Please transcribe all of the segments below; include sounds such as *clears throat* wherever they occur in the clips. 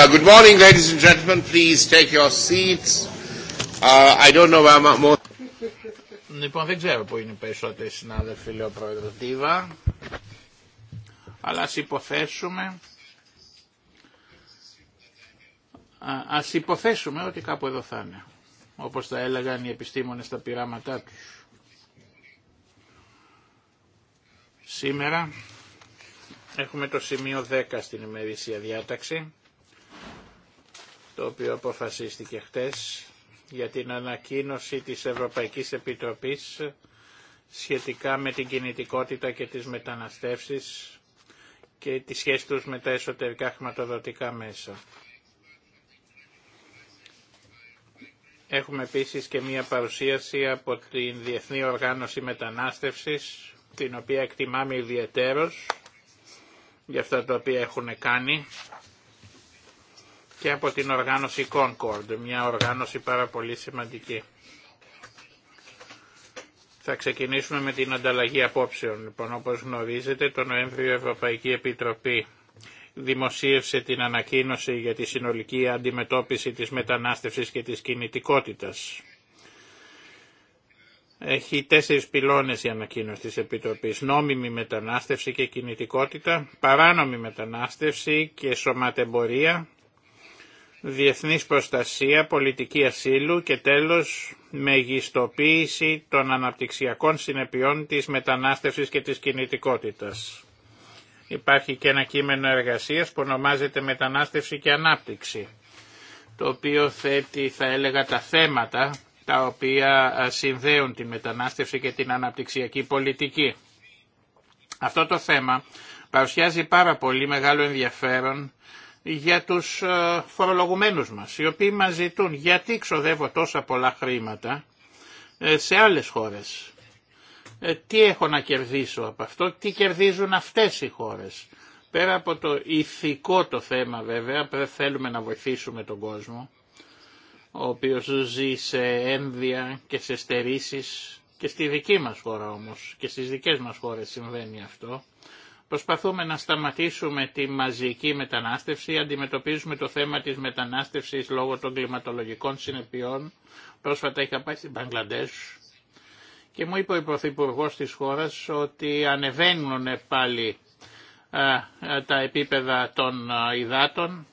Uh, good morning, ladies and gentlemen. Please take your seats. Uh, I don't know where more. Λοιπόν, δεν ξέρω που είναι περισσότεροι συνάδελφοι, λέει ο πρόεδρος Αλλά ας υποθέσουμε... Ας υποθέσουμε ότι κάπου εδώ θα είναι. Όπως θα έλεγαν οι επιστήμονες στα πειράματά τους. Σήμερα έχουμε το σημείο 10 στην ημερήσια διάταξη το οποίο αποφασίστηκε χτες για την ανακοίνωση της Ευρωπαϊκής Επιτροπής σχετικά με την κινητικότητα και τις μεταναστεύσεις και τη σχέση τους με τα εσωτερικά χρηματοδοτικά μέσα. Έχουμε επίσης και μία παρουσίαση από την Διεθνή Οργάνωση Μετανάστευσης, την οποία εκτιμάμε ιδιαίτερος για αυτά τα οποία έχουν κάνει και από την οργάνωση Concord, μια οργάνωση πάρα πολύ σημαντική. Θα ξεκινήσουμε με την ανταλλαγή απόψεων. Λοιπόν, όπως γνωρίζετε, το Νοέμβριο Ευρωπαϊκή Επιτροπή δημοσίευσε την ανακοίνωση για τη συνολική αντιμετώπιση της μετανάστευσης και της κινητικότητας. Έχει τέσσερις πυλώνες η ανακοίνωση της Επιτροπής. Νόμιμη μετανάστευση και κινητικότητα, παράνομη μετανάστευση και σωματεμπορία, διεθνής προστασία, πολιτική ασύλου και τέλος μεγιστοποίηση των αναπτυξιακών συνεπειών της μετανάστευσης και της κινητικότητας. Υπάρχει και ένα κείμενο εργασίας που ονομάζεται «Μετανάστευση και Ανάπτυξη», το οποίο θέτει, θα έλεγα, τα θέματα τα οποία συνδέουν τη μετανάστευση και την αναπτυξιακή πολιτική. Αυτό το θέμα παρουσιάζει πάρα πολύ μεγάλο ενδιαφέρον για τους ε, φορολογουμένους μας, οι οποίοι μας ζητούν γιατί ξοδεύω τόσα πολλά χρήματα ε, σε άλλες χώρες. Ε, τι έχω να κερδίσω από αυτό, τι κερδίζουν αυτές οι χώρες. Πέρα από το ηθικό το θέμα βέβαια, θέλουμε να βοηθήσουμε τον κόσμο, ο οποίος ζει σε ένδια και σε στερήσεις και στη δική μας χώρα όμως και στις δικές μας χώρες συμβαίνει αυτό. Προσπαθούμε να σταματήσουμε τη μαζική μετανάστευση, αντιμετωπίζουμε το θέμα της μετανάστευσης λόγω των κλιματολογικών συνεπειών. Πρόσφατα είχα πάει στην και μου είπε ο Πρωθυπουργό της χώρας ότι ανεβαίνουν πάλι τα επίπεδα των υδάτων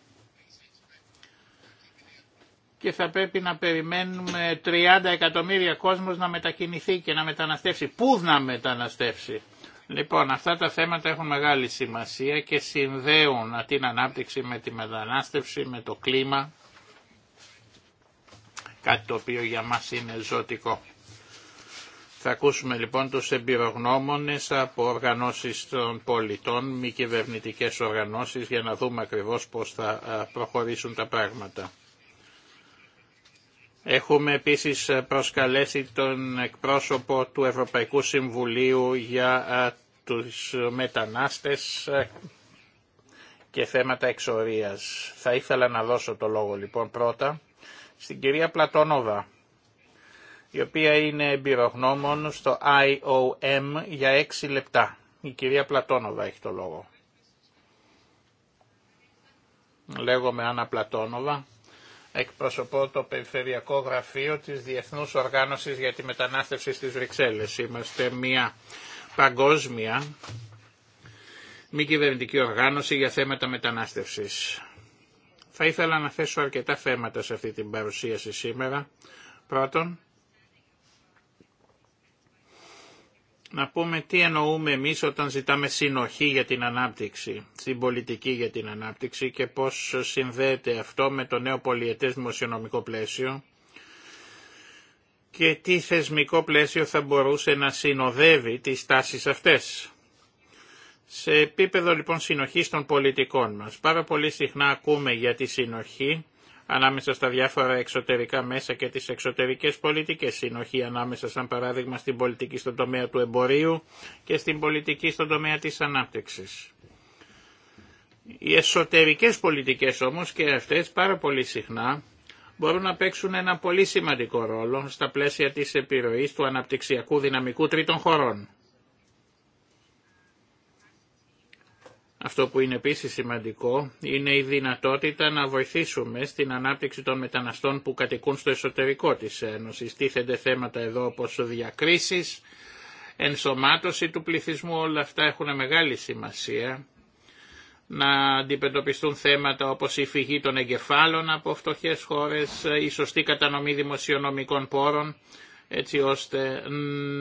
και θα πρέπει να περιμένουμε 30 εκατομμύρια κόσμος να μετακινηθεί και να μεταναστεύσει. Πού να μεταναστεύσει. Λοιπόν, αυτά τα θέματα έχουν μεγάλη σημασία και συνδέουν την ανάπτυξη με τη μετανάστευση, με το κλίμα, κάτι το οποίο για μας είναι ζωτικό. Θα ακούσουμε λοιπόν τους εμπειρογνώμονες από οργανώσεις των πολιτών, μη κυβερνητικέ οργανώσεις, για να δούμε ακριβώς πώς θα προχωρήσουν τα πράγματα. Έχουμε επίσης ε, προσκαλέσει τον εκπρόσωπο του Ευρωπαϊκού Συμβουλίου για ε, τους μετανάστες ε, και θέματα εξορίας. Θα ήθελα να δώσω το λόγο λοιπόν πρώτα στην κυρία Πλατόνοβα, η οποία είναι εμπειρογνώμων στο IOM για έξι λεπτά. Η κυρία Πλατόνοβα έχει το λόγο. Λέγομαι Άννα Πλατόνοβα Εκπροσωπώ το Περιφερειακό Γραφείο της Διεθνούς Οργάνωσης για τη Μετανάστευση στις Βρυξέλλες. Είμαστε μια παγκόσμια μη κυβερνητική οργάνωση για θέματα μετανάστευσης. Θα ήθελα να θέσω αρκετά θέματα σε αυτή την παρουσίαση σήμερα. Πρώτον, να πούμε τι εννοούμε εμείς όταν ζητάμε συνοχή για την ανάπτυξη, στην πολιτική για την ανάπτυξη και πώς συνδέεται αυτό με το νέο πολιετές δημοσιονομικό πλαίσιο και τι θεσμικό πλαίσιο θα μπορούσε να συνοδεύει τις τάσεις αυτές. Σε επίπεδο λοιπόν συνοχής των πολιτικών μας, πάρα πολύ συχνά ακούμε για τη συνοχή ανάμεσα στα διάφορα εξωτερικά μέσα και τις εξωτερικές πολιτικές συνοχή ανάμεσα σαν παράδειγμα στην πολιτική στον τομέα του εμπορίου και στην πολιτική στον τομέα της ανάπτυξης. Οι εσωτερικές πολιτικές όμως και αυτές πάρα πολύ συχνά μπορούν να παίξουν ένα πολύ σημαντικό ρόλο στα πλαίσια της επιρροής του αναπτυξιακού δυναμικού τρίτων χωρών. Αυτό που είναι επίσης σημαντικό είναι η δυνατότητα να βοηθήσουμε στην ανάπτυξη των μεταναστών που κατοικούν στο εσωτερικό της Ένωσης. Τίθενται θέματα εδώ όπως διακρίσεις, ενσωμάτωση του πληθυσμού, όλα αυτά έχουν μεγάλη σημασία. Να αντιμετωπιστούν θέματα όπως η φυγή των εγκεφάλων από φτωχέ χώρες, η σωστή κατανομή δημοσιονομικών πόρων, έτσι ώστε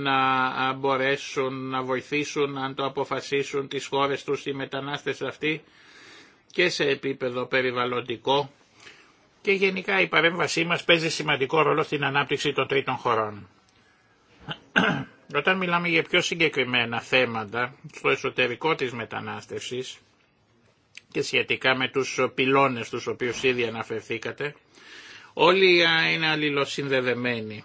να μπορέσουν να βοηθήσουν αν το αποφασίσουν τις χώρες τους οι μετανάστες αυτοί και σε επίπεδο περιβαλλοντικό και γενικά η παρέμβασή μας παίζει σημαντικό ρόλο στην ανάπτυξη των τρίτων χωρών. Όταν μιλάμε για πιο συγκεκριμένα θέματα στο εσωτερικό της μετανάστευσης και σχετικά με τους πυλώνες τους οποίους ήδη αναφερθήκατε, όλοι είναι αλληλοσυνδεδεμένοι.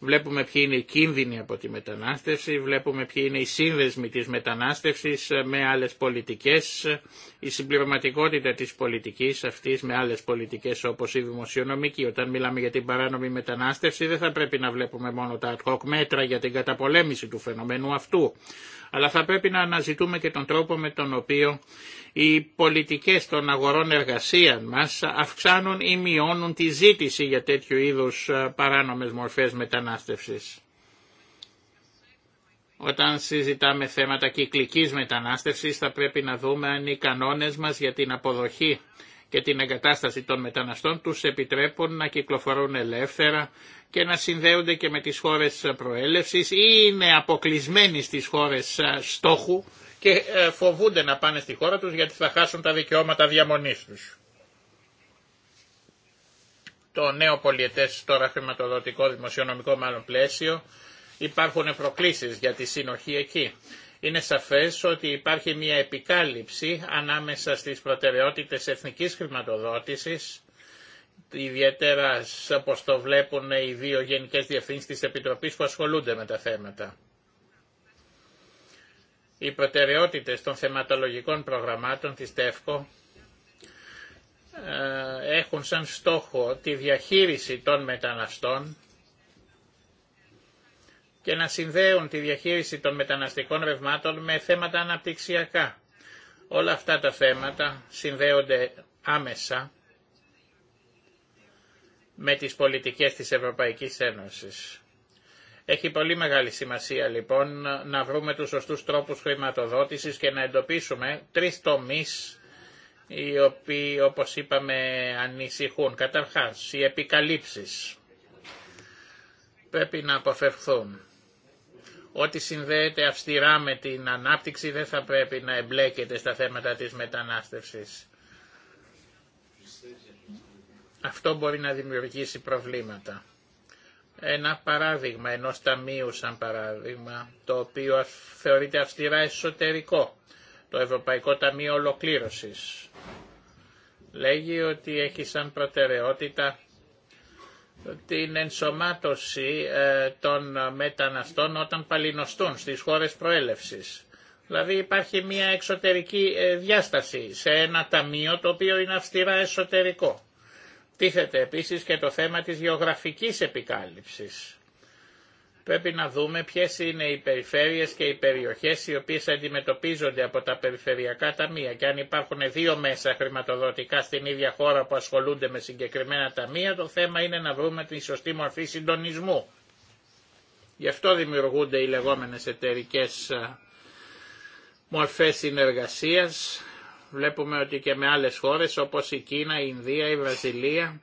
Βλέπουμε ποιοι είναι οι κίνδυνοι από τη μετανάστευση, βλέπουμε ποιοι είναι οι σύνδεσμοι της μετανάστευσης με άλλες πολιτικές, η συμπληρωματικότητα της πολιτικής αυτής με άλλες πολιτικές όπως η δημοσιονομική. Όταν μιλάμε για την παράνομη μετανάστευση δεν θα πρέπει να βλέπουμε μόνο τα ad hoc μέτρα για την καταπολέμηση του φαινομένου αυτού, αλλά θα πρέπει να αναζητούμε και τον τρόπο με τον οποίο οι πολιτικές των αγορών εργασίας μας αυξάνουν ή μειώνουν τη ζήτηση για τέτοιου είδους ε, παράνομες μορφές μετανάστευσης. Όταν συζητάμε θέματα κυκλικής μετανάστευσης θα πρέπει να δούμε αν οι κανόνες μας για την αποδοχή και την εγκατάσταση των μεταναστών τους επιτρέπουν να κυκλοφορούν ελεύθερα και να συνδέονται και με τις χώρες προέλευσης ή είναι αποκλεισμένοι στις χώρες ε, στόχου και ε, φοβούνται να πάνε στη χώρα τους γιατί θα χάσουν τα δικαιώματα διαμονής τους. Το νέο πολιετές τώρα χρηματοδοτικό δημοσιονομικό μάλλον πλαίσιο υπάρχουν προκλήσεις για τη συνοχή εκεί. Είναι σαφές ότι υπάρχει μια επικάλυψη ανάμεσα στις προτεραιότητες εθνικής χρηματοδότησης, ιδιαίτερα όπως το βλέπουν οι δύο γενικές διευθύνσεις της Επιτροπής που ασχολούνται με τα θέματα. Οι προτεραιότητες των θεματολογικών προγραμμάτων της ΤΕΦΚΟ ε, έχουν σαν στόχο τη διαχείριση των μεταναστών και να συνδέουν τη διαχείριση των μεταναστικών ρευμάτων με θέματα αναπτυξιακά. Όλα αυτά τα θέματα συνδέονται άμεσα με τις πολιτικές της Ευρωπαϊκής Ένωσης. Έχει πολύ μεγάλη σημασία λοιπόν να βρούμε τους σωστούς τρόπους χρηματοδότησης και να εντοπίσουμε τρεις τομείς οι οποίοι όπως είπαμε ανησυχούν. Καταρχάς οι επικαλύψεις πρέπει να αποφευχθούν. Ό,τι συνδέεται αυστηρά με την ανάπτυξη δεν θα πρέπει να εμπλέκεται στα θέματα της μετανάστευσης. Αυτό μπορεί να δημιουργήσει προβλήματα ένα παράδειγμα ενός ταμείου σαν παράδειγμα, το οποίο θεωρείται αυστηρά εσωτερικό, το Ευρωπαϊκό Ταμείο Ολοκλήρωσης. Λέγει ότι έχει σαν προτεραιότητα την ενσωμάτωση ε, των μεταναστών όταν παλινοστούν στις χώρες προέλευσης. Δηλαδή υπάρχει μια εξωτερική ε, διάσταση σε ένα ταμείο το οποίο είναι αυστηρά εσωτερικό. Τίθεται επίσης και το θέμα της γεωγραφικής επικάλυψης. Πρέπει να δούμε ποιες είναι οι περιφέρειες και οι περιοχές οι οποίες αντιμετωπίζονται από τα περιφερειακά ταμεία και αν υπάρχουν δύο μέσα χρηματοδοτικά στην ίδια χώρα που ασχολούνται με συγκεκριμένα ταμεία, το θέμα είναι να βρούμε τη σωστή μορφή συντονισμού. Γι' αυτό δημιουργούνται οι λεγόμενες εταιρικές ε, μορφές συνεργασίας, Βλέπουμε ότι και με άλλες χώρες όπως η Κίνα, η Ινδία, η Βραζιλία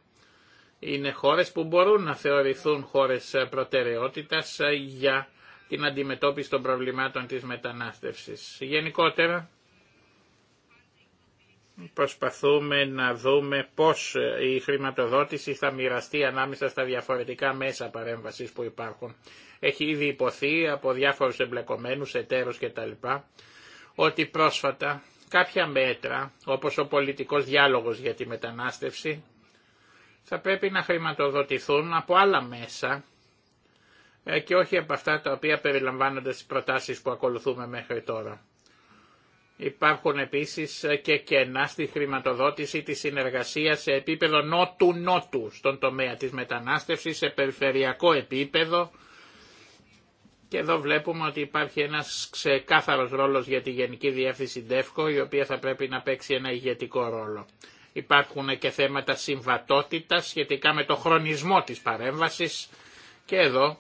είναι χώρες που μπορούν να θεωρηθούν χώρες προτεραιότητας για την αντιμετώπιση των προβλημάτων της μετανάστευσης. Γενικότερα προσπαθούμε να δούμε πώς η χρηματοδότηση θα μοιραστεί ανάμεσα στα διαφορετικά μέσα παρέμβασης που υπάρχουν. Έχει ήδη υποθεί από διάφορους εμπλεκομένους, εταίρους κτλ. ότι πρόσφατα κάποια μέτρα, όπως ο πολιτικός διάλογος για τη μετανάστευση, θα πρέπει να χρηματοδοτηθούν από άλλα μέσα ε, και όχι από αυτά τα οποία περιλαμβάνονται στις προτάσεις που ακολουθούμε μέχρι τώρα. Υπάρχουν επίσης ε, και κενά στη χρηματοδότηση της συνεργασίας σε επίπεδο νότου-νότου στον τομέα της μετανάστευσης, σε περιφερειακό επίπεδο, και εδώ βλέπουμε ότι υπάρχει ένας ξεκάθαρος ρόλος για τη Γενική Διεύθυνση ΔΕΦΚΟ, η οποία θα πρέπει να παίξει ένα ηγετικό ρόλο. Υπάρχουν και θέματα συμβατότητας σχετικά με το χρονισμό της παρέμβασης και εδώ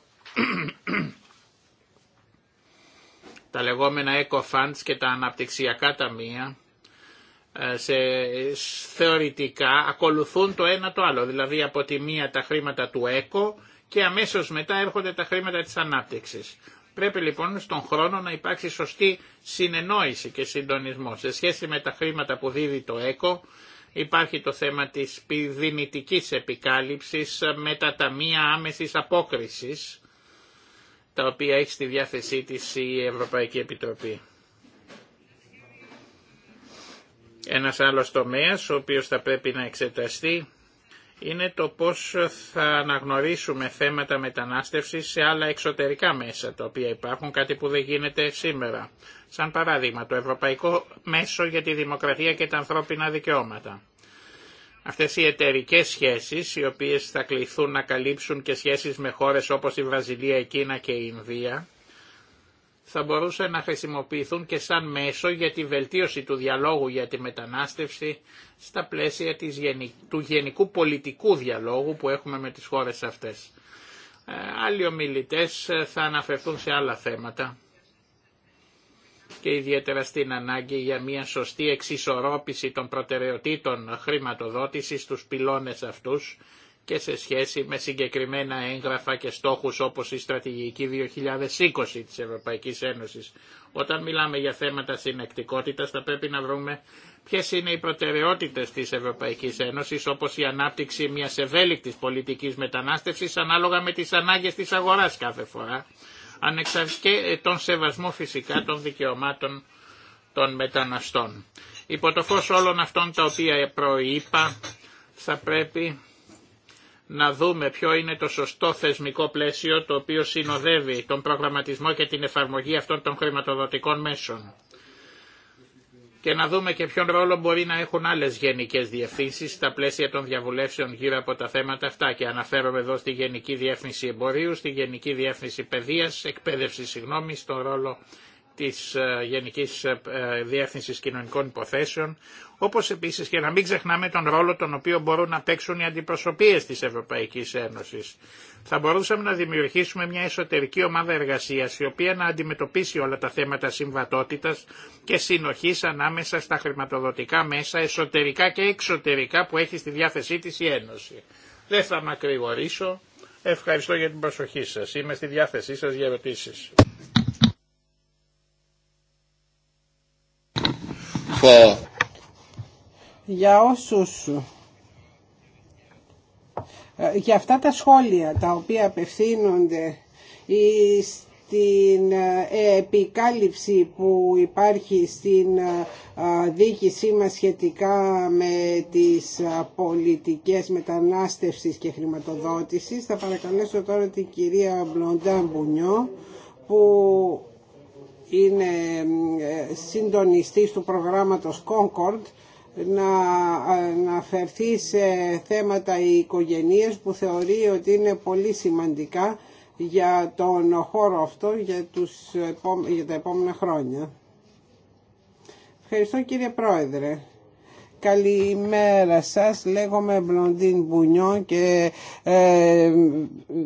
*clears throat* τα λεγόμενα eco funds και τα αναπτυξιακά ταμεία ε, σε, θεωρητικά ακολουθούν το ένα το άλλο. Δηλαδή από τη μία τα χρήματα του eco και αμέσως μετά έρχονται τα χρήματα της ανάπτυξης. Πρέπει λοιπόν στον χρόνο να υπάρξει σωστή συνεννόηση και συντονισμό. Σε σχέση με τα χρήματα που δίδει το ΕΚΟ υπάρχει το θέμα της δυνητικής επικάλυψης με τα ταμεία άμεσης απόκρισης τα οποία έχει στη διάθεσή της η Ευρωπαϊκή Επιτροπή. Ένας άλλος τομέας ο οποίος θα πρέπει να εξεταστεί είναι το πώς θα αναγνωρίσουμε θέματα μετανάστευσης σε άλλα εξωτερικά μέσα τα οποία υπάρχουν, κάτι που δεν γίνεται σήμερα. Σαν παράδειγμα το Ευρωπαϊκό Μέσο για τη Δημοκρατία και τα Ανθρώπινα Δικαιώματα. Αυτές οι εταιρικέ σχέσεις, οι οποίες θα κληθούν να καλύψουν και σχέσεις με χώρες όπως η Βραζιλία, η Κίνα και η Ινδία, θα μπορούσαν να χρησιμοποιηθούν και σαν μέσο για τη βελτίωση του διαλόγου για τη μετανάστευση στα πλαίσια της, του γενικού πολιτικού διαλόγου που έχουμε με τις χώρες αυτές. Ε, άλλοι ομιλητές ε, θα αναφερθούν σε άλλα θέματα και ιδιαίτερα στην ανάγκη για μια σωστή εξισορρόπηση των προτεραιοτήτων χρηματοδότησης στους πυλώνες αυτούς και σε σχέση με συγκεκριμένα έγγραφα και στόχους όπως η στρατηγική 2020 της Ευρωπαϊκής Ένωσης. Όταν μιλάμε για θέματα συνεκτικότητας θα πρέπει να βρούμε ποιες είναι οι προτεραιότητες της Ευρωπαϊκής Ένωσης όπως η ανάπτυξη μιας ευέλικτης πολιτικής μετανάστευσης ανάλογα με τις ανάγκες της αγοράς κάθε φορά και ε, τον σεβασμό φυσικά των δικαιωμάτων των μεταναστών. Υπό το φως όλων αυτών τα οποία προείπα θα πρέπει να δούμε ποιο είναι το σωστό θεσμικό πλαίσιο το οποίο συνοδεύει τον προγραμματισμό και την εφαρμογή αυτών των χρηματοδοτικών μέσων. Και να δούμε και ποιον ρόλο μπορεί να έχουν άλλες γενικές διευθύνσεις στα πλαίσια των διαβουλεύσεων γύρω από τα θέματα αυτά. Και αναφέρομαι εδώ στη Γενική Διεύθυνση Εμπορίου, στη Γενική Διεύθυνση Παιδείας, εκπαίδευση συγγνώμη, στον ρόλο της ε, Γενικής ε, ε, Διεύθυνσης Κοινωνικών Υποθέσεων, όπως επίσης και να μην ξεχνάμε τον ρόλο τον οποίο μπορούν να παίξουν οι αντιπροσωπείες της Ευρωπαϊκής Ένωσης. Θα μπορούσαμε να δημιουργήσουμε μια εσωτερική ομάδα εργασίας η οποία να αντιμετωπίσει όλα τα θέματα συμβατότητας και συνοχής ανάμεσα στα χρηματοδοτικά μέσα εσωτερικά και εξωτερικά που έχει στη διάθεσή της η Ένωση. Δεν θα μακρηγορήσω. Ευχαριστώ για την προσοχή σας. Είμαι στη διάθεσή σας για ερωτήσεις για όσους ε, για αυτά τα σχόλια τα οποία απευθύνονται στην ε, επικάλυψη που υπάρχει στην ε, δίκησή μας σχετικά με τις πολιτικές μετανάστευσης και χρηματοδότησης θα παρακαλέσω τώρα την κυρία Μπλοντά Μπουνιό που είναι συντονιστής του προγράμματος Concord να αναφερθεί σε θέματα οι οικογενείες που θεωρεί ότι είναι πολύ σημαντικά για τον χώρο αυτό για, τους, για τα επόμενα χρόνια. Ευχαριστώ κύριε Πρόεδρε. Καλημέρα σας, λέγομαι Μπλοντίν Μπουνιόν και ε,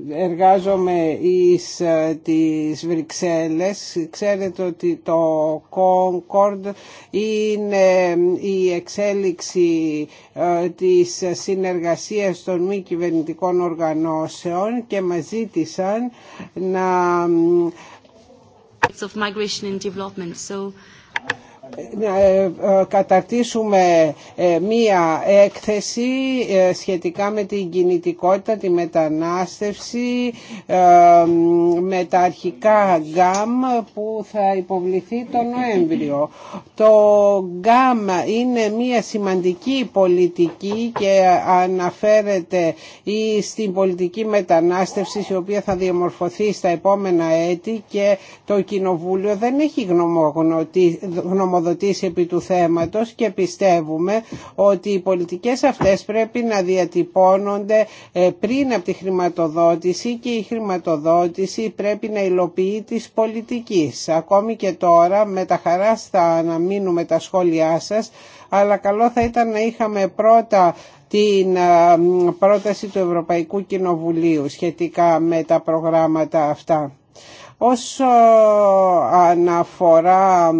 εργάζομαι εις ε, τις Βρυξέλλες. Ξέρετε ότι το Concord είναι ε, η εξέλιξη της συνεργασίας των μη κυβερνητικών οργανώσεων και μας ζήτησαν να να ε, ε, καταρτήσουμε ε, μία έκθεση σχετικά με την κινητικότητα, τη μετανάστευση, με τα αρχικά ΓΑΜ που θα υποβληθεί το Νοέμβριο. Το ΓΑΜ είναι μία σημαντική πολιτική και αναφέρεται στην πολιτική μετανάστευση η οποία θα διαμορφωθεί στα επόμενα έτη και το Κοινοβούλιο δεν έχει γνωμοδοτήσει τροφοδοτήσει επί του θέματος και πιστεύουμε ότι οι πολιτικές αυτές πρέπει να διατυπώνονται ε, πριν από τη χρηματοδότηση και η χρηματοδότηση πρέπει να υλοποιεί τις πολιτικής. Ακόμη και τώρα με τα χαρά θα αναμείνουμε τα σχόλιά σας αλλά καλό θα ήταν να είχαμε πρώτα την ε, πρόταση του Ευρωπαϊκού Κοινοβουλίου σχετικά με τα προγράμματα αυτά. Όσο αναφορά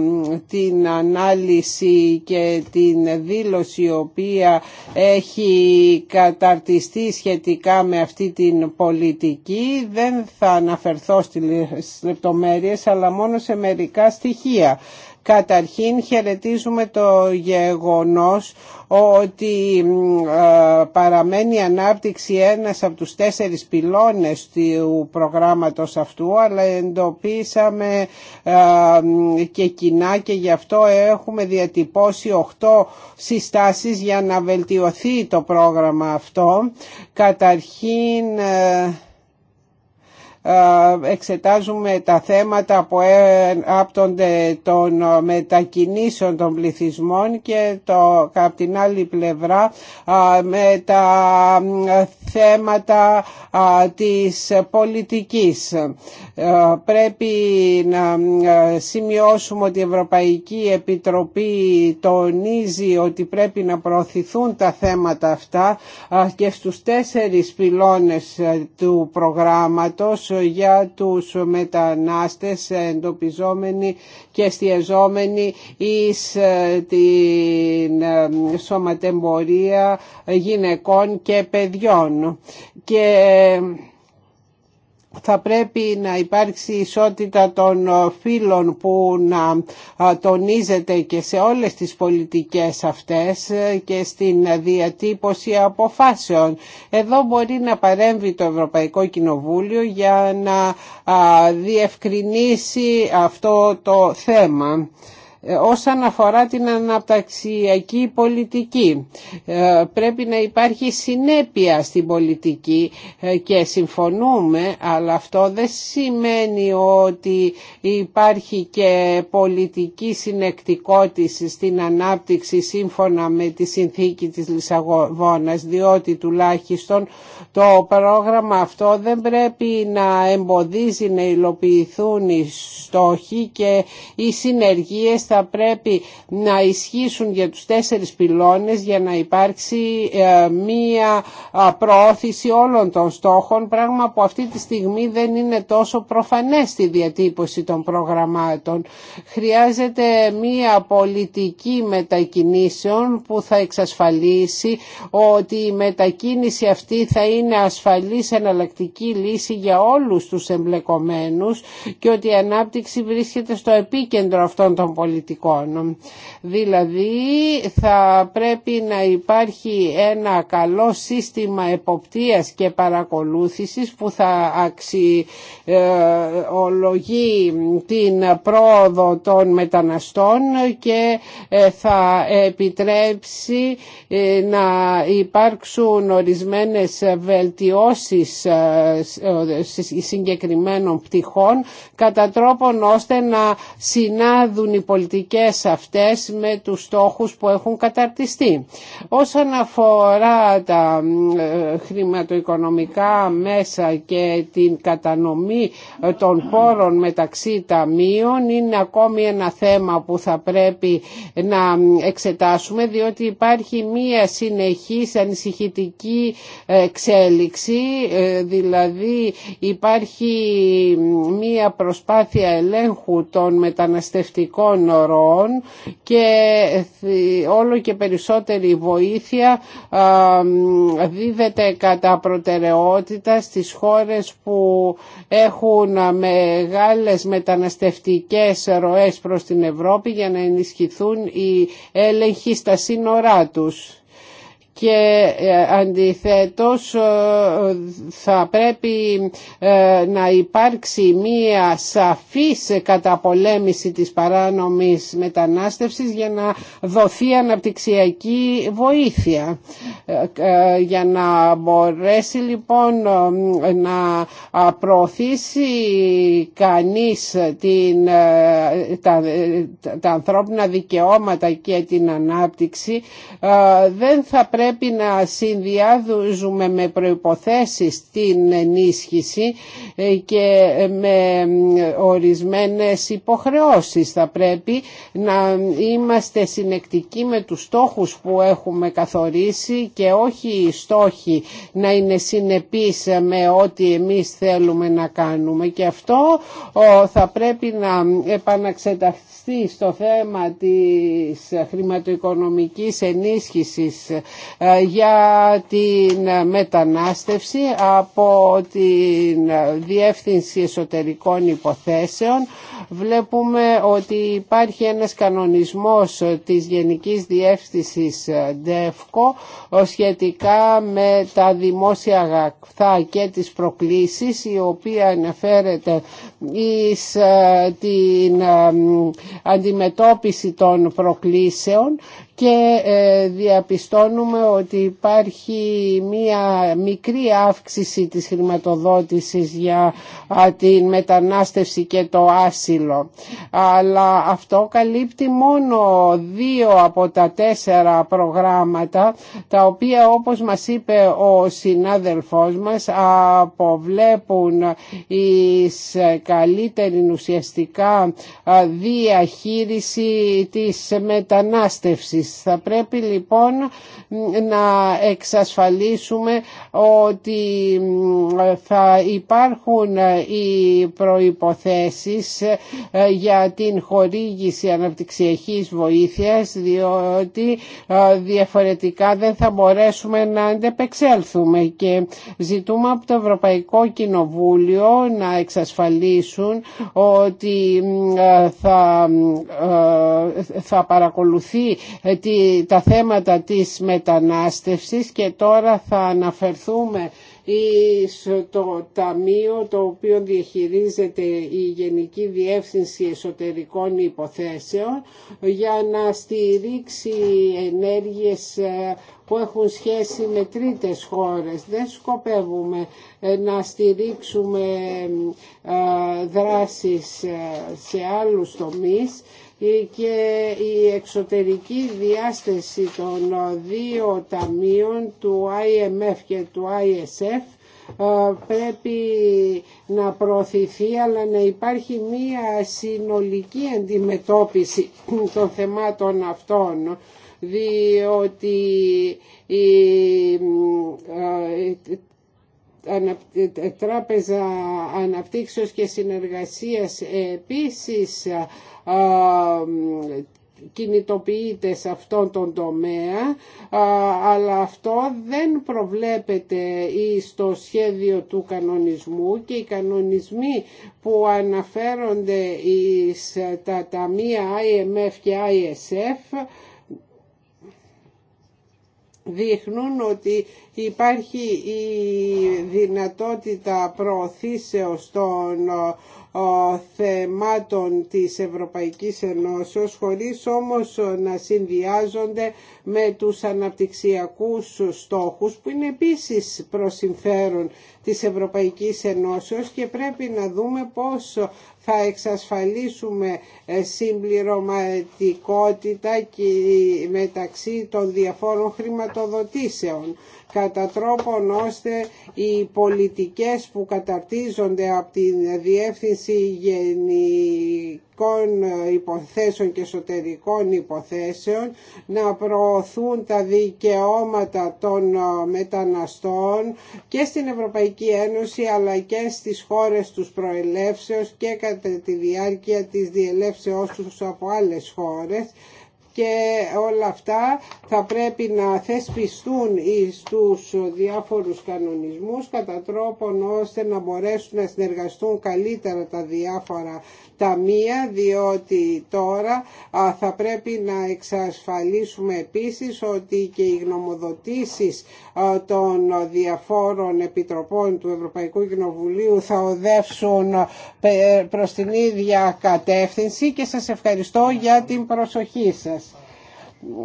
την ανάλυση και την δήλωση η οποία έχει καταρτιστεί σχετικά με αυτή την πολιτική δεν θα αναφερθώ στις λεπτομέρειες αλλά μόνο σε μερικά στοιχεία. Καταρχήν χαιρετίζουμε το γεγονός ότι ε, παραμένει η ανάπτυξη ένας από τους τέσσερις πυλώνες του προγράμματος αυτού αλλά εντοπίσαμε ε, και κοινά και γι' αυτό έχουμε διατυπώσει οχτώ συστάσεις για να βελτιωθεί το πρόγραμμα αυτό. Καταρχήν ε, ε, εξετάζουμε τα θέματα που ε, άπτονται των μετακινήσεων των πληθυσμών και το, από την άλλη πλευρά ε, με τα θέματα της πολιτικής. Πρέπει να σημειώσουμε ότι η Ευρωπαϊκή Επιτροπή τονίζει ότι πρέπει να προωθηθούν τα θέματα αυτά και στους τέσσερις πυλώνες του προγράμματος για του μετανάστες εντοπιζόμενοι και εστιαζόμενοι εις ε, την ε, σωματεμπορία γυναικών και παιδιών. Και ε, θα πρέπει να υπάρξει ισότητα των ε, φίλων που να ε, τονίζεται και σε όλες τις πολιτικές αυτές ε, και στην διατύπωση αποφάσεων. Εδώ μπορεί να παρέμβει το Ευρωπαϊκό Κοινοβούλιο για να διευκρινίσει αυτό το θέμα. Ε, όσον αφορά την αναπταξιακή πολιτική. Ε, πρέπει να υπάρχει συνέπεια στην πολιτική ε, και συμφωνούμε, αλλά αυτό δεν σημαίνει ότι υπάρχει και πολιτική συνεκτικότηση στην ανάπτυξη σύμφωνα με τη συνθήκη της Λισαβόνας, διότι τουλάχιστον το πρόγραμμα αυτό δεν πρέπει να εμποδίζει να υλοποιηθούν οι στόχοι και οι συνεργίες θα πρέπει να ισχύσουν για τους τέσσερις πυλώνες για να υπάρξει ε, μία προώθηση όλων των στόχων, πράγμα που αυτή τη στιγμή δεν είναι τόσο προφανές στη διατύπωση των προγραμμάτων. Χρειάζεται μία πολιτική μετακινήσεων που θα εξασφαλίσει ότι η μετακίνηση αυτή θα είναι ασφαλής εναλλακτική λύση για όλους τους εμπλεκομένους και ότι η ανάπτυξη βρίσκεται στο επίκεντρο αυτών των πολιτικών Δηλαδή θα πρέπει να υπάρχει ένα καλό σύστημα εποπτείας και παρακολούθησης που θα αξιολογεί την πρόοδο των μεταναστών και ε, θα επιτρέψει ε, να υπάρξουν ορισμένες βελτιώσεις ε, συγκεκριμένων πτυχών κατά τρόπον ώστε να συνάδουν οι πολιτικοί πολιτικές αυτές με τους στόχους που έχουν καταρτιστεί. Όσον αφορά τα ε, χρηματοοικονομικά μέσα και την κατανομή ε, των πόρων μεταξύ ταμείων είναι ακόμη ένα θέμα που θα πρέπει να εξετάσουμε διότι υπάρχει μία συνεχής ανησυχητική εξέλιξη ε, δηλαδή υπάρχει μία προσπάθεια ελέγχου των μεταναστευτικών και όλο και περισσότερη βοήθεια δίδεται κατά προτεραιότητα στις χώρες που έχουν μεγάλες μεταναστευτικές ροές προς την Ευρώπη για να ενισχυθούν οι έλεγχοι στα σύνορά τους και ε, αντιθέτως ε, θα πρέπει ε, να υπάρξει μία σαφής καταπολέμηση της παράνομης μετανάστευσης για να δοθεί αναπτυξιακή βοήθεια. Για να μπορέσει λοιπόν να προωθήσει κανείς την, τα, τα ανθρώπινα δικαιώματα και την ανάπτυξη δεν θα πρέπει πρέπει να συνδυάζουμε με προϋποθέσεις την ενίσχυση ε, και με ορισμένες υποχρεώσεις. Θα πρέπει να είμαστε συνεκτικοί με τους στόχους που έχουμε καθορίσει και όχι οι στόχοι να είναι συνεπείς με ό,τι εμείς θέλουμε να κάνουμε και αυτό θα πρέπει να επαναξεταχθεί στο θέμα της χρηματοοικονομικής ενίσχυσης ε, για την μετανάστευση από την Διεύθυνση Εσωτερικών Υποθέσεων. Βλέπουμε ότι υπάρχει ένας κανονισμός της Γενικής Διεύθυνσης ΔΕΦΚΟ ε, σχετικά με τα δημόσια αγαθά και τις προκλήσεις η οποία αναφέρεται εις ε, την αντιμετώπιση των προκλήσεων και ε, διαπιστώνουμε ότι υπάρχει μία μικρή αύξηση της χρηματοδότησης για την μετανάστευση και το άσυλο. Αλλά αυτό καλύπτει μόνο δύο από τα τέσσερα προγράμματα τα οποία όπως μας είπε ο συνάδελφός μας αποβλέπουν η καλύτερη ουσιαστικά διαχείριση της μετανάστευσης θα πρέπει λοιπόν να εξασφαλίσουμε ότι θα υπάρχουν οι προϋποθέσεις για την χορήγηση αναπτυξιακής βοήθειας διότι ε, διαφορετικά δεν θα μπορέσουμε να αντεπεξέλθουμε και ζητούμε από το Ευρωπαϊκό Κοινοβούλιο να εξασφαλίσουν ότι ε, θα, ε, θα παρακολουθεί τα θέματα της μετανάστευσης και τώρα θα αναφερθούμε στο ταμείο το οποίο διαχειρίζεται η Γενική Διεύθυνση Εσωτερικών Υποθέσεων για να στηρίξει ενέργειες ε, που έχουν σχέση με τρίτες χώρες. Δεν σκοπεύουμε ε, να στηρίξουμε ε, δράσεις σε άλλους τομείς ε, και η εξωτερική διάσταση των ε, δύο ταμείων του IMF και του ISF ε, πρέπει να προωθηθεί αλλά να υπάρχει μία συνολική αντιμετώπιση *clears throat* των θεμάτων αυτών διότι η, Τράπεζα Αναπτύξεως και Συνεργασίας επίσης κινητοποιείται σε αυτόν τον τομέα αλλά αυτό δεν προβλέπεται στο σχέδιο του κανονισμού και οι κανονισμοί που αναφέρονται στα ταμεία IMF και ISF δείχνουν ότι υπάρχει η δυνατότητα προωθήσεως των θεμάτων της Ευρωπαϊκής Ενώσεως χωρίς όμως να συνδυάζονται με τους αναπτυξιακούς στόχους που είναι επίσης προσυμφέρον της Ευρωπαϊκής Ενώσεως και πρέπει να δούμε πώς θα εξασφαλίσουμε ε, συμπληρωματικότητα ε, μεταξύ των διαφόρων χρηματοδοτήσεων κατά τρόπον ώστε οι πολιτικές που καταρτίζονται από τη Διεύθυνση Γενικών Υποθέσεων και Εσωτερικών Υποθέσεων να προωθούν τα δικαιώματα των μεταναστών και στην Ευρωπαϊκή Ένωση αλλά και στις χώρες τους προελεύσεως και κατά τη διάρκεια της διελεύσεώς τους από άλλες χώρες και όλα αυτά θα πρέπει να θεσπιστούν στους διάφορους κανονισμούς κατά τρόπον ώστε να μπορέσουν να συνεργαστούν καλύτερα τα διάφορα ταμεία διότι τώρα θα πρέπει να εξασφαλίσουμε επίσης ότι και οι γνωμοδοτήσεις των διαφόρων επιτροπών του Ευρωπαϊκού Κοινοβουλίου θα οδεύσουν προς την ίδια κατεύθυνση και σας ευχαριστώ για την προσοχή σας.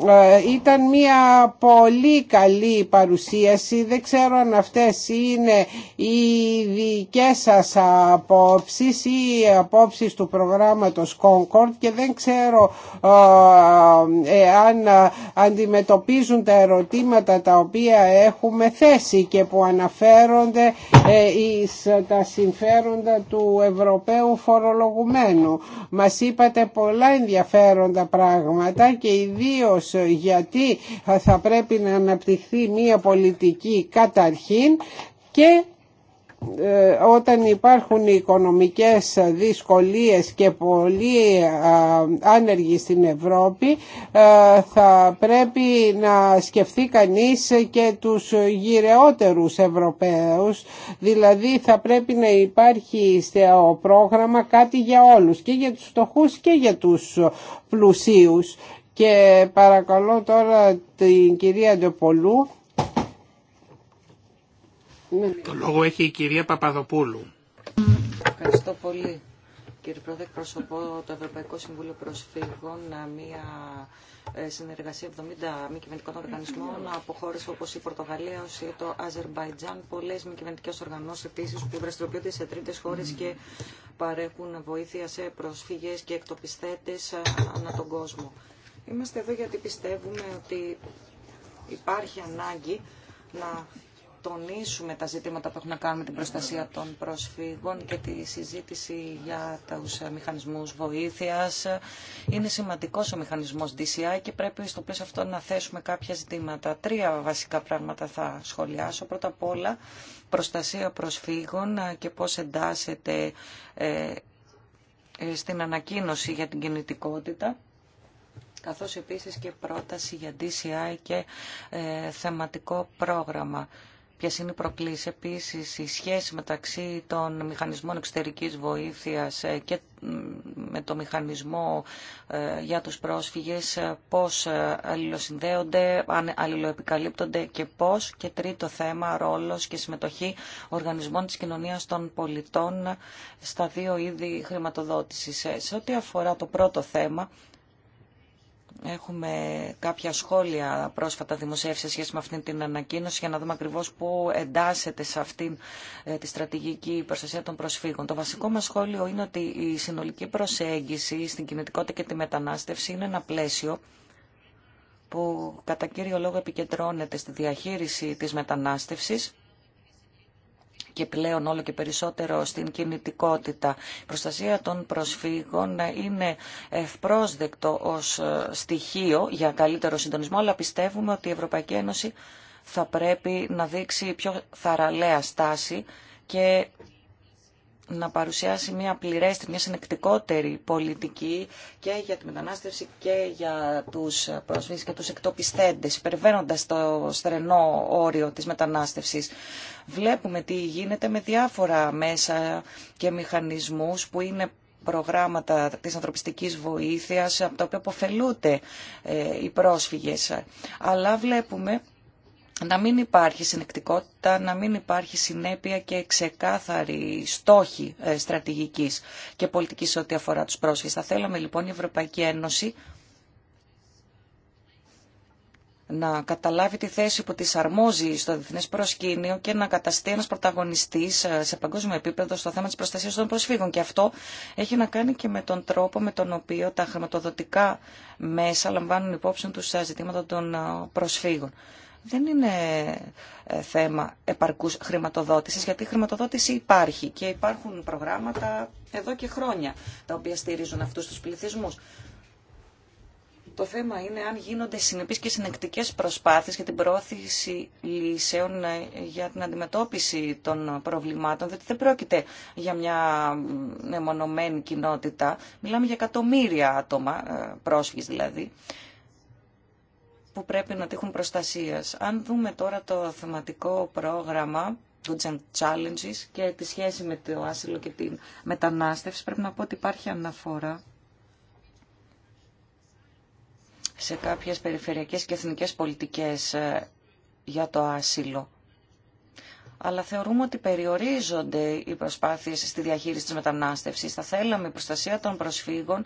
Ε, ήταν μια πολύ καλή παρουσίαση. Δεν ξέρω αν αυτές είναι οι δικές σας απόψεις ή οι απόψεις του προγράμματος Concord και δεν ξέρω ε, ε, αν αντιμετωπίζουν τα ερωτήματα τα οποία έχουμε θέσει και που αναφέρονται εις τα συμφέροντα του Ευρωπαίου φορολογουμένου. Μας είπατε πολλά ενδιαφέροντα πράγματα και δύο γιατί θα πρέπει να αναπτυχθεί μία πολιτική καταρχήν και ε, όταν υπάρχουν οικονομικές δυσκολίες και πολλοί άνεργοι στην Ευρώπη ε, θα πρέπει να σκεφτεί κανείς και τους γυρεότερους Ευρωπαίους δηλαδή θα πρέπει να υπάρχει στο πρόγραμμα κάτι για όλους και για τους φτωχούς και για τους πλουσίους και παρακαλώ τώρα την κυρία Ντοπολού. Ναι. Το λόγο έχει η κυρία Παπαδοπούλου. Ευχαριστώ πολύ. Κύριε Πρόεδρε, εκπροσωπώ το Ευρωπαϊκό Συμβούλιο Προσφύγων, ε, μια ε, συνεργασία 70 μη κυβερνητικών οργανισμών από χώρε όπω η Πορτογαλία, ή το Αζερμπαϊτζάν, πολλέ μη κυβερνητικέ οργανώσει επίση που δραστηριοποιούνται σε τρίτε χώρε και παρέχουν βοήθεια σε προσφύγε και εκτοπιστέτε ε, ανά τον κόσμο. Είμαστε εδώ γιατί πιστεύουμε ότι υπάρχει ανάγκη να τονίσουμε τα ζητήματα που έχουν να κάνουν με την προστασία των προσφύγων και τη συζήτηση για τους μηχανισμούς βοήθειας. Είναι σημαντικός ο μηχανισμός DCI και πρέπει στο πλαίσιο αυτό να θέσουμε κάποια ζητήματα. Τρία βασικά πράγματα θα σχολιάσω. Πρώτα απ' όλα προστασία προσφύγων και πώς εντάσσεται ε, ε, στην ανακοίνωση για την κινητικότητα καθώς επίσης και πρόταση για DCI και ε, θεματικό πρόγραμμα. Ποιε είναι οι προκλήσει, επίση η σχέση μεταξύ των μηχανισμών εξωτερική βοήθεια ε, και με το μηχανισμό ε, για του πρόσφυγε, πώ αλληλοσυνδέονται, αν αλληλοεπικαλύπτονται και πώ. Και τρίτο θέμα, ρόλο και συμμετοχή οργανισμών τη κοινωνία των πολιτών στα δύο είδη χρηματοδότηση. Σε ό,τι αφορά το πρώτο θέμα, Έχουμε κάποια σχόλια πρόσφατα δημοσίευση σε σχέση με αυτήν την ανακοίνωση για να δούμε ακριβώς πού εντάσσεται σε αυτήν ε, τη στρατηγική προστασία των προσφύγων. Το βασικό μας σχόλιο είναι ότι η συνολική προσέγγιση στην κινητικότητα και τη μετανάστευση είναι ένα πλαίσιο που κατά κύριο λόγο επικεντρώνεται στη διαχείριση της μετανάστευσης και πλέον όλο και περισσότερο στην κινητικότητα. Η προστασία των προσφύγων είναι ευπρόσδεκτο ως ε, στοιχείο για καλύτερο συντονισμό, αλλά πιστεύουμε ότι η Ευρωπαϊκή Ένωση θα πρέπει να δείξει πιο θαραλέα στάση και να παρουσιάσει μια πληρέστη, μια συνεκτικότερη πολιτική και για τη μετανάστευση και για τους πρόσφυγες και τους εκτοπιστέντες, υπερβαίνοντας το στρενό όριο της μετανάστευσης. Βλέπουμε τι γίνεται με διάφορα μέσα και μηχανισμούς που είναι προγράμματα της ανθρωπιστικής βοήθειας από τα οποία αποφελούνται ε, οι πρόσφυγες. Αλλά βλέπουμε να μην υπάρχει συνεκτικότητα, να μην υπάρχει συνέπεια και ξεκάθαρη στόχη ε, στρατηγικής και πολιτικής σε ό,τι αφορά τους πρόσφυγες. Θα θέλαμε λοιπόν η Ευρωπαϊκή Ένωση να καταλάβει τη θέση που τη αρμόζει στο διεθνέ προσκήνιο και να καταστεί ένα πρωταγωνιστής ε, σε παγκόσμιο επίπεδο στο θέμα τη προστασία των προσφύγων. Και αυτό έχει να κάνει και με τον τρόπο με τον οποίο τα χρηματοδοτικά μέσα λαμβάνουν υπόψη τους ε, ζητήματα των προσφύγων δεν είναι ε, θέμα επαρκούς χρηματοδότησης, γιατί η χρηματοδότηση υπάρχει και υπάρχουν προγράμματα εδώ και χρόνια τα οποία στηρίζουν αυτούς τους πληθυσμούς. Το θέμα είναι αν γίνονται συνεπείς και συνεκτικές προσπάθειες για την προώθηση λύσεων ε, για την αντιμετώπιση των προβλημάτων, διότι δεν πρόκειται για μια μεμονωμένη κοινότητα. Μιλάμε για εκατομμύρια άτομα, ε, πρόσφυγες δηλαδή, που πρέπει να τύχουν προστασίας. Αν δούμε τώρα το θεματικό πρόγραμμα του Challenges και τη σχέση με το άσυλο και την μετανάστευση, πρέπει να πω ότι υπάρχει αναφορά σε κάποιες περιφερειακές και εθνικές πολιτικές ε, για το άσυλο. Αλλά θεωρούμε ότι περιορίζονται οι προσπάθειες στη διαχείριση της μετανάστευσης. Θα θέλαμε η προστασία των προσφύγων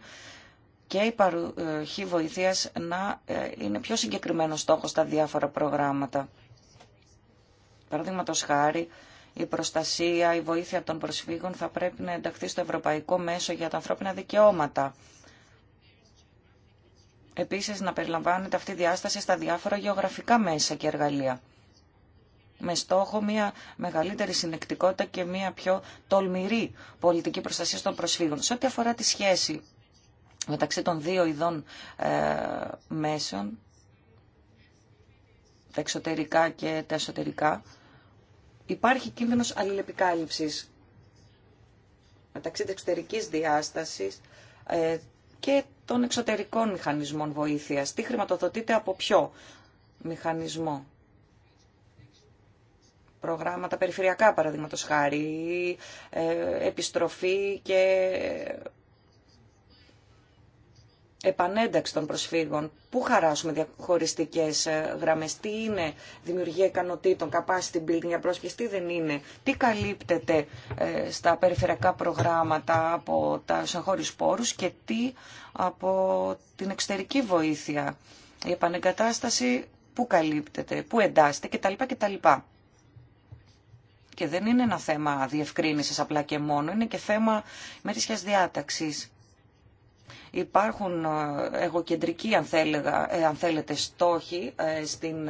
και η παροχή βοηθείας να ε, είναι πιο συγκεκριμένο στόχο στα διάφορα προγράμματα. Παραδείγματο χάρη, η προστασία, η βοήθεια των προσφύγων θα πρέπει να ενταχθεί στο Ευρωπαϊκό Μέσο για τα ανθρώπινα δικαιώματα. Επίσης, να περιλαμβάνεται αυτή η διάσταση στα διάφορα γεωγραφικά μέσα και εργαλεία. Με στόχο μια μεγαλύτερη συνεκτικότητα και μια πιο τολμηρή πολιτική προστασία των προσφύγων. Σε ό,τι αφορά τη σχέση μεταξύ των δύο ειδών ε, μέσων, τα εξωτερικά και τα εσωτερικά, υπάρχει κίνδυνος αλληλεπικάλυψης μεταξύ της εξωτερικής διάστασης ε, και των εξωτερικών μηχανισμών βοήθειας. Τι χρηματοδοτείται από ποιο μηχανισμό. Προγράμματα περιφερειακά, παραδείγματος χάρη, ε, επιστροφή και επανένταξη των προσφύγων. Πού χαράσουμε διαχωριστικέ ε, γραμμέ, τι είναι δημιουργία ικανοτήτων, capacity building για πρόσφυγε, τι δεν είναι, τι καλύπτεται ε, στα περιφερειακά προγράμματα από τα εγχώριου πόρου και τι από την εξωτερική βοήθεια. Η επανεγκατάσταση πού καλύπτεται, πού εντάσσεται κτλ. κτλ. Και δεν είναι ένα θέμα διευκρίνησης απλά και μόνο, είναι και θέμα μερίσιας διάταξης Υπάρχουν ε, εγωκεντρικοί, ε, αν, θέλετε, στόχοι ε, στην,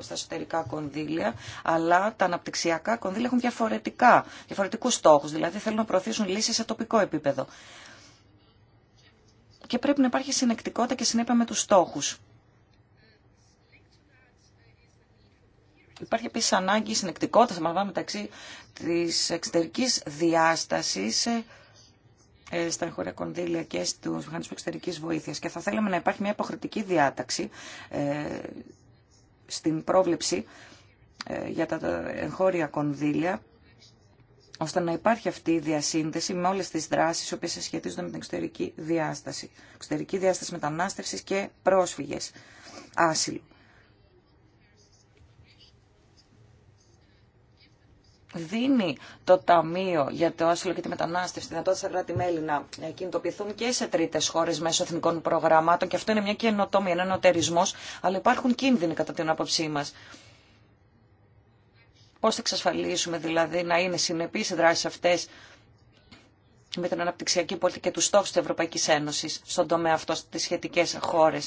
στα εσωτερικά κονδύλια, αλλά τα αναπτυξιακά κονδύλια έχουν διαφορετικά, διαφορετικούς στόχους, δηλαδή θέλουν να προωθήσουν λύσεις σε τοπικό επίπεδο. Και πρέπει να υπάρχει συνεκτικότητα και συνέπεια με τους στόχους. Υπάρχει επίση ανάγκη συνεκτικότητα μεταξύ τη εξωτερική διάσταση ε, στα εγχώρια κονδύλια και στου μηχανισμού εξωτερική βοήθεια. Και θα θέλαμε να υπάρχει μια υποχρεωτική διάταξη ε, στην πρόβλεψη ε, για τα εγχώρια κονδύλια ώστε να υπάρχει αυτή η διασύνδεση με όλες τις δράσεις οι σχετίζονται με την εξωτερική διάσταση. Εξωτερική διάσταση μετανάστευσης και πρόσφυγες, άσυλου. δίνει το Ταμείο για το Άσυλο και τη Μετανάστευση δυνατότητα στα κράτη-μέλη να ε, κινητοποιηθούν και σε τρίτε χώρε μέσω εθνικών προγραμμάτων. Και αυτό είναι μια καινοτομία, ένα νοτερισμό. αλλά υπάρχουν κίνδυνοι κατά την άποψή μα. Πώ θα εξασφαλίσουμε δηλαδή να είναι συνεπεί οι δράσει αυτέ με την αναπτυξιακή πολιτική και του στόχου τη Ευρωπαϊκή Ένωση στον τομέα αυτό στι σχετικέ χώρε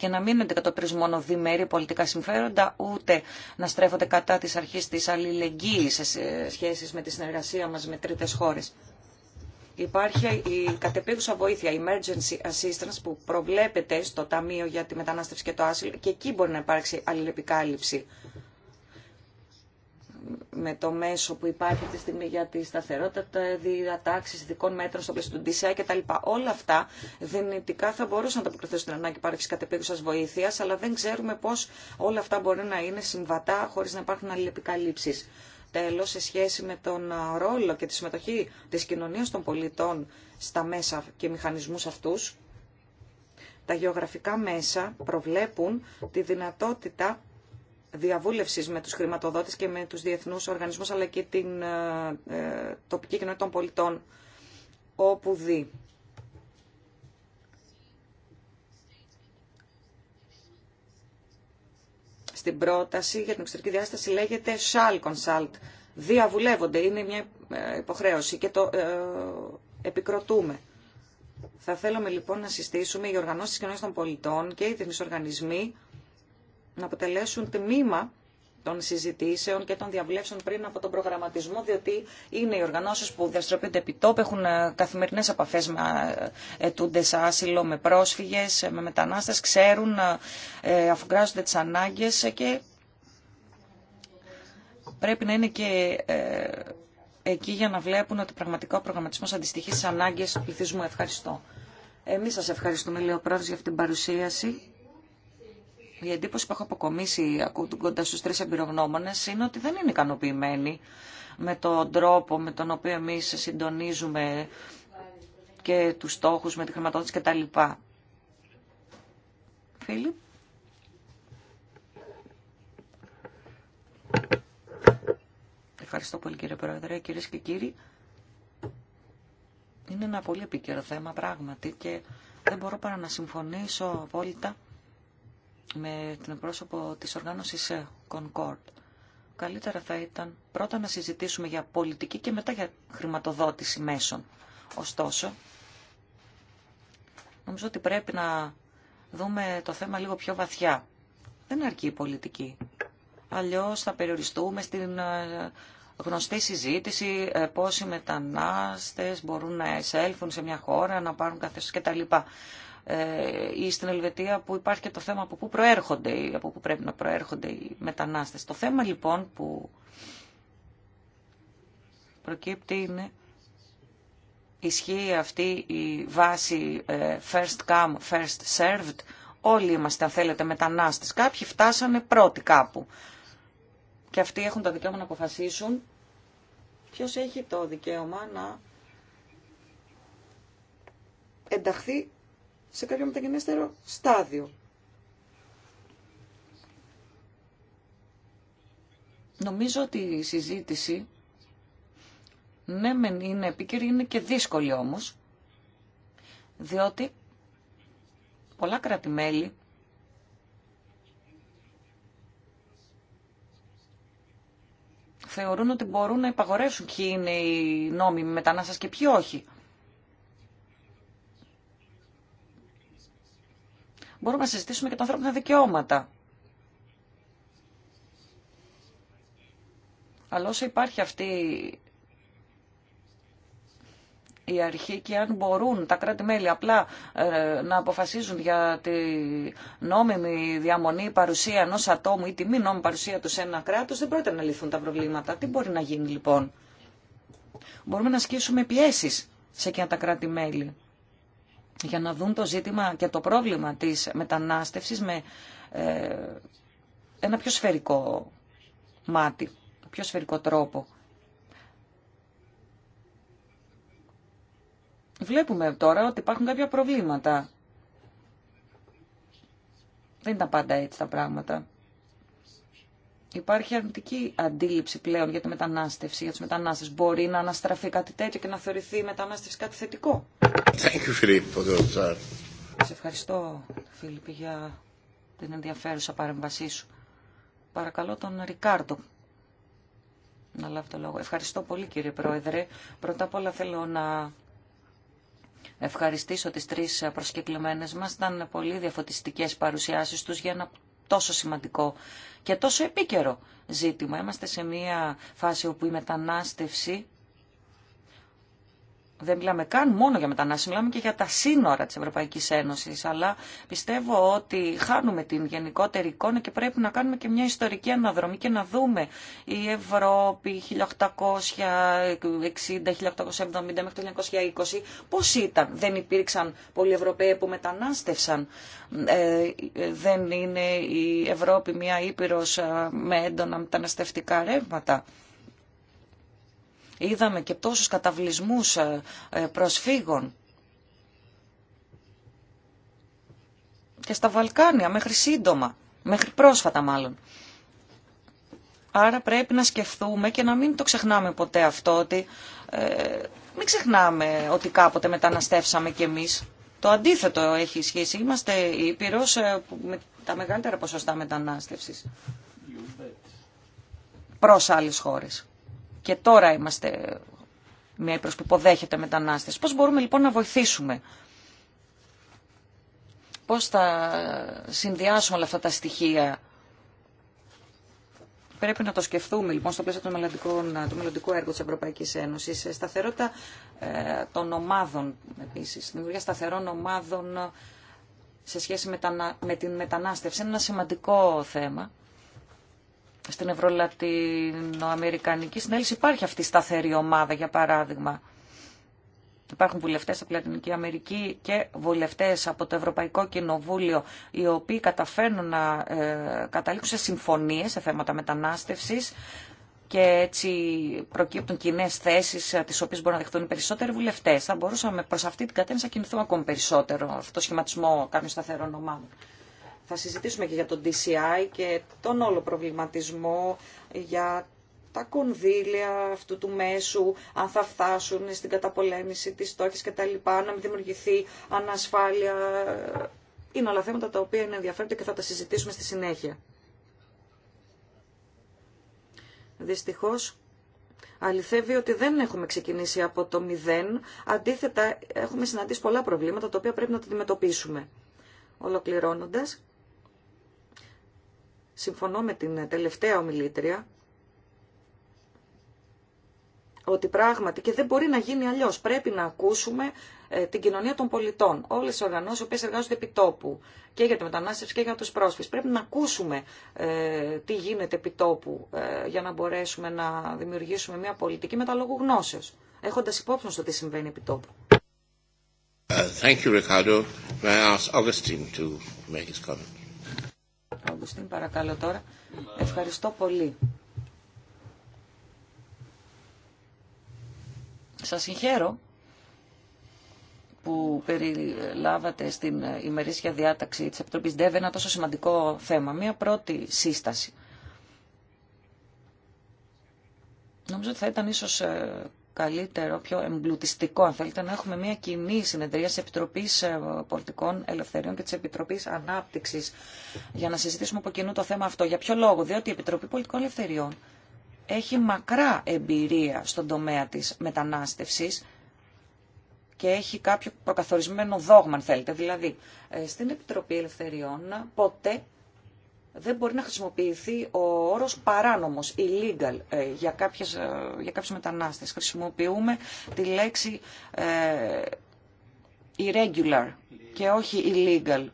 και να μην αντικατοπτρίζουν μόνο διμέρη πολιτικά συμφέροντα, ούτε να στρέφονται κατά τη αρχή τη αλληλεγγύη σε σχέσεις με τη συνεργασία μας με τρίτε χώρες. Υπάρχει η κατεπίγουσα βοήθεια, emergency assistance, που προβλέπεται στο Ταμείο για τη Μετανάστευση και το Άσυλο και εκεί μπορεί να υπάρξει αλληλεπικάλυψη με το μέσο που υπάρχει αυτή τη στιγμή για τη σταθερότητα, διατάξει ειδικών μέτρων στο πλαίσιο του DCI κτλ. Όλα αυτά δυνητικά θα μπορούσαν να ανταποκριθούν στην ανάγκη υπάρξη κατεπίγουσα βοήθεια, αλλά δεν ξέρουμε πώ όλα αυτά μπορεί να είναι συμβατά χωρί να υπάρχουν αλληλεπικαλύψει. Τέλο, σε σχέση με τον ρόλο και τη συμμετοχή τη κοινωνία των πολιτών στα μέσα και μηχανισμού αυτού, τα γεωγραφικά μέσα προβλέπουν τη δυνατότητα διαβούλευσης με τους χρηματοδότες και με τους διεθνούς οργανισμούς αλλά και την ε, ε, τοπική κοινότητα των πολιτών όπου δει. Στην πρόταση για την εξωτερική διάσταση λέγεται shall consult. Διαβουλεύονται, είναι μια ε, υποχρέωση και το επικροτούμε. Θα θέλουμε λοιπόν να συστήσουμε οι οργανώσεις της των πολιτών και οι διεθνείς οργανισμοί να αποτελέσουν τμήμα των συζητήσεων και των διαβλέψεων πριν από τον προγραμματισμό, διότι είναι οι οργανώσει που διαστροπούνται επί τόπου, έχουν ε, καθημερινέ επαφέ με ε, ετούντε άσυλο, με πρόσφυγε, ε, με μετανάστε, ξέρουν, αφουγκράζονται τι ανάγκε και πρέπει να είναι και εκεί για να βλέπουν ότι πραγματικά ο προγραμματισμό αντιστοιχεί στι ανάγκε του πληθυσμού. Ευχαριστώ. Εμεί σα ευχαριστούμε, λέει ο για αυτή την παρουσίαση. Η εντύπωση που έχω αποκομίσει ακούγοντα του τρει εμπειρογνώμονε είναι ότι δεν είναι ικανοποιημένοι με τον τρόπο με τον οποίο εμεί συντονίζουμε και του στόχου με τη χρηματοδότηση κτλ. Φίλιπ. Ευχαριστώ πολύ κύριε Πρόεδρε, κυρίες και κύριοι. Είναι ένα πολύ επίκαιρο θέμα πράγματι και δεν μπορώ παρά να συμφωνήσω απόλυτα με την πρόσωπο της οργάνωσης Concord. Καλύτερα θα ήταν πρώτα να συζητήσουμε για πολιτική και μετά για χρηματοδότηση μέσων. Ωστόσο, νομίζω ότι πρέπει να δούμε το θέμα λίγο πιο βαθιά. Δεν αρκεί η πολιτική. Αλλιώς θα περιοριστούμε στην ε, γνωστή συζήτηση ε, πώς οι μετανάστες μπορούν να εισέλθουν σε μια χώρα, να πάρουν καθέσεις κτλ. Ε, ή στην Ελβετία που υπάρχει και το θέμα από πού προέρχονται ή από πού πρέπει να προέρχονται οι μετανάστες. Το θέμα λοιπόν που προκύπτει είναι ισχύει αυτή βάση ε, first come, first served. Όλοι είμαστε αν θέλετε μετανάστες. Κάποιοι φτάσανε πρώτοι κάπου. Και αυτοί έχουν το δικαίωμα να αποφασίσουν ποιος έχει το δικαίωμα να ενταχθεί σε κάποιο μεταγενέστερο στάδιο. Νομίζω ότι η συζήτηση, ναι είναι επίκαιρη, είναι και δύσκολη όμως, διότι πολλά κράτη-μέλη θεωρούν ότι μπορούν να υπαγορεύσουν ποιοι είναι οι νόμιμοι μετανάστες και ποιοι όχι. μπορούμε να συζητήσουμε και τα ανθρώπινα δικαιώματα. Αλλά όσο υπάρχει αυτή η αρχή και αν μπορούν τα κράτη-μέλη απλά ε, να αποφασίζουν για τη νόμιμη διαμονή παρουσία ενός ατόμου ή τη μη νόμιμη παρουσία του σε ένα κράτος, δεν πρόκειται να λυθούν τα προβλήματα. Τι μπορεί να γίνει λοιπόν. Μπορούμε να ασκήσουμε πιέσεις σε εκείνα τα κράτη-μέλη για να δουν το ζήτημα και το πρόβλημα της μετανάστευσης με ε, ένα πιο σφαιρικό μάτι, πιο σφαιρικό τρόπο. Βλέπουμε τώρα ότι υπάρχουν κάποια προβλήματα. Δεν ήταν πάντα έτσι τα πράγματα. Υπάρχει αρνητική αντίληψη πλέον για τη μετανάστευση, για τους μετανάστες. Μπορεί να αναστραφεί κάτι τέτοιο και να θεωρηθεί η μετανάστευση κάτι θετικό ευχαριστώ, Φίλιππ, για την ενδιαφέρουσα παρέμβασή σου. Παρακαλώ τον Ρικάρντο να λάβει το λόγο. Ευχαριστώ πολύ, κύριε Πρόεδρε. Πρώτα απ' όλα θέλω να ευχαριστήσω τις τρεις προσκεκλημένες μας. Ήταν πολύ διαφωτιστικές παρουσιάσεις τους για ένα τόσο σημαντικό και τόσο επίκαιρο ζήτημα. Είμαστε σε μια φάση όπου η μετανάστευση δεν μιλάμε καν μόνο για μετανάστες, μιλάμε και για τα σύνορα της Ευρωπαϊκής Ένωσης, αλλά πιστεύω ότι χάνουμε την γενικότερη εικόνα και πρέπει να κάνουμε και μια ιστορική αναδρομή και να δούμε η Ευρώπη 1860-1870 μέχρι το 1920 πώς ήταν, δεν υπήρξαν πολλοί Ευρωπαίοι που μετανάστευσαν, ε, δεν είναι η Ευρώπη μια ήπειρος ε, με έντονα μεταναστευτικά ρεύματα. Είδαμε και τόσους καταβλισμούς ε, ε, προσφύγων. Και στα Βαλκάνια μέχρι σύντομα, μέχρι πρόσφατα μάλλον. Άρα πρέπει να σκεφτούμε και να μην το ξεχνάμε ποτέ αυτό ότι ε, μην ξεχνάμε ότι κάποτε μεταναστεύσαμε κι εμείς. Το αντίθετο έχει σχέση. Είμαστε η Ήπειρος ε, με τα μεγαλύτερα ποσοστά μετανάστευσης προς άλλες χώρες και τώρα είμαστε μια Ήπρος που υποδέχεται μετανάστες. Πώς μπορούμε λοιπόν να βοηθήσουμε. Πώς θα συνδυάσουμε όλα αυτά τα στοιχεία. Πρέπει να το σκεφτούμε λοιπόν στο πλαίσιο του μελλοντικού, έργου της Ευρωπαϊκής Ένωσης. Ε, σταθερότητα ε, των ομάδων επίσης. Δημιουργία σταθερών ομάδων ε, σε σχέση με την μετανάστευση. Είναι ένα σημαντικό θέμα στην Ευρωλατινοαμερικανική συνέλευση υπάρχει αυτή η σταθερή ομάδα, για παράδειγμα. Υπάρχουν βουλευτές από τη Λατινική Αμερική και βουλευτές από το Ευρωπαϊκό Κοινοβούλιο οι οποίοι καταφέρνουν να ε, καταλήξουν σε συμφωνίες σε θέματα μετανάστευσης και έτσι προκύπτουν κοινέ θέσει, ε, τι οποίε μπορούν να δεχτούν οι περισσότεροι βουλευτέ. Θα μπορούσαμε προ αυτή την κατεύθυνση να κινηθούμε ακόμη περισσότερο, αυτό το σχηματισμό κάποιων σταθερών ομάδων θα συζητήσουμε και για τον DCI και τον όλο προβληματισμό για τα κονδύλια αυτού του μέσου, αν θα φτάσουν στην καταπολέμηση της στόχης και τα λοιπά, να μην δημιουργηθεί ανασφάλεια. Είναι όλα θέματα τα οποία είναι ενδιαφέροντα και θα τα συζητήσουμε στη συνέχεια. Δυστυχώς, αληθεύει ότι δεν έχουμε ξεκινήσει από το μηδέν. Αντίθετα, έχουμε συναντήσει πολλά προβλήματα τα οποία πρέπει να τα αντιμετωπίσουμε. Ολοκληρώνοντας, συμφωνώ με την τελευταία ομιλήτρια ότι πράγματι και δεν μπορεί να γίνει αλλιώ. Πρέπει να ακούσουμε ε, την κοινωνία των πολιτών, όλες τι οργανώσεις που εργάζονται επί τόπου και για τη μετανάστευση και για τους πρόσφυγες. Πρέπει να ακούσουμε ε, τι γίνεται επί τόπου ε, για να μπορέσουμε να δημιουργήσουμε μια πολιτική με τα λόγου γνώσεως, έχοντας υπόψη στο τι συμβαίνει επί τόπου. Uh, thank you, Ricardo. May I Augustine to make his comment? Αγκουστίν, παρακαλώ τώρα. Ευχαριστώ πολύ. Σας συγχαίρω που περιλάβατε στην ημερήσια διάταξη της Επιτροπής ΔΕΒ ένα τόσο σημαντικό θέμα. Μία πρώτη σύσταση. Νομίζω ότι θα ήταν ίσως ε, καλύτερο, πιο εμπλουτιστικό, αν θέλετε, να έχουμε μια κοινή συνεδρία τη Επιτροπή ε, Πολιτικών Ελευθεριών και τη Επιτροπή Ανάπτυξη για να συζητήσουμε από κοινού το θέμα αυτό. Για ποιο λόγο, διότι η Επιτροπή Πολιτικών Ελευθεριών έχει μακρά εμπειρία στον τομέα της μετανάστευσης και έχει κάποιο προκαθορισμένο δόγμα, αν θέλετε. Δηλαδή, ε, στην Επιτροπή Ελευθεριών ποτέ δεν μπορεί να χρησιμοποιηθεί ο όρος παράνομος, illegal, ε, για, κάποιες, ε, για μετανάστες. Χρησιμοποιούμε τη λέξη ε, irregular και όχι illegal.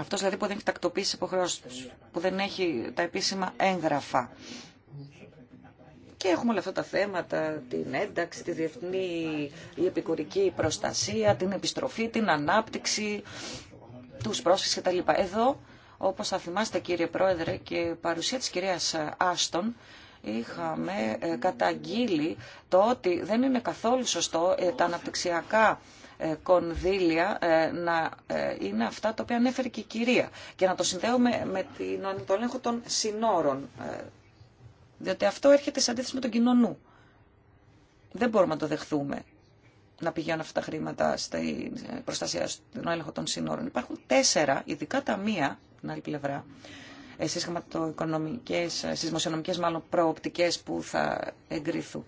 Αυτός δηλαδή που δεν έχει τακτοποιήσει υποχρεώσεις τους, που δεν έχει τα επίσημα έγγραφα. Και έχουμε όλα αυτά τα θέματα, την ένταξη, τη διεθνή η επικουρική προστασία, την επιστροφή, την ανάπτυξη, τους πρόσφυγες κτλ. Εδώ όπως θα θυμάστε κύριε Πρόεδρε και παρουσία της κυρίας Άστον, είχαμε ε, καταγγείλει το ότι δεν είναι καθόλου σωστό ε, τα αναπτυξιακά ε, κονδύλια να είναι αυτά τα οποία ανέφερε και η κυρία και να το συνδέουμε με τον έλεγχο των συνόρων. Διότι αυτό έρχεται σε αντίθεση με τον κοινωνού. Δεν μπορούμε να το δεχθούμε να πηγαίνουν αυτά τα χρήματα στην προστασία, στον έλεγχο των συνόρων. Υπάρχουν τέσσερα ειδικά ταμεία την άλλη πλευρά. Εσείς χρηματοοικονομικές, στις δημοσιονομικές μάλλον προοπτικές που θα εγκριθούν.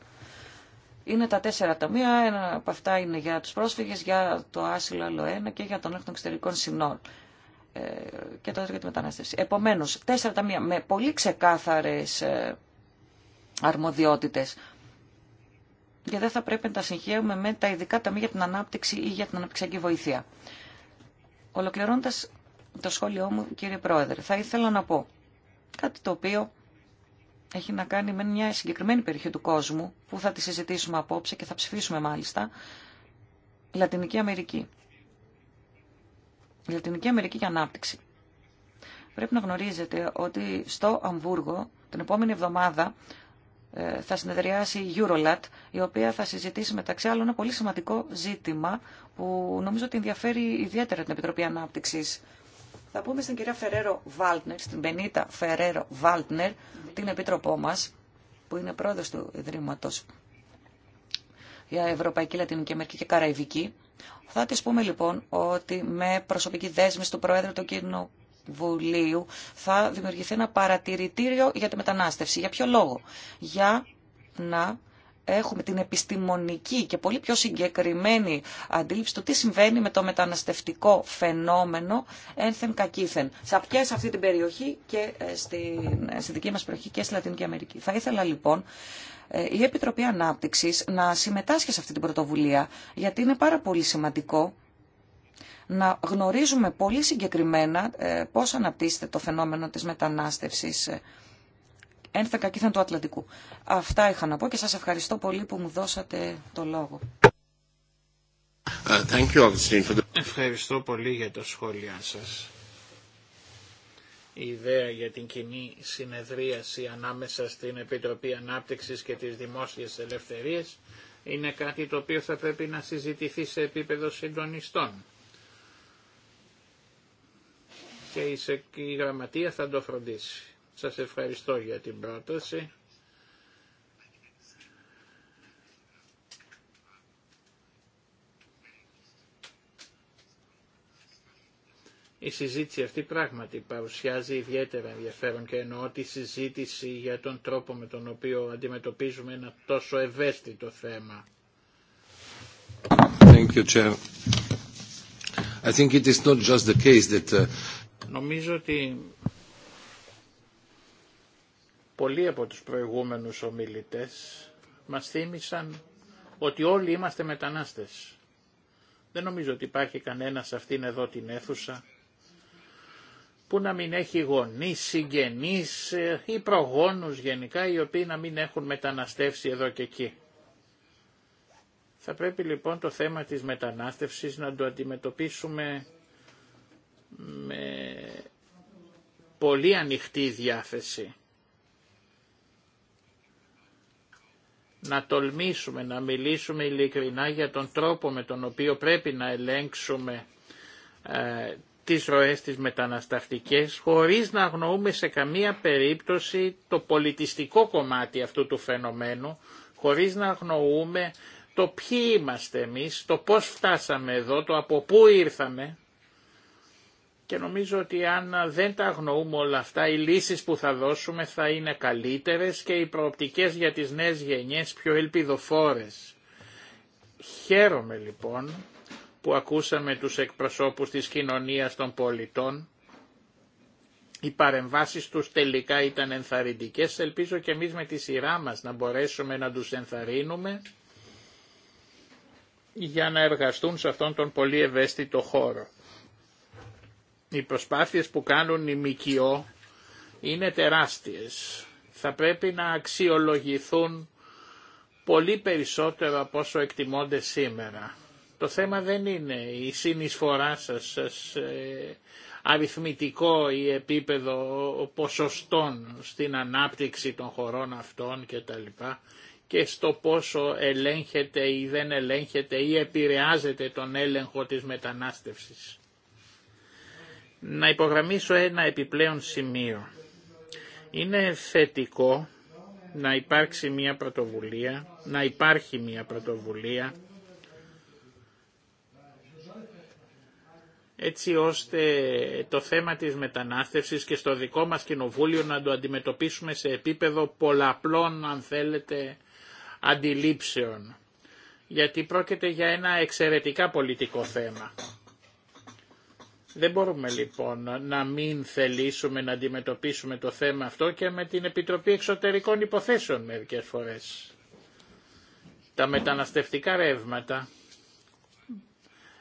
Είναι τα τέσσερα ταμεία, ένα από αυτά είναι για τους πρόσφυγες, για το άσυλο άλλο ένα και για τον έκτο εξωτερικών συνόρων ε, και το για τη μετανάστευση. Επομένως, τέσσερα ταμεία με πολύ ξεκάθαρες ε, αρμοδιότητες και δεν θα πρέπει να τα συγχαίουμε με τα ειδικά ταμεία για την ανάπτυξη ή για την αναπτυξιακή βοήθεια. Ολοκληρώνοντας, το σχόλιο μου, κύριε Πρόεδρε. Θα ήθελα να πω κάτι το οποίο έχει να κάνει με μια συγκεκριμένη περιοχή του κόσμου, που θα τη συζητήσουμε απόψε και θα ψηφίσουμε μάλιστα, Λατινική Αμερική. Λατινική Αμερική για ανάπτυξη. Πρέπει να γνωρίζετε ότι στο Αμβούργο την επόμενη εβδομάδα ε, θα συνεδριάσει η Eurolat, η οποία θα συζητήσει μεταξύ άλλων ένα πολύ σημαντικό ζήτημα που νομίζω ότι ενδιαφέρει ιδιαίτερα την Επιτροπή Ανάπτυξης θα πούμε στην κυρία Φερέρο Βάλτνερ, στην Πενίτα Φερέρο Βάλτνερ, την επίτροπό μα, που είναι πρόεδρος του ιδρύματο για Ευρωπαϊκή, Λατινική Αμερική και Καραϊβική. Θα τη πούμε λοιπόν ότι με προσωπική δέσμευση του Προέδρου του Κοινοβουλίου θα δημιουργηθεί ένα παρατηρητήριο για τη μετανάστευση. Για ποιο λόγο? Για να έχουμε την επιστημονική και πολύ πιο συγκεκριμένη αντίληψη του τι συμβαίνει με το μεταναστευτικό φαινόμενο ένθεν κακήθεν. Σε και σε αυτή την περιοχή και ε, στην, ε, στη δική μας περιοχή και στη Λατινική Αμερική. Θα ήθελα λοιπόν ε, η Επιτροπή Ανάπτυξης να συμμετάσχει σε αυτή την πρωτοβουλία γιατί είναι πάρα πολύ σημαντικό να γνωρίζουμε πολύ συγκεκριμένα πώς αναπτύσσεται το φαινόμενο της μετανάστευσης ένθεκα και του Ατλαντικού. Αυτά είχα να πω και σας ευχαριστώ πολύ που μου δώσατε το λόγο. Uh, ευχαριστώ πολύ για τα σχόλιά σας. Η ιδέα για την κοινή συνεδρίαση ανάμεσα στην Επιτροπή Ανάπτυξης και τις Δημόσιες Ελευθερίες είναι κάτι το οποίο θα πρέπει να συζητηθεί σε επίπεδο συντονιστών. Και η Γραμματεία θα το φροντίσει. Σας ευχαριστώ για την πρόταση. Η συζήτηση αυτή πράγματι παρουσιάζει ιδιαίτερα ενδιαφέρον και εννοώ τη συζήτηση για τον τρόπο με τον οποίο αντιμετωπίζουμε ένα τόσο ευαίσθητο θέμα. I think it is not just the case that... Uh, Νομίζω ότι Πολλοί από τους προηγούμενους ομιλητές μας θύμισαν ότι όλοι είμαστε μετανάστες. Δεν νομίζω ότι υπάρχει κανένας σε αυτήν εδώ την αίθουσα που να μην έχει γονείς, συγγενείς ή προγόνους γενικά οι οποίοι να μην έχουν μεταναστεύσει εδώ και εκεί. Θα πρέπει λοιπόν το θέμα της μετανάστευσης να το αντιμετωπίσουμε με πολύ ανοιχτή διάθεση. να τολμήσουμε να μιλήσουμε ειλικρινά για τον τρόπο με τον οποίο πρέπει να ελέγξουμε ε, τις ροές τις μεταναστευτικές χωρίς να αγνοούμε σε καμία περίπτωση το πολιτιστικό κομμάτι αυτού του φαινομένου, χωρίς να αγνοούμε το ποιοι είμαστε εμείς, το πώς φτάσαμε εδώ, το από πού ήρθαμε και νομίζω ότι αν δεν τα αγνοούμε όλα αυτά, οι λύσεις που θα δώσουμε θα είναι καλύτερες και οι προοπτικές για τις νέες γενιές πιο ελπιδοφόρες. Χαίρομαι λοιπόν που ακούσαμε τους εκπροσώπους της κοινωνίας των πολιτών. Οι παρεμβάσεις τους τελικά ήταν ενθαρρυντικές. Ελπίζω και εμείς με τη σειρά μας να μπορέσουμε να τους ενθαρρύνουμε για να εργαστούν σε αυτόν τον πολύ ευαίσθητο χώρο. Οι προσπάθειες που κάνουν οι ΜΚΟ είναι τεράστιες. Θα πρέπει να αξιολογηθούν πολύ περισσότερο από όσο εκτιμώνται σήμερα. Το θέμα δεν είναι η συνεισφορά σας σε αριθμητικό ή επίπεδο ποσοστών στην ανάπτυξη των χωρών αυτών κτλ. και στο πόσο ελέγχεται ή δεν ελέγχεται ή επηρεάζεται τον έλεγχο της μετανάστευσης. Να υπογραμμίσω ένα επιπλέον σημείο. Είναι θετικό να υπάρξει μια πρωτοβουλία, να υπάρχει μια πρωτοβουλία έτσι ώστε το θέμα της μετανάστευσης και στο δικό μας κοινοβούλιο να το αντιμετωπίσουμε σε επίπεδο πολλαπλών, αν θέλετε, αντιλήψεων. Γιατί πρόκειται για ένα εξαιρετικά πολιτικό θέμα. Δεν μπορούμε λοιπόν να μην θελήσουμε να αντιμετωπίσουμε το θέμα αυτό και με την Επιτροπή Εξωτερικών Υποθέσεων μερικές φορές. Τα μεταναστευτικά ρεύματα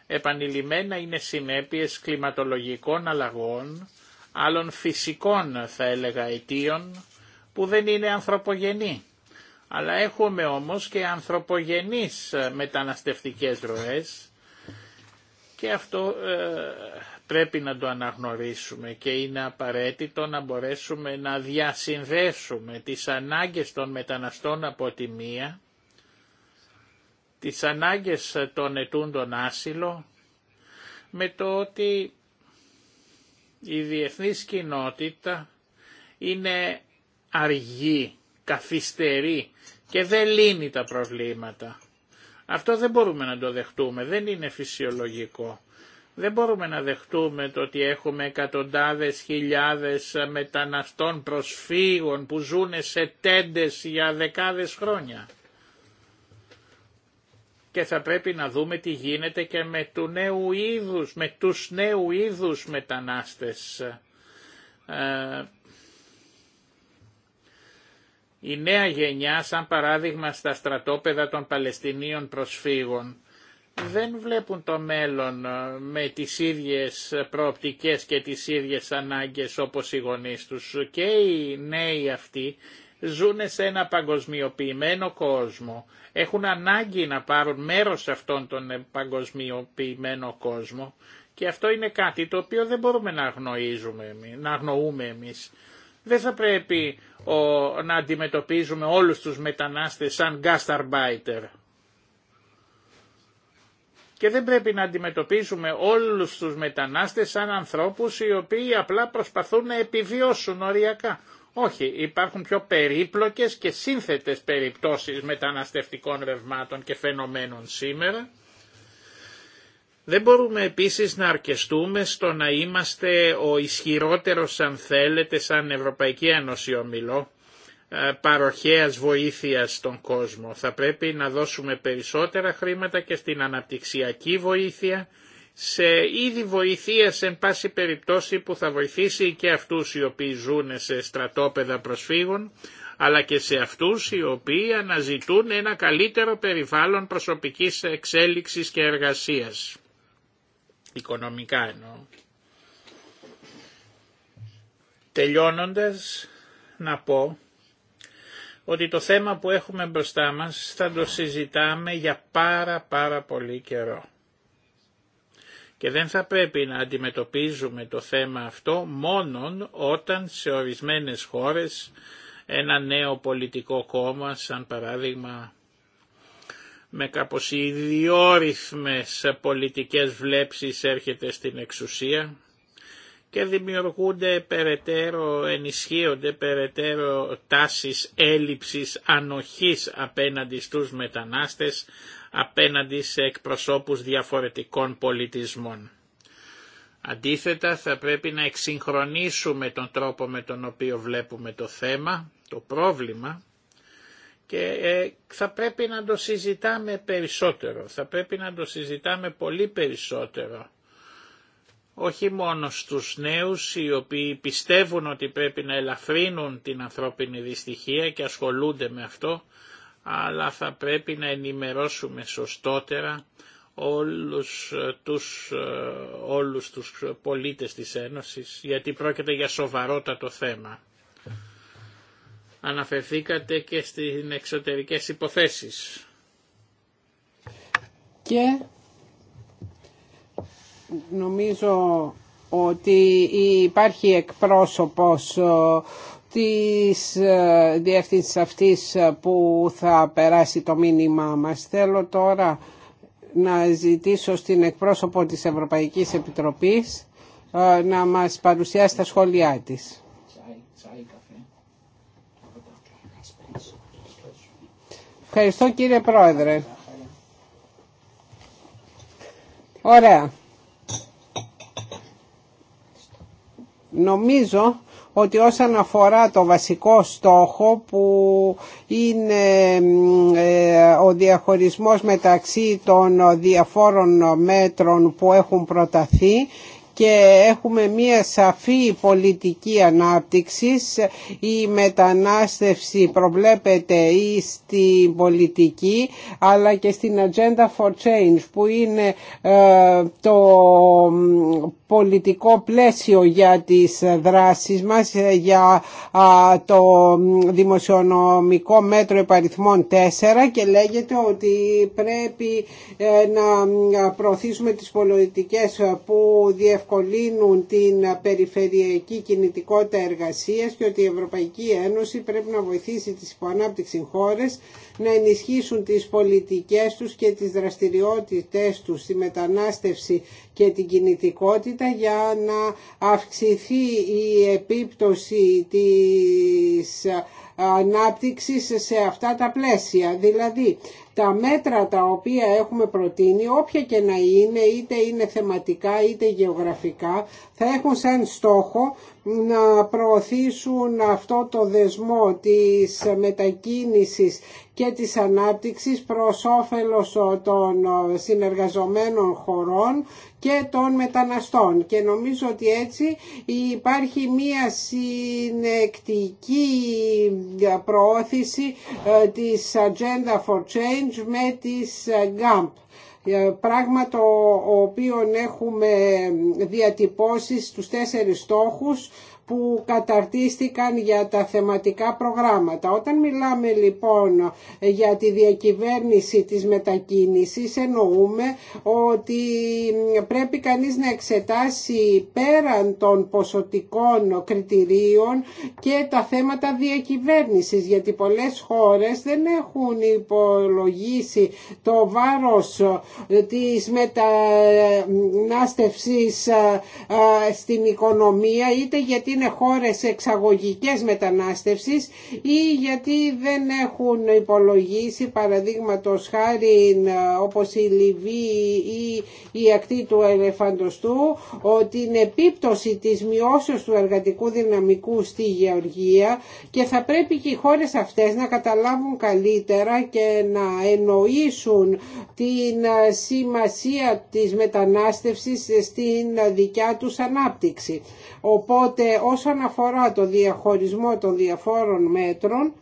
επανειλημμένα είναι συνέπειες κλιματολογικών αλλαγών, άλλων φυσικών θα έλεγα αιτίων, που δεν είναι ανθρωπογενή. Αλλά έχουμε όμως και ανθρωπογενείς μεταναστευτικές ροές και αυτό ε, πρέπει να το αναγνωρίσουμε και είναι απαραίτητο να μπορέσουμε να διασυνδέσουμε τις ανάγκες των μεταναστών από τη μία, τις ανάγκες των ετούντων άσυλο, με το ότι η διεθνής κοινότητα είναι αργή, καθυστερή και δεν λύνει τα προβλήματα. Αυτό δεν μπορούμε να το δεχτούμε, δεν είναι φυσιολογικό. Δεν μπορούμε να δεχτούμε το ότι έχουμε εκατοντάδες χιλιάδες μεταναστών προσφύγων που ζουν σε τέντες για δεκάδες χρόνια. Και θα πρέπει να δούμε τι γίνεται και με, του νέου είδους, με τους νέου είδους μετανάστες. Ε, η νέα γενιά, σαν παράδειγμα στα στρατόπεδα των Παλαιστινίων προσφύγων, δεν βλέπουν το μέλλον ε, με τις ίδιες προοπτικές και τις ίδιες ανάγκες όπως οι γονείς τους και οι νέοι αυτοί ζουν σε ένα παγκοσμιοποιημένο κόσμο, έχουν ανάγκη να πάρουν μέρος σε αυτόν τον ε, παγκοσμιοποιημένο κόσμο και αυτό είναι κάτι το οποίο δεν μπορούμε να, να αγνοούμε εμείς. Δεν θα πρέπει να αντιμετωπίζουμε όλους τους μετανάστες σαν gastarbeiter και δεν πρέπει να αντιμετωπίσουμε όλους τους μετανάστες σαν ανθρώπους οι οποίοι απλά προσπαθούν να επιβιώσουν οριακά. Όχι, υπάρχουν πιο περίπλοκες και σύνθετες περιπτώσεις μεταναστευτικών ρευμάτων και φαινομένων σήμερα. Δεν μπορούμε επίσης να αρκεστούμε στο να είμαστε ο ισχυρότερος αν θέλετε σαν Ευρωπαϊκή Ένωση ομιλώ ε, παροχέας βοήθειας στον κόσμο. Θα πρέπει να δώσουμε περισσότερα χρήματα και στην αναπτυξιακή βοήθεια, σε είδη βοηθείας εν πάση περιπτώσει που θα βοηθήσει και αυτούς οι οποίοι ζουν σε στρατόπεδα προσφύγων, αλλά και σε αυτούς οι οποίοι αναζητούν ένα καλύτερο περιβάλλον προσωπικής εξέλιξης και εργασίας. Οικονομικά εννοώ. Τελειώνοντας να πω ότι το θέμα που έχουμε μπροστά μας θα το συζητάμε για πάρα πάρα πολύ καιρό. Και δεν θα πρέπει να αντιμετωπίζουμε το θέμα αυτό μόνον όταν σε ορισμένες χώρες ένα νέο πολιτικό κόμμα, σαν παράδειγμα με κάπως ιδιόρυθμες πολιτικές βλέψεις έρχεται στην εξουσία και δημιουργούνται περαιτέρω, ενισχύονται περαιτέρω τάσεις έλλειψης ανοχής απέναντι στους μετανάστες, απέναντι σε εκπροσώπους διαφορετικών πολιτισμών. Αντίθετα θα πρέπει να εξυγχρονίσουμε τον τρόπο με τον οποίο βλέπουμε το θέμα, το πρόβλημα και ε, θα πρέπει να το συζητάμε περισσότερο, θα πρέπει να το συζητάμε πολύ περισσότερο όχι μόνο στους νέους οι οποίοι πιστεύουν ότι πρέπει να ελαφρύνουν την ανθρώπινη δυστυχία και ασχολούνται με αυτό, αλλά θα πρέπει να ενημερώσουμε σωστότερα όλους ε, τους, ε, όλους τους πολίτες της Ένωσης, γιατί πρόκειται για σοβαρότατο θέμα. Αναφερθήκατε και στις εξωτερικές υποθέσεις. Και Νομίζω ότι υπάρχει εκπρόσωπος ε, της ε, διευθύνση αυτής ε, που θα περάσει το μήνυμά μας. Θέλω τώρα να ζητήσω στην εκπρόσωπο της Ευρωπαϊκής Επιτροπής να μας παρουσιάσει τα σχόλιά της. Ευχαριστώ κύριε Πρόεδρε. Ωραία. Νομίζω ότι όσον αφορά το βασικό στόχο που είναι ε, ο διαχωρισμός μεταξύ των διαφόρων μέτρων που έχουν προταθεί και έχουμε μία σαφή πολιτική ανάπτυξης. Η μετανάστευση προβλέπεται ή στην πολιτική αλλά και στην Agenda for Change που είναι ε, το πολιτικό πλαίσιο για τις δράσεις μας ε, για το δημοσιονομικό μέτρο επαριθμών 4 και λέγεται ότι πρέπει ε, να προωθήσουμε τις πολιτικές που διευκολύνουν διευκολύνουν την περιφερειακή κινητικότητα εργασίας και ότι η Ευρωπαϊκή Ένωση πρέπει να βοηθήσει τις υποανάπτυξη χώρες να ενισχύσουν τις πολιτικές τους και τις δραστηριότητες τους στη μετανάστευση και την κινητικότητα για να αυξηθεί η επίπτωση της ανάπτυξης σε αυτά τα πλαίσια. Δηλαδή τα μέτρα τα οποία έχουμε προτείνει, όποια και να είναι, είτε είναι θεματικά είτε γεωγραφικά, θα έχουν σαν στόχο να προωθήσουν αυτό το δεσμό της μετακίνησης και της ανάπτυξης προς όφελος των συνεργαζομένων χωρών και των μεταναστών. Και νομίζω ότι έτσι υπάρχει μία συνεκτική προώθηση ε, της Agenda for Change με τις ε, GAMP. Ε, πράγμα το οποίο έχουμε διατυπώσει στους τέσσερις στόχους που καταρτίστηκαν για τα θεματικά προγράμματα. Όταν μιλάμε λοιπόν για τη διακυβέρνηση της μετακίνησης εννοούμε ότι πρέπει κανείς να εξετάσει πέραν των ποσοτικών κριτηρίων και τα θέματα διακυβέρνησης γιατί πολλές χώρες δεν έχουν υπολογίσει το βάρος ε, της μετανάστευσης ε, ε, στην οικονομία είτε γιατί είναι χώρες εξαγωγικές μετανάστευσης ή γιατί δεν έχουν υπολογίσει παραδείγματος χάρη όπως η Λιβύη ή η ακτή του ελεφαντοστού ότι την επίπτωση της μειώσεως του εργατικού δυναμικού στη γεωργία και θα πρέπει και οι χώρες αυτές να καταλάβουν καλύτερα και να εννοήσουν την σημασία της μετανάστευσης στην δικιά τους ανάπτυξη. Οπότε όσον αφορά το διαχωρισμό των διαφόρων μέτρων,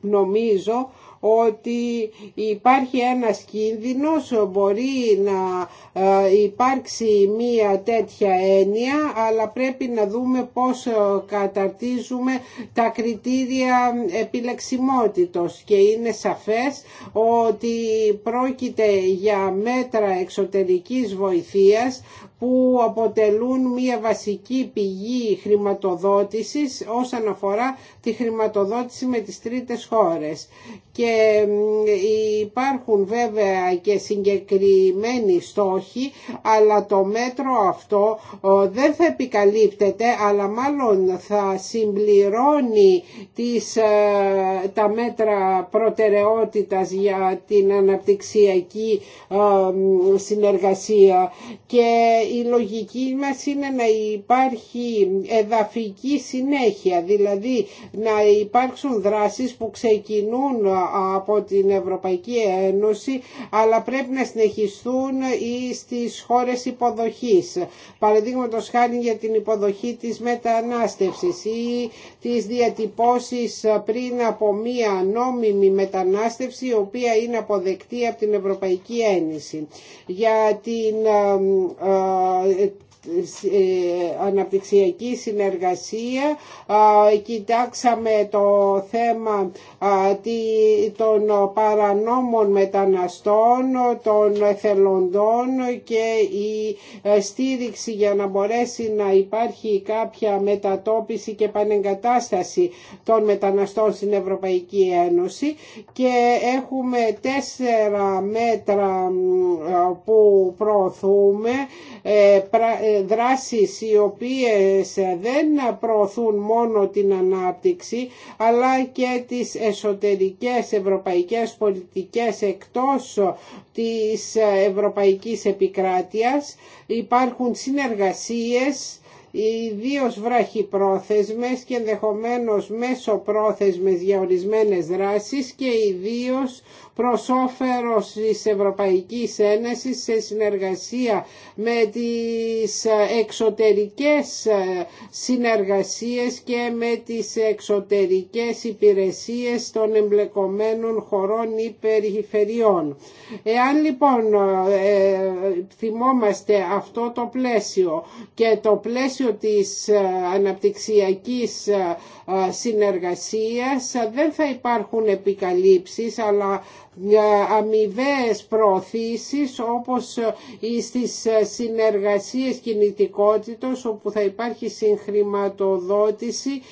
νομίζω ότι υπάρχει ένας κίνδυνος, μπορεί να ε, υπάρξει μία τέτοια έννοια, αλλά πρέπει να δούμε πώς ε, καταρτίζουμε τα κριτήρια επιλεξιμότητος και είναι σαφές ότι πρόκειται για μέτρα εξωτερικής βοηθείας που αποτελούν μια βασική πηγή χρηματοδότησης όσον αφορά τη χρηματοδότηση με τις τρίτες χώρες. Και υπάρχουν βέβαια και συγκεκριμένοι στόχοι, αλλά το μέτρο αυτό δεν θα επικαλύπτεται, αλλά μάλλον θα συμπληρώνει τις, ε, τα μέτρα προτεραιότητας για την αναπτυξιακή ε, συνεργασία και η λογική μας είναι να υπάρχει εδαφική συνέχεια, δηλαδή να υπάρξουν δράσεις που ξεκινούν από την Ευρωπαϊκή Ένωση αλλά πρέπει να συνεχιστούν ή στις χώρες υποδοχής. Παραδείγματος χάρη για την υποδοχή της μετανάστευσης ή τις διατυπώσεις πριν από μία νόμιμη μετανάστευση η οποία είναι αποδεκτή από την Ευρωπαϊκή Ένωση. Για την ε, ε, ε, ε, αναπτυξιακή συνεργασία κοιτάξαμε το θέμα των παρανόμων μεταναστών των εθελοντών και η ε, στήριξη για να μπορέσει να υπάρχει κάποια μετατόπιση και πανεγκατάσταση των μεταναστών στην Ευρωπαϊκή Ένωση και έχουμε τέσσερα μέτρα που προωθούμε ε, ε, δράσεις οι οποίες δεν προωθούν μόνο την ανάπτυξη αλλά και τις εσωτερικές ευρωπαϊκές πολιτικές εκτός της ευρωπαϊκής επικράτειας. Υπάρχουν συνεργασίες ιδίως βραχυπρόθεσμες και ενδεχομένω μέσο πρόθεσμες για ορισμένε δράσεις και ιδίω προ όφερο τη ευρωπαϊκή Ένωση σε συνεργασία με τις εξωτερικές συνεργασίες και με τις εξωτερικές υπηρεσίες των εμπλεκομένων χωρών ή περιφερειών. Εάν λοιπόν ε, ε, θυμόμαστε αυτό το πλαίσιο και το πλαίσιο πλαίσιο της ε, αναπτυξιακής ε, ε, συνεργασίας δεν θα υπάρχουν επικαλύψεις αλλά αμοιβαίε προωθήσεις όπως στις συνεργασίες κινητικότητος όπου θα υπάρχει συγχρηματοδότηση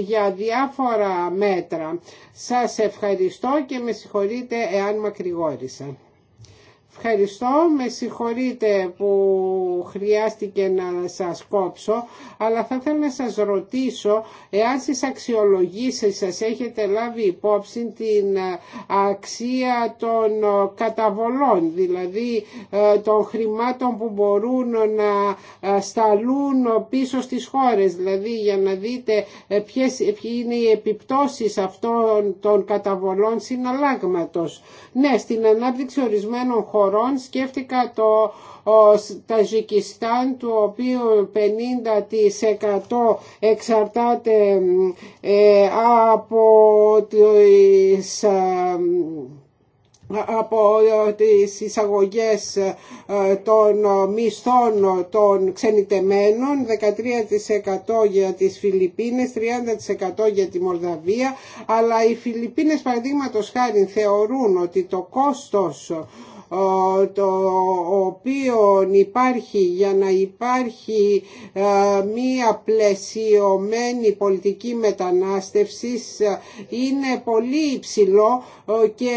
για διάφορα μέτρα. Σας ευχαριστώ και με συγχωρείτε εάν μακρηγόρησα ευχαριστώ. Με συγχωρείτε που χρειάστηκε να σας κόψω, αλλά θα ήθελα να σας ρωτήσω εάν στις αξιολογήσεις σας έχετε λάβει υπόψη την ε, αξία των ε, καταβολών, δηλαδή ε, των χρημάτων που μπορούν να σταλούν πίσω στις χώρες, δηλαδή για να δείτε ποιες είναι οι επιπτώσεις αυτών των καταβολών συναλλάγματος. Ναι, στην ανάπτυξη ορισμένων χώρων χωρών. Σκέφτηκα το Ταζικιστάν του οποίου 50% εξαρτάται ε, από τις ε, ε, από τις εισαγωγές των μισθών των ξενιτεμένων, 13% για τις Φιλιππίνες, 30% για τη Μολδαβία, αλλά οι Φιλιππίνες παραδείγματος χάρη θεωρούν ότι το κόστος το οποίο υπάρχει για να υπάρχει ε, μία πλαισιωμένη πολιτική μετανάστευσης ε, είναι πολύ υψηλό ε, και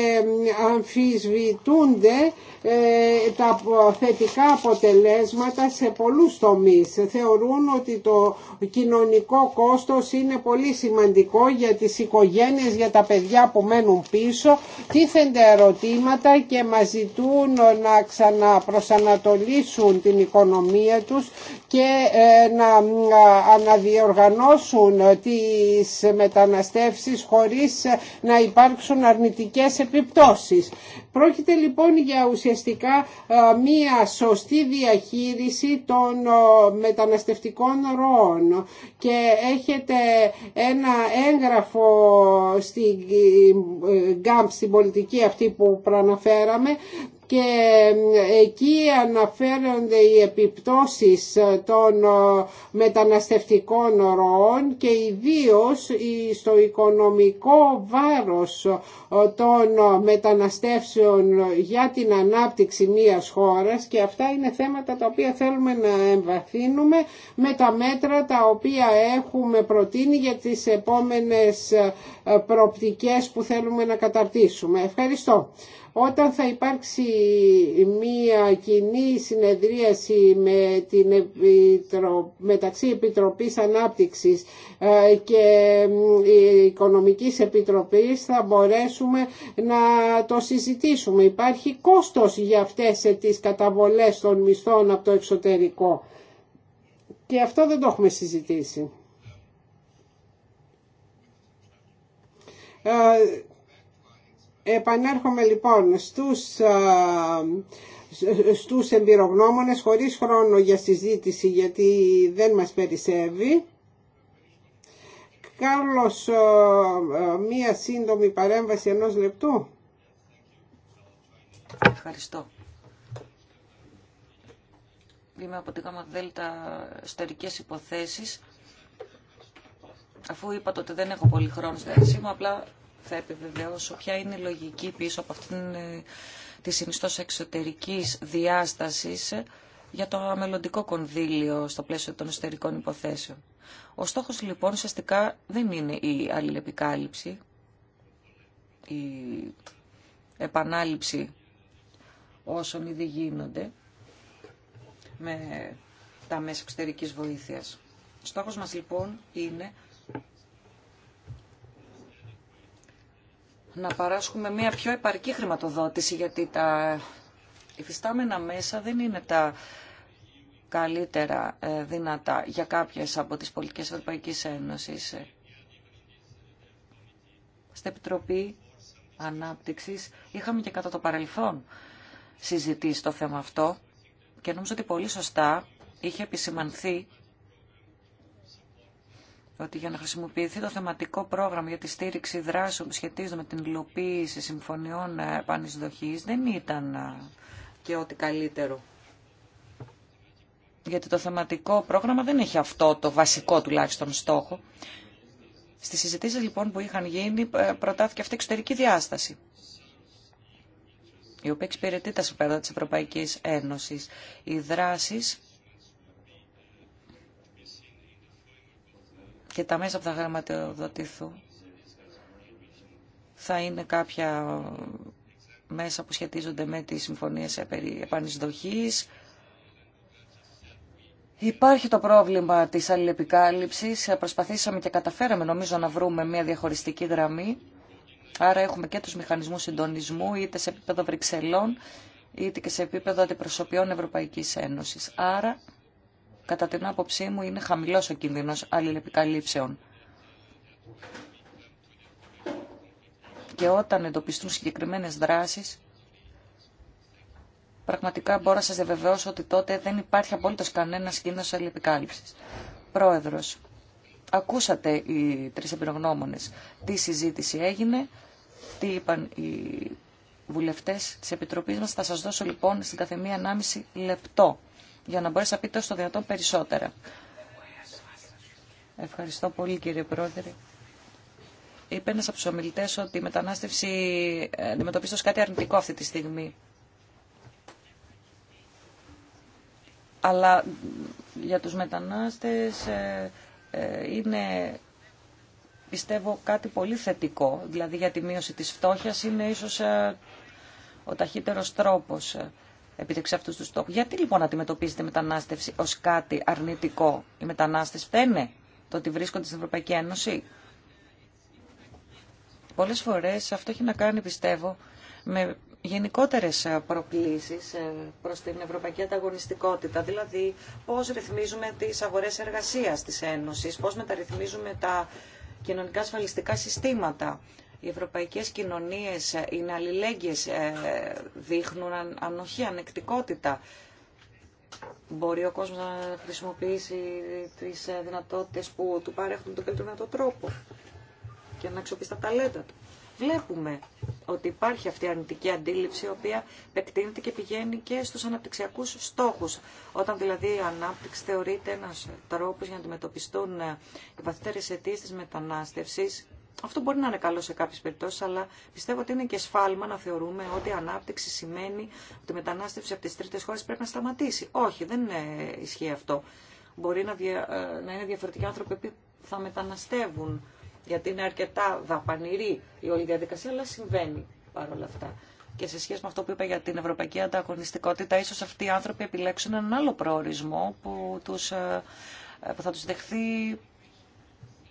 αμφισβητούνται ε, τα θετικά αποτελέσματα σε πολλούς τομείς. Θεωρούν ότι το κοινωνικό κόστος είναι πολύ σημαντικό για τις οικογένειες, για τα παιδιά που μένουν πίσω. Τίθενται ερωτήματα και μας ζητούν να ξαναπροσανατολίσουν την οικονομία τους και ε, να αναδιοργανώσουν τις μεταναστεύσεις χωρίς ε, να υπάρξουν αρνητικές επιπτώσεις. Πρόκειται λοιπόν για ουσιαστικά ε, μία σωστή διαχείριση των μεταναστευτικών ροών και έχετε ένα έγγραφο στην γάμπ στην πολιτική αυτή που προαναφέραμε και εκεί αναφέρονται οι επιπτώσεις ε, των ε, μεταναστευτικών ροών και ιδίως στο οικονομικό βάρος ε, των μεταναστεύσεων για την ανάπτυξη μιας χώρας και αυτά είναι θέματα τα οποία θέλουμε να εμβαθύνουμε με τα μέτρα τα οποία έχουμε προτείνει για τις επόμενες προοπτικές που θέλουμε να καταρτήσουμε. Ευχαριστώ. Όταν θα υπάρξει μία κοινή συνεδρίαση με την μεταξύ Επιτροπής Ανάπτυξης ε, και Οικονομικής Επιτροπής θα μπορέσουμε να το συζητήσουμε. Υπάρχει κόστος για αυτές τις καταβολές των μισθών από το εξωτερικό. Και αυτό δεν το έχουμε συζητήσει. Ε, Επανέρχομαι λοιπόν στους, στους εμπειρογνώμονες χωρίς χρόνο για συζήτηση γιατί δεν μας περισσεύει. Κάρλος, μία σύντομη παρέμβαση ενός λεπτού. Ευχαριστώ. Είμαι από τη ΓΑΜΑ ΔΕΛΤΑ Υποθέσεις. Αφού είπατε ότι δεν έχω πολύ χρόνο στη μου, απλά θα επιβεβαιώσω ποια είναι η λογική πίσω από αυτήν ε, τη συνιστός εξωτερικής διάστασης για το μελλοντικό κονδύλιο στο πλαίσιο των εσωτερικών υποθέσεων. Ο στόχος λοιπόν ουσιαστικά δεν είναι η αλληλεπικάλυψη, η επανάληψη όσων ήδη γίνονται με τα μέσα εξωτερικής βοήθειας. Ο στόχος μας λοιπόν είναι να παράσχουμε μια πιο επαρκή χρηματοδότηση, γιατί τα υφιστάμενα μέσα δεν είναι τα καλύτερα ε, δυνατά για κάποιες από τις πολιτικές Ευρωπαϊκής Ένωσης. Στην Επιτροπή Ανάπτυξης είχαμε και κατά το παρελθόν συζητήσει το θέμα αυτό και νομίζω ότι πολύ σωστά είχε επισημανθεί ότι για να χρησιμοποιηθεί το θεματικό πρόγραμμα για τη στήριξη δράσεων που σχετίζονται με την υλοποίηση συμφωνιών επανεισδοχής δεν ήταν και ό,τι καλύτερο. Γιατί το θεματικό πρόγραμμα δεν έχει αυτό το βασικό τουλάχιστον στόχο. Στις συζητήσεις λοιπόν που είχαν γίνει ε, προτάθηκε αυτή η εξωτερική διάσταση η οποία εξυπηρετεί τα συμφέροντα της Ευρωπαϊκής Ένωσης. Οι δράσεις και τα μέσα που θα χρηματοδοτηθούν θα είναι κάποια μέσα που σχετίζονται με τις συμφωνίες περί επανεισδοχής. Υπάρχει το πρόβλημα της αλληλεπικάλυψης. Προσπαθήσαμε και καταφέραμε νομίζω να βρούμε μια διαχωριστική γραμμή. Άρα έχουμε και τους μηχανισμούς συντονισμού είτε σε επίπεδο Βρυξελών είτε και σε επίπεδο αντιπροσωπιών Ευρωπαϊκής Ένωσης. Άρα κατά την άποψή μου είναι χαμηλός ο κίνδυνος αλληλεπικαλύψεων. Και όταν εντοπιστούν συγκεκριμένες δράσεις, πραγματικά μπορώ να σας διαβεβαιώσω ότι τότε δεν υπάρχει απόλυτος κανένας κίνδυνος αλληλεπικάλυψης. Πρόεδρος, ακούσατε οι τρεις εμπειρογνώμονες τι συζήτηση έγινε, τι είπαν οι βουλευτές της Επιτροπής μας. Θα σας δώσω λοιπόν στην καθεμία 1,5 λεπτό για να μπορέσει να πείτε στο δυνατόν περισσότερα. Ευχαριστώ πολύ κύριε Πρόεδρε. Είπε ένα από του ομιλητέ ότι η μετανάστευση ε, αντιμετωπίζεται ω κάτι αρνητικό αυτή τη στιγμή. Αλλά για τους μετανάστες ε, ε, είναι πιστεύω κάτι πολύ θετικό. Δηλαδή για τη μείωση της φτώχειας είναι ίσως ο ταχύτερος τρόπος επίτευξε αυτού του στόχου. Γιατί λοιπόν αντιμετωπίζετε μετανάστευση ω κάτι αρνητικό. Οι μετανάστε φταίνε το ότι βρίσκονται στην Ευρωπαϊκή Ένωση. Πολλές φορές αυτό έχει να κάνει, πιστεύω, με γενικότερες ε, προκλήσεις ε, προς την ευρωπαϊκή ανταγωνιστικότητα. Δηλαδή, πώς ρυθμίζουμε τις αγορές εργασίας της Ένωση, πώς μεταρρυθμίζουμε τα κοινωνικά ασφαλιστικά συστήματα, οι ευρωπαϊκές κοινωνίες είναι αλληλέγγυες, ε, δείχνουν ανοχή, ανεκτικότητα. Μπορεί ο κόσμος να χρησιμοποιήσει τις ε, δυνατότητες που του παρέχουν τον καλύτερο δυνατό τρόπο και να αξιοποιήσει τα ταλέντα του. Βλέπουμε ότι υπάρχει αυτή η αρνητική αντίληψη, η οποία επεκτείνεται και πηγαίνει και στους αναπτυξιακούς στόχους. Όταν δηλαδή η ανάπτυξη θεωρείται ένας τρόπος για να αντιμετωπιστούν ε, οι βαθύτερες αιτίες της μετανάστευσης, αυτό μπορεί να είναι καλό σε κάποιε περιπτώσει, αλλά πιστεύω ότι είναι και σφάλμα να θεωρούμε ότι η ανάπτυξη σημαίνει ότι η μετανάστευση από τι τρίτε χώρε πρέπει να σταματήσει. Όχι, δεν ισχύει αυτό. Μπορεί να, ε, να είναι διαφορετικοί άνθρωποι που θα μεταναστεύουν, γιατί είναι αρκετά δαπανηρή η όλη διαδικασία, αλλά συμβαίνει παρόλα αυτά. Και σε σχέση με αυτό που είπα για την ευρωπαϊκή ανταγωνιστικότητα, ίσω αυτοί οι άνθρωποι επιλέξουν έναν άλλο προορισμό που, τους, ε, που θα του δεχθεί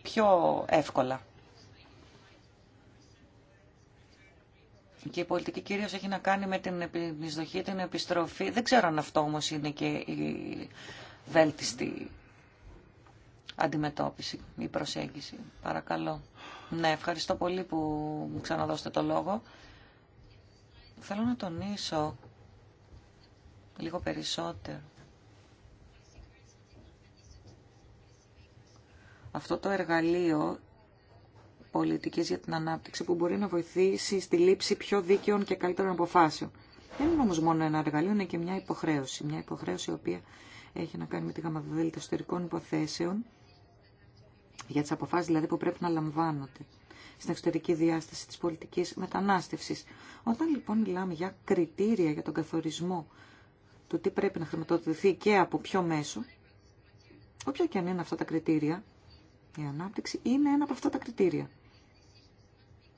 πιο εύκολα. Και η πολιτική κυρίως έχει να κάνει με την επισδοχή, την επιστροφή. Δεν ξέρω αν αυτό όμως είναι και η βέλτιστη αντιμετώπιση ή προσέγγιση. Παρακαλώ. Ναι, ευχαριστώ πολύ που μου ξαναδώσετε το λόγο. Θέλω να τονίσω λίγο περισσότερο. Αυτό το εργαλείο Πολιτική για την ανάπτυξη που μπορεί να βοηθήσει στη λήψη πιο δίκαιων και καλύτερων αποφάσεων. Δεν είναι όμω μόνο ένα εργαλείο, είναι και μια υποχρέωση. Μια υποχρέωση η οποία έχει να κάνει με τη γαμαδοδέλτα εσωτερικών υποθέσεων, για τι αποφάσει δηλαδή που πρέπει να λαμβάνονται στην εξωτερική διάσταση τη πολιτική μετανάστευση. Όταν λοιπόν μιλάμε για κριτήρια για τον καθορισμό του τι πρέπει να χρηματοδοτηθεί και από ποιο μέσο, όποια και αν είναι αυτά τα κριτήρια, η ανάπτυξη είναι ένα από αυτά τα κριτήρια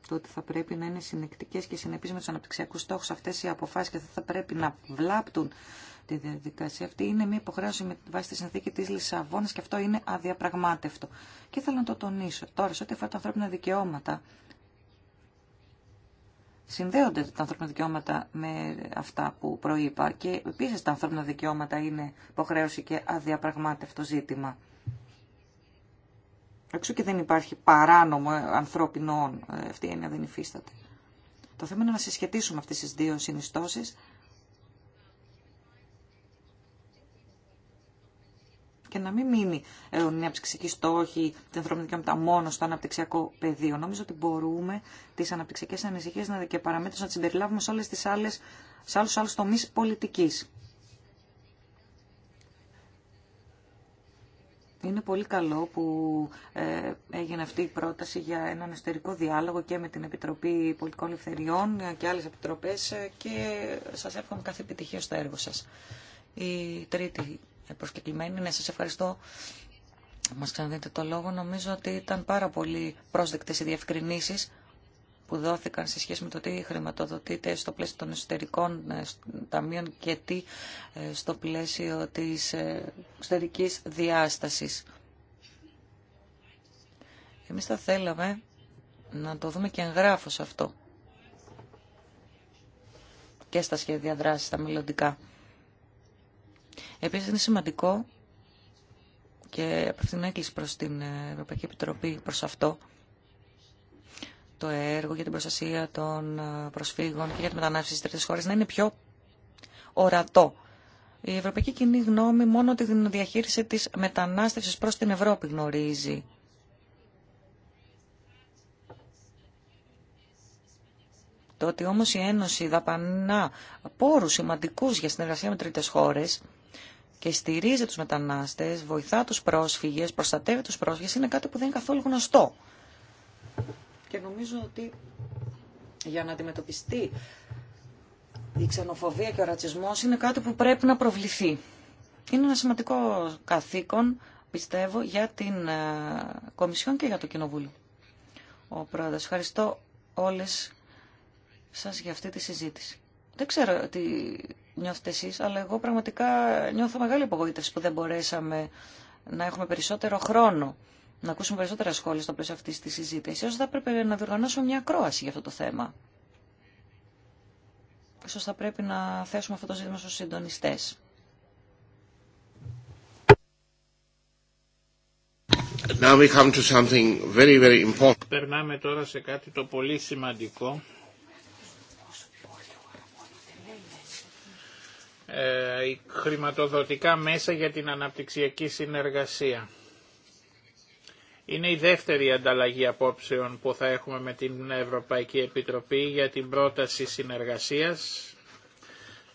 το ότι θα πρέπει να είναι συνεκτικέ και συνεπεί με του αναπτυξιακού στόχου, αυτέ οι αποφάσει και θα πρέπει να βλάπτουν τη διαδικασία αυτή είναι μια υποχρέωση με βάση τη συνθήκη τη Λισαβόνα και αυτό είναι αδιαπραγμάτευτο. Και ήθελα να το τονίσω. Τώρα, σε ό,τι αφορά τα ανθρώπινα δικαιώματα, συνδέονται τα ανθρώπινα δικαιώματα με αυτά που προείπα και επίση τα ανθρώπινα δικαιώματα είναι υποχρέωση και αδιαπραγμάτευτο ζήτημα. Εξού και δεν υπάρχει παράνομο ε, ανθρώπινο ε, αυτή η έννοια δεν υφίσταται. Το θέμα είναι να συσχετίσουμε αυτές τις δύο συνιστώσεις και να μην μείνει ε, μια στόχη, την ανθρώπινη δικαιότητα μόνο στο αναπτυξιακό πεδίο. Νομίζω ότι μπορούμε τι αναπτυξιακέ ανησυχίε και παραμέτρου να τι συμπεριλάβουμε σε όλε τι σε άλλου τομεί πολιτική. Είναι πολύ καλό που ε, έγινε αυτή η πρόταση για έναν εσωτερικό διάλογο και με την Επιτροπή Πολιτικών Ελευθεριών και άλλες επιτροπές ε, και σας εύχομαι κάθε επιτυχία στο έργο σας. Η τρίτη προσκεκλημένη είναι σας ευχαριστώ που μας ξαναδείτε το λόγο. Νομίζω ότι ήταν πάρα πολύ πρόσδεκτες οι διευκρινήσεις που δόθηκαν σε σχέση με το τι χρηματοδοτείται στο πλαίσιο των εσωτερικών ε, ταμείων και τι ε, στο πλαίσιο της εξωτερικής διάστασης. Εμείς θα θέλαμε να το δούμε και εγγράφως αυτό και στα σχέδια δράσης, τα μελλοντικά. Επίσης είναι σημαντικό και την έκκληση προς την ε, Ευρωπαϊκή Επιτροπή προς αυτό το έργο για την προστασία των ε, προσφύγων και για τη μετανάστευση στις τρίτες χώρες να είναι πιο ορατό. Η ευρωπαϊκή κοινή γνώμη μόνο την διαχείριση της μετανάστευσης προς την Ευρώπη γνωρίζει. Το ότι όμως η Ένωση δαπανά πόρους σημαντικούς για συνεργασία με τρίτες χώρες και στηρίζει τους μετανάστες, βοηθά τους πρόσφυγες, προστατεύει τους πρόσφυγες, είναι κάτι που δεν είναι καθόλου γνωστό. Και νομίζω ότι για να αντιμετωπιστεί η ξενοφοβία και ο ρατσισμός είναι κάτι που πρέπει να προβληθεί. Είναι ένα σημαντικό καθήκον, πιστεύω, για την ε, Κομισιόν και για το Κοινοβούλιο. Ο Πρόεδρος, ευχαριστώ όλες σας για αυτή τη συζήτηση. Δεν ξέρω τι νιώθετε εσείς, αλλά εγώ πραγματικά νιώθω μεγάλη απογοήτευση που δεν μπορέσαμε να έχουμε περισσότερο χρόνο να ακούσουμε περισσότερα σχόλια στο πλαίσιο αυτή τη συζήτηση. Ίσως θα πρέπει να διοργανώσουμε μια ακρόαση για αυτό το θέμα. Ίσως θα πρέπει να θέσουμε αυτό το ζήτημα στους συντονιστές. Now we come to something very, very important. Περνάμε τώρα σε κάτι το πολύ σημαντικό. Ε, χρηματοδοτικά μέσα για την αναπτυξιακή συνεργασία. Είναι η δεύτερη ανταλλαγή απόψεων που θα έχουμε με την Ευρωπαϊκή Επιτροπή για την πρόταση συνεργασίας.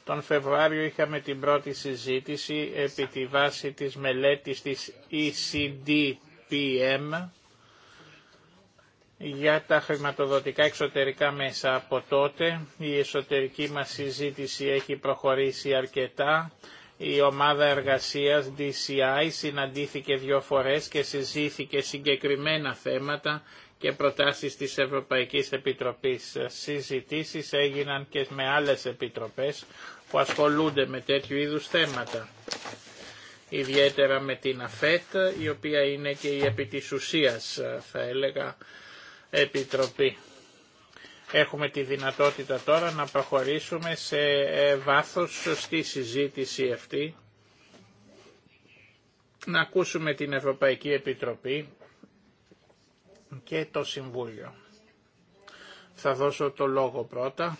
Τον Φεβρουάριο είχαμε την πρώτη συζήτηση επί τη βάση της μελέτης της ECDPM για τα χρηματοδοτικά εξωτερικά μέσα από τότε. Η εσωτερική μας συζήτηση έχει προχωρήσει αρκετά. Η ομάδα εργασίας DCI συναντήθηκε δύο φορές και συζήθηκε συγκεκριμένα θέματα και προτάσεις της Ευρωπαϊκής Επιτροπής. Συζητήσεις έγιναν και με άλλες επιτροπές που ασχολούνται με τέτοιου είδους θέματα. Ιδιαίτερα με την ΑΦΕΤ, η οποία είναι και η επί της ουσίας, θα έλεγα, επιτροπή. Έχουμε τη δυνατότητα τώρα να προχωρήσουμε σε ε, βάθος στη συζήτηση αυτή, να ακούσουμε την Ευρωπαϊκή Επιτροπή και το Συμβούλιο. Θα δώσω το λόγο πρώτα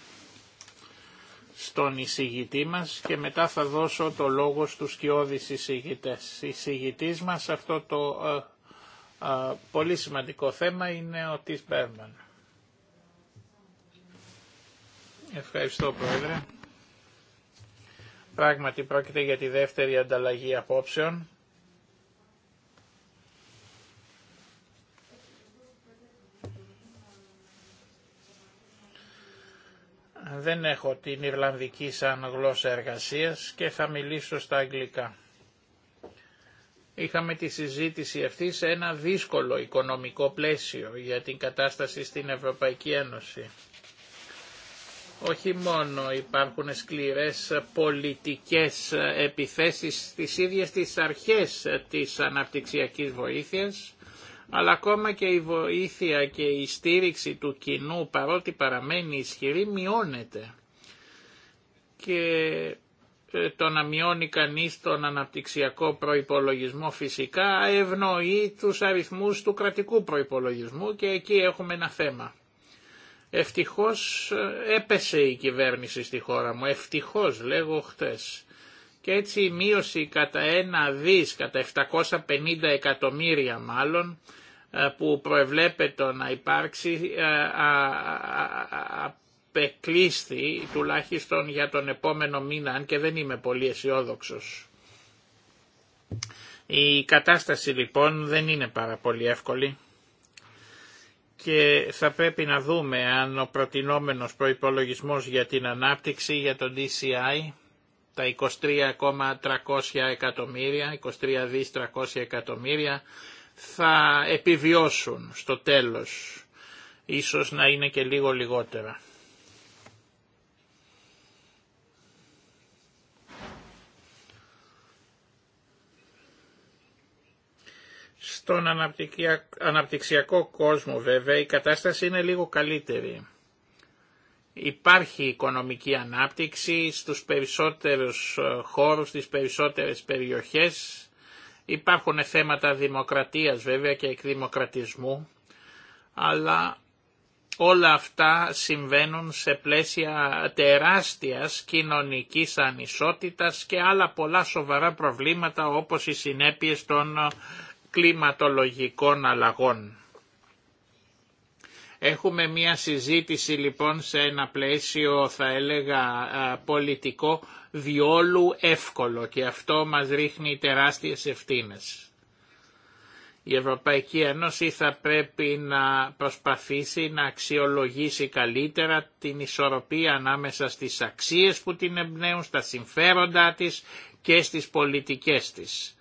στον εισηγητή μας και μετά θα δώσω το λόγο στους κοιόδης εισηγητές. Εισηγητής μας αυτό το ε, ε, πολύ σημαντικό θέμα είναι ο Τις Ευχαριστώ Πρόεδρε. Πράγματι πρόκειται για τη δεύτερη ανταλλαγή απόψεων. Δεν έχω την Ιρλανδική σαν γλώσσα εργασίας και θα μιλήσω στα αγγλικά. Είχαμε τη συζήτηση αυτή σε ένα δύσκολο οικονομικό πλαίσιο για την κατάσταση στην Ευρωπαϊκή Ένωση όχι μόνο υπάρχουν σκληρές πολιτικές επιθέσεις στις ίδιες τις αρχές της αναπτυξιακής βοήθειας, αλλά ακόμα και η βοήθεια και η στήριξη του κοινού παρότι παραμένει ισχυρή μειώνεται. Και ε, το να μειώνει κανείς τον αναπτυξιακό προϋπολογισμό φυσικά ευνοεί τους αριθμούς του κρατικού προϋπολογισμού και εκεί έχουμε ένα θέμα. Ευτυχώς ε, έπεσε η κυβέρνηση στη χώρα μου, ευτυχώς λέγω χτες. Και έτσι η μείωση κατά ένα δις, κατά 750 εκατομμύρια μάλλον, ε, που προεβλέπεται να υπάρξει ε, απεκλείστη τουλάχιστον για τον επόμενο μήνα, αν και δεν είμαι πολύ αισιόδοξο. Η κατάσταση λοιπόν δεν είναι πάρα πολύ εύκολη και θα πρέπει να δούμε αν ο προτινόμενος προϋπολογισμός για την ανάπτυξη για τον DCI τα 23,300 εκατομμύρια, 23 εκατομμύρια θα επιβιώσουν στο τέλος, ίσως να είναι και λίγο λιγότερα. Στον αναπτυξιακό κόσμο βέβαια η κατάσταση είναι λίγο καλύτερη. Υπάρχει οικονομική ανάπτυξη στους περισσότερους ε, χώρους, στις περισσότερες περιοχές. Υπάρχουν θέματα δημοκρατίας βέβαια και εκδημοκρατισμού, αλλά όλα αυτά συμβαίνουν σε πλαίσια τεράστιας κοινωνικής ανισότητας και άλλα πολλά σοβαρά προβλήματα όπως οι συνέπειες των ε, κλιματολογικών αλλαγών. Έχουμε μία συζήτηση λοιπόν σε ένα πλαίσιο θα έλεγα πολιτικό διόλου εύκολο και αυτό μας ρίχνει τεράστιες ευθύνες. Η Ευρωπαϊκή Ένωση θα πρέπει να προσπαθήσει να αξιολογήσει καλύτερα την ισορροπία ανάμεσα στις αξίες που την εμπνέουν, στα συμφέροντά της και στις πολιτικές της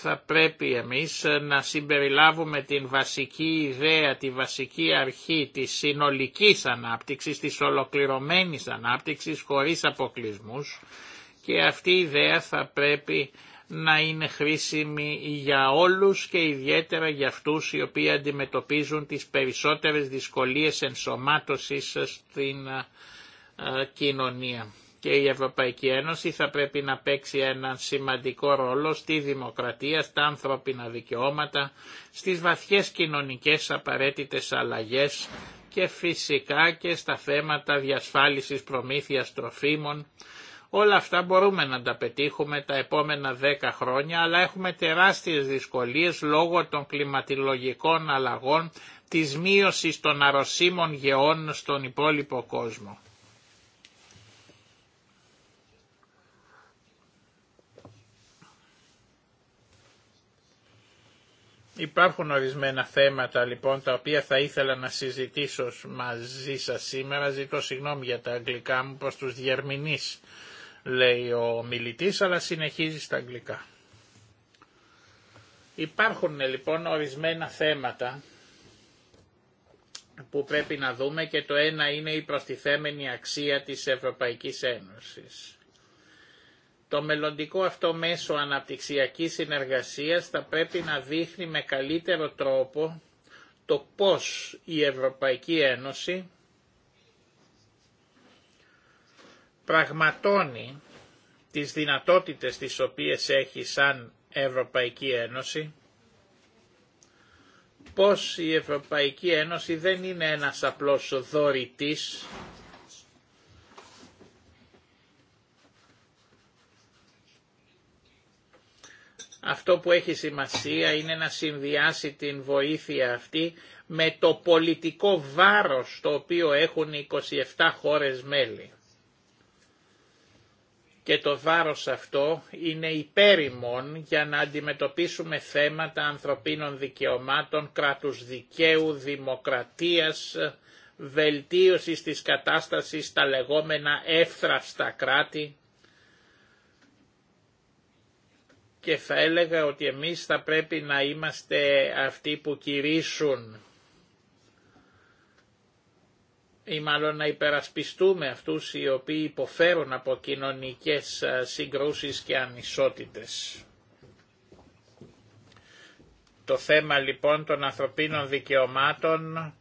θα πρέπει εμείς να συμπεριλάβουμε την βασική ιδέα, τη βασική αρχή της συνολικής ανάπτυξης, της ολοκληρωμένης ανάπτυξης χωρίς αποκλεισμούς και αυτή η ιδέα θα πρέπει να είναι χρήσιμη για όλους και ιδιαίτερα για αυτούς οι οποίοι αντιμετωπίζουν τις περισσότερες δυσκολίες ενσωμάτωσης στην ε, κοινωνία και η Ευρωπαϊκή Ένωση θα πρέπει να παίξει έναν σημαντικό ρόλο στη δημοκρατία, στα ανθρώπινα δικαιώματα, στις βαθιές κοινωνικές απαραίτητες αλλαγές και φυσικά και στα θέματα διασφάλισης προμήθειας τροφίμων. Όλα αυτά μπορούμε να τα πετύχουμε τα επόμενα δέκα χρόνια, αλλά έχουμε τεράστιες δυσκολίες λόγω των κλιματιλογικών αλλαγών, της μείωσης των αρρωσίμων γεών στον υπόλοιπο κόσμο. Υπάρχουν ορισμένα θέματα λοιπόν τα οποία θα ήθελα να συζητήσω μαζί σας σήμερα. Ζητώ συγγνώμη για τα αγγλικά μου προς τους διερμηνείς λέει ο μιλητής αλλά συνεχίζει στα αγγλικά. Υπάρχουν λοιπόν ορισμένα θέματα που πρέπει να δούμε και το ένα είναι η προστιθέμενη αξία της Ευρωπαϊκής Ένωσης. Το μελλοντικό αυτό μέσο αναπτυξιακής συνεργασίας θα πρέπει να δείχνει με καλύτερο τρόπο το πώς η Ευρωπαϊκή Ένωση πραγματώνει τις δυνατότητες τις οποίες έχει σαν Ευρωπαϊκή Ένωση, πώς η Ευρωπαϊκή Ένωση δεν είναι ένας απλός δωρητής, Αυτό που έχει σημασία είναι να συνδυάσει την βοήθεια αυτή με το πολιτικό βάρος το οποίο έχουν οι 27 χώρες μέλη. Και το βάρος αυτό είναι υπέρημον για να αντιμετωπίσουμε θέματα ανθρωπίνων δικαιωμάτων, κράτους δικαίου, δημοκρατίας, βελτίωσης της κατάστασης στα λεγόμενα εύθραυστα κράτη, και θα έλεγα ότι εμείς θα πρέπει να είμαστε αυτοί που κηρύσουν ή μάλλον να υπερασπιστούμε αυτούς οι οποίοι υποφέρουν από κοινωνικές ε, συγκρούσεις και ανισότητες. Το θέμα λοιπόν των ανθρωπίνων δικαιωμάτων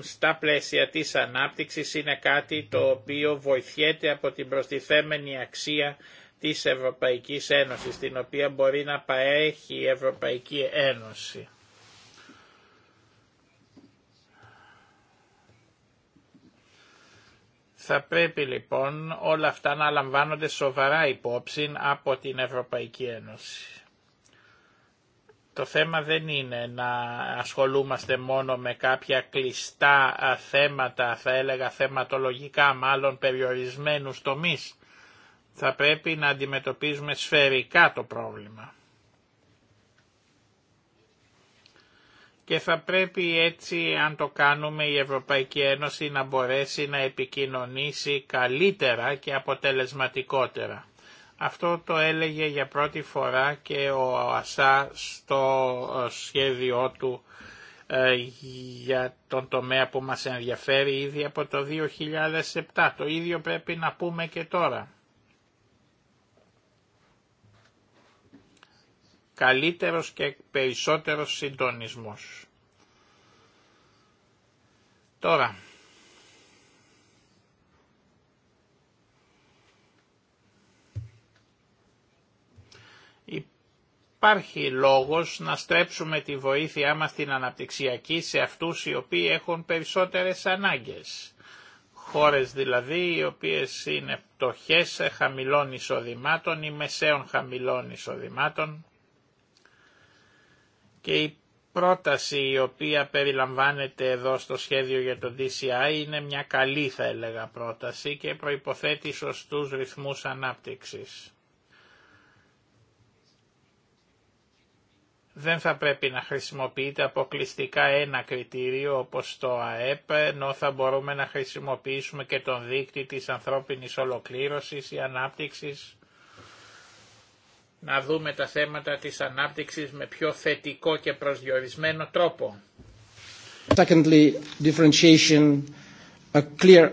στα πλαίσια της ανάπτυξης είναι κάτι το οποίο βοηθιέται από την προστιθέμενη αξία της Ευρωπαϊκής Ένωσης, την οποία μπορεί να παρέχει η Ευρωπαϊκή Ένωση. Θα πρέπει λοιπόν όλα αυτά να λαμβάνονται σοβαρά υπόψη από την Ευρωπαϊκή Ένωση. Το θέμα δεν είναι να ασχολούμαστε μόνο με κάποια κλειστά θέματα, θα έλεγα θεματολογικά μάλλον περιορισμένους τομείς. Θα πρέπει να αντιμετωπίζουμε σφαιρικά το πρόβλημα. Και θα πρέπει έτσι, αν το κάνουμε, η Ευρωπαϊκή Ένωση να μπορέσει να επικοινωνήσει καλύτερα και αποτελεσματικότερα. Αυτό το έλεγε για πρώτη φορά και ο ΑΣΑ στο σχέδιό του ε, για τον τομέα που μας ενδιαφέρει ήδη από το 2007. Το ίδιο πρέπει να πούμε και τώρα. καλύτερος και περισσότερος συντονισμός. Τώρα, υπάρχει λόγος να στρέψουμε τη βοήθειά μας την αναπτυξιακή σε αυτούς οι οποίοι έχουν περισσότερες ανάγκες. Χώρες δηλαδή οι οποίες είναι πτωχές χαμηλών εισοδημάτων ή μεσαίων χαμηλών εισοδημάτων και η πρόταση η οποία περιλαμβάνεται εδώ στο σχέδιο για το DCI είναι μια καλή θα έλεγα πρόταση και προϋποθέτει σωστούς ρυθμούς ανάπτυξης. δεν θα πρέπει να χρησιμοποιείται αποκλειστικά ένα κριτήριο όπως το ΑΕΠ, ενώ θα μπορούμε να χρησιμοποιήσουμε και τον δείκτη της ανθρώπινης ολοκλήρωσης ή ανάπτυξης να δούμε τα θέματα της ανάπτυξης με πιο θετικό και προσδιορισμένο τρόπο. Secondly, differentiation, a clear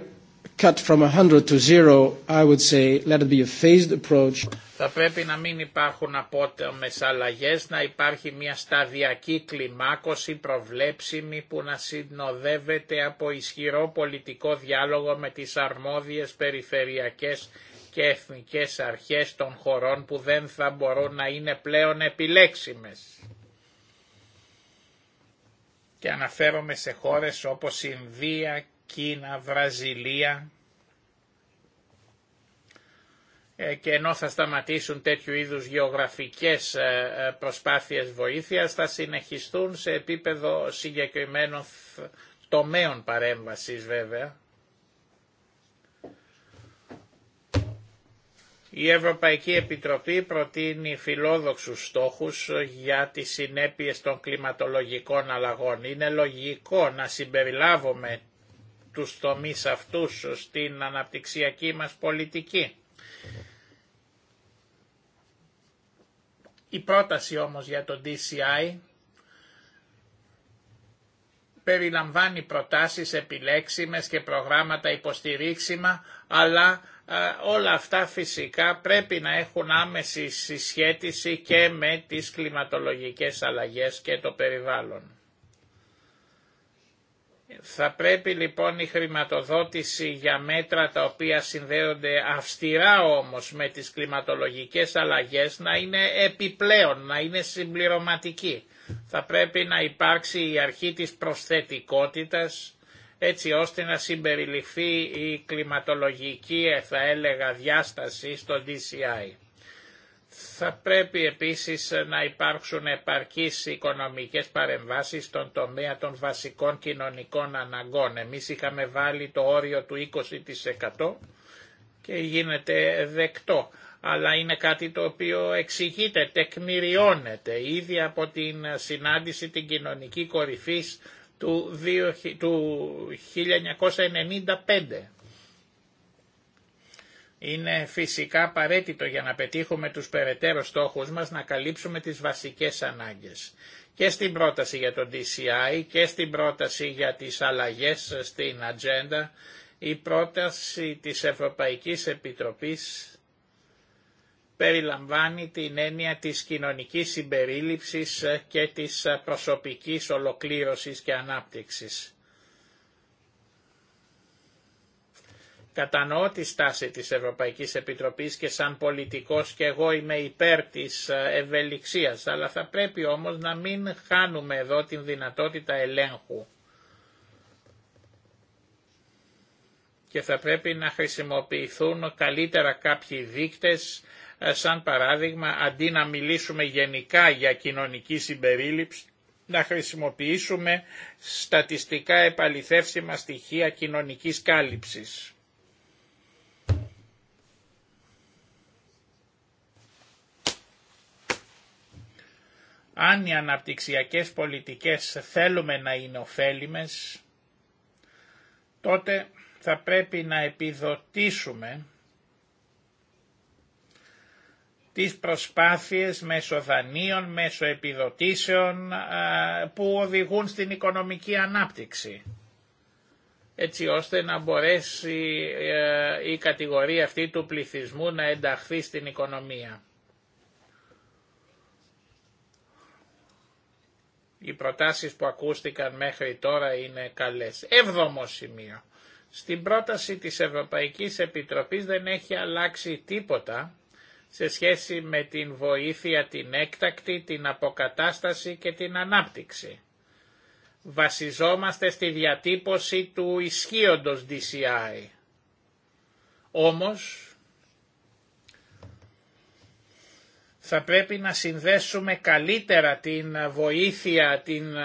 cut from 100 to 0, I would say, let it be a phased approach. Θα πρέπει να μην υπάρχουν απότομες αλλαγές, να υπάρχει μια σταδιακή κλιμάκωση προβλέψιμη που να συνοδεύεται από ισχυρό πολιτικό διάλογο με τις αρμόδιες περιφερειακές και εθνικές αρχές των χωρών που δεν θα μπορούν να είναι πλέον επιλέξιμες. Και αναφέρομαι σε χώρες όπως Ινδία, Κίνα, Βραζιλία ε, και ενώ θα σταματήσουν τέτοιου είδους γεωγραφικές ε, ε, προσπάθειες βοήθειας θα συνεχιστούν σε επίπεδο συγκεκριμένων τομέων παρέμβασης βέβαια Η Ευρωπαϊκή Επιτροπή προτείνει φιλόδοξους στόχους για τις συνέπειες των κλιματολογικών αλλαγών. Είναι λογικό να συμπεριλάβουμε τους τομείς αυτούς στην αναπτυξιακή μας πολιτική. Η πρόταση όμως για το DCI περιλαμβάνει προτάσεις επιλέξιμες και προγράμματα υποστηρίξιμα, αλλά ε, όλα αυτά φυσικά πρέπει να έχουν άμεση συσχέτιση και με τις κλιματολογικές αλλαγές και το περιβάλλον. Θα πρέπει λοιπόν η χρηματοδότηση για μέτρα τα οποία συνδέονται αυστηρά όμως με τις κλιματολογικές αλλαγές να είναι επιπλέον, να είναι συμπληρωματική. Θα πρέπει να υπάρξει η αρχή της προσθετικότητας έτσι ώστε να συμπεριληφθεί η κλιματολογική ε, θα έλεγα διάσταση στο DCI. Θα πρέπει επίσης να υπάρξουν επαρκείς οικονομικές παρεμβάσεις στον τομέα των βασικών κοινωνικών αναγκών. Εμείς είχαμε βάλει το όριο του 20% και γίνεται δεκτό. Αλλά είναι κάτι το οποίο εξηγείται, τεκμηριώνεται ήδη από την συνάντηση την κοινωνική κορυφής του 1995. Είναι φυσικά απαραίτητο για να πετύχουμε τους περαιτέρω στόχους μας να καλύψουμε τις βασικές ανάγκες. Και στην πρόταση για τον DCI και στην πρόταση για τις αλλαγές στην ατζέντα η πρόταση της Ευρωπαϊκής Επιτροπής περιλαμβάνει την έννοια της κοινωνικής συμπερίληψης ε, και της ε, προσωπικής ολοκλήρωσης και ανάπτυξης. Κατανοώ τη στάση της Ευρωπαϊκής Επιτροπής και σαν πολιτικός και εγώ είμαι υπέρ της ε, ευελιξίας, αλλά θα πρέπει όμως να μην χάνουμε εδώ την δυνατότητα ελέγχου. και θα πρέπει να χρησιμοποιηθούν καλύτερα κάποιοι δείκτες, ε, σαν παράδειγμα αντί να μιλήσουμε γενικά για κοινωνική συμπερίληψη, να χρησιμοποιήσουμε στατιστικά επαληθεύσιμα στοιχεία κοινωνικής κάλυψης. Αν οι αναπτυξιακές πολιτικές θέλουμε να είναι ωφέλιμες, τότε θα πρέπει να επιδοτήσουμε τις προσπάθειες μέσω δανείων, μέσω επιδοτήσεων που οδηγούν στην οικονομική ανάπτυξη έτσι ώστε να μπορέσει ε, η κατηγορία αυτή του πληθυσμού να ενταχθεί στην οικονομία. Οι προτάσεις που ακούστηκαν μέχρι τώρα είναι καλές. Έβδομο σημείο. Στην πρόταση της Ευρωπαϊκής Επιτροπής δεν έχει αλλάξει τίποτα σε σχέση με την βοήθεια την έκτακτη, την αποκατάσταση και την ανάπτυξη. Βασιζόμαστε στη διατύπωση του ισχύοντος DCI. Όμως, θα πρέπει να συνδέσουμε καλύτερα την βοήθεια, την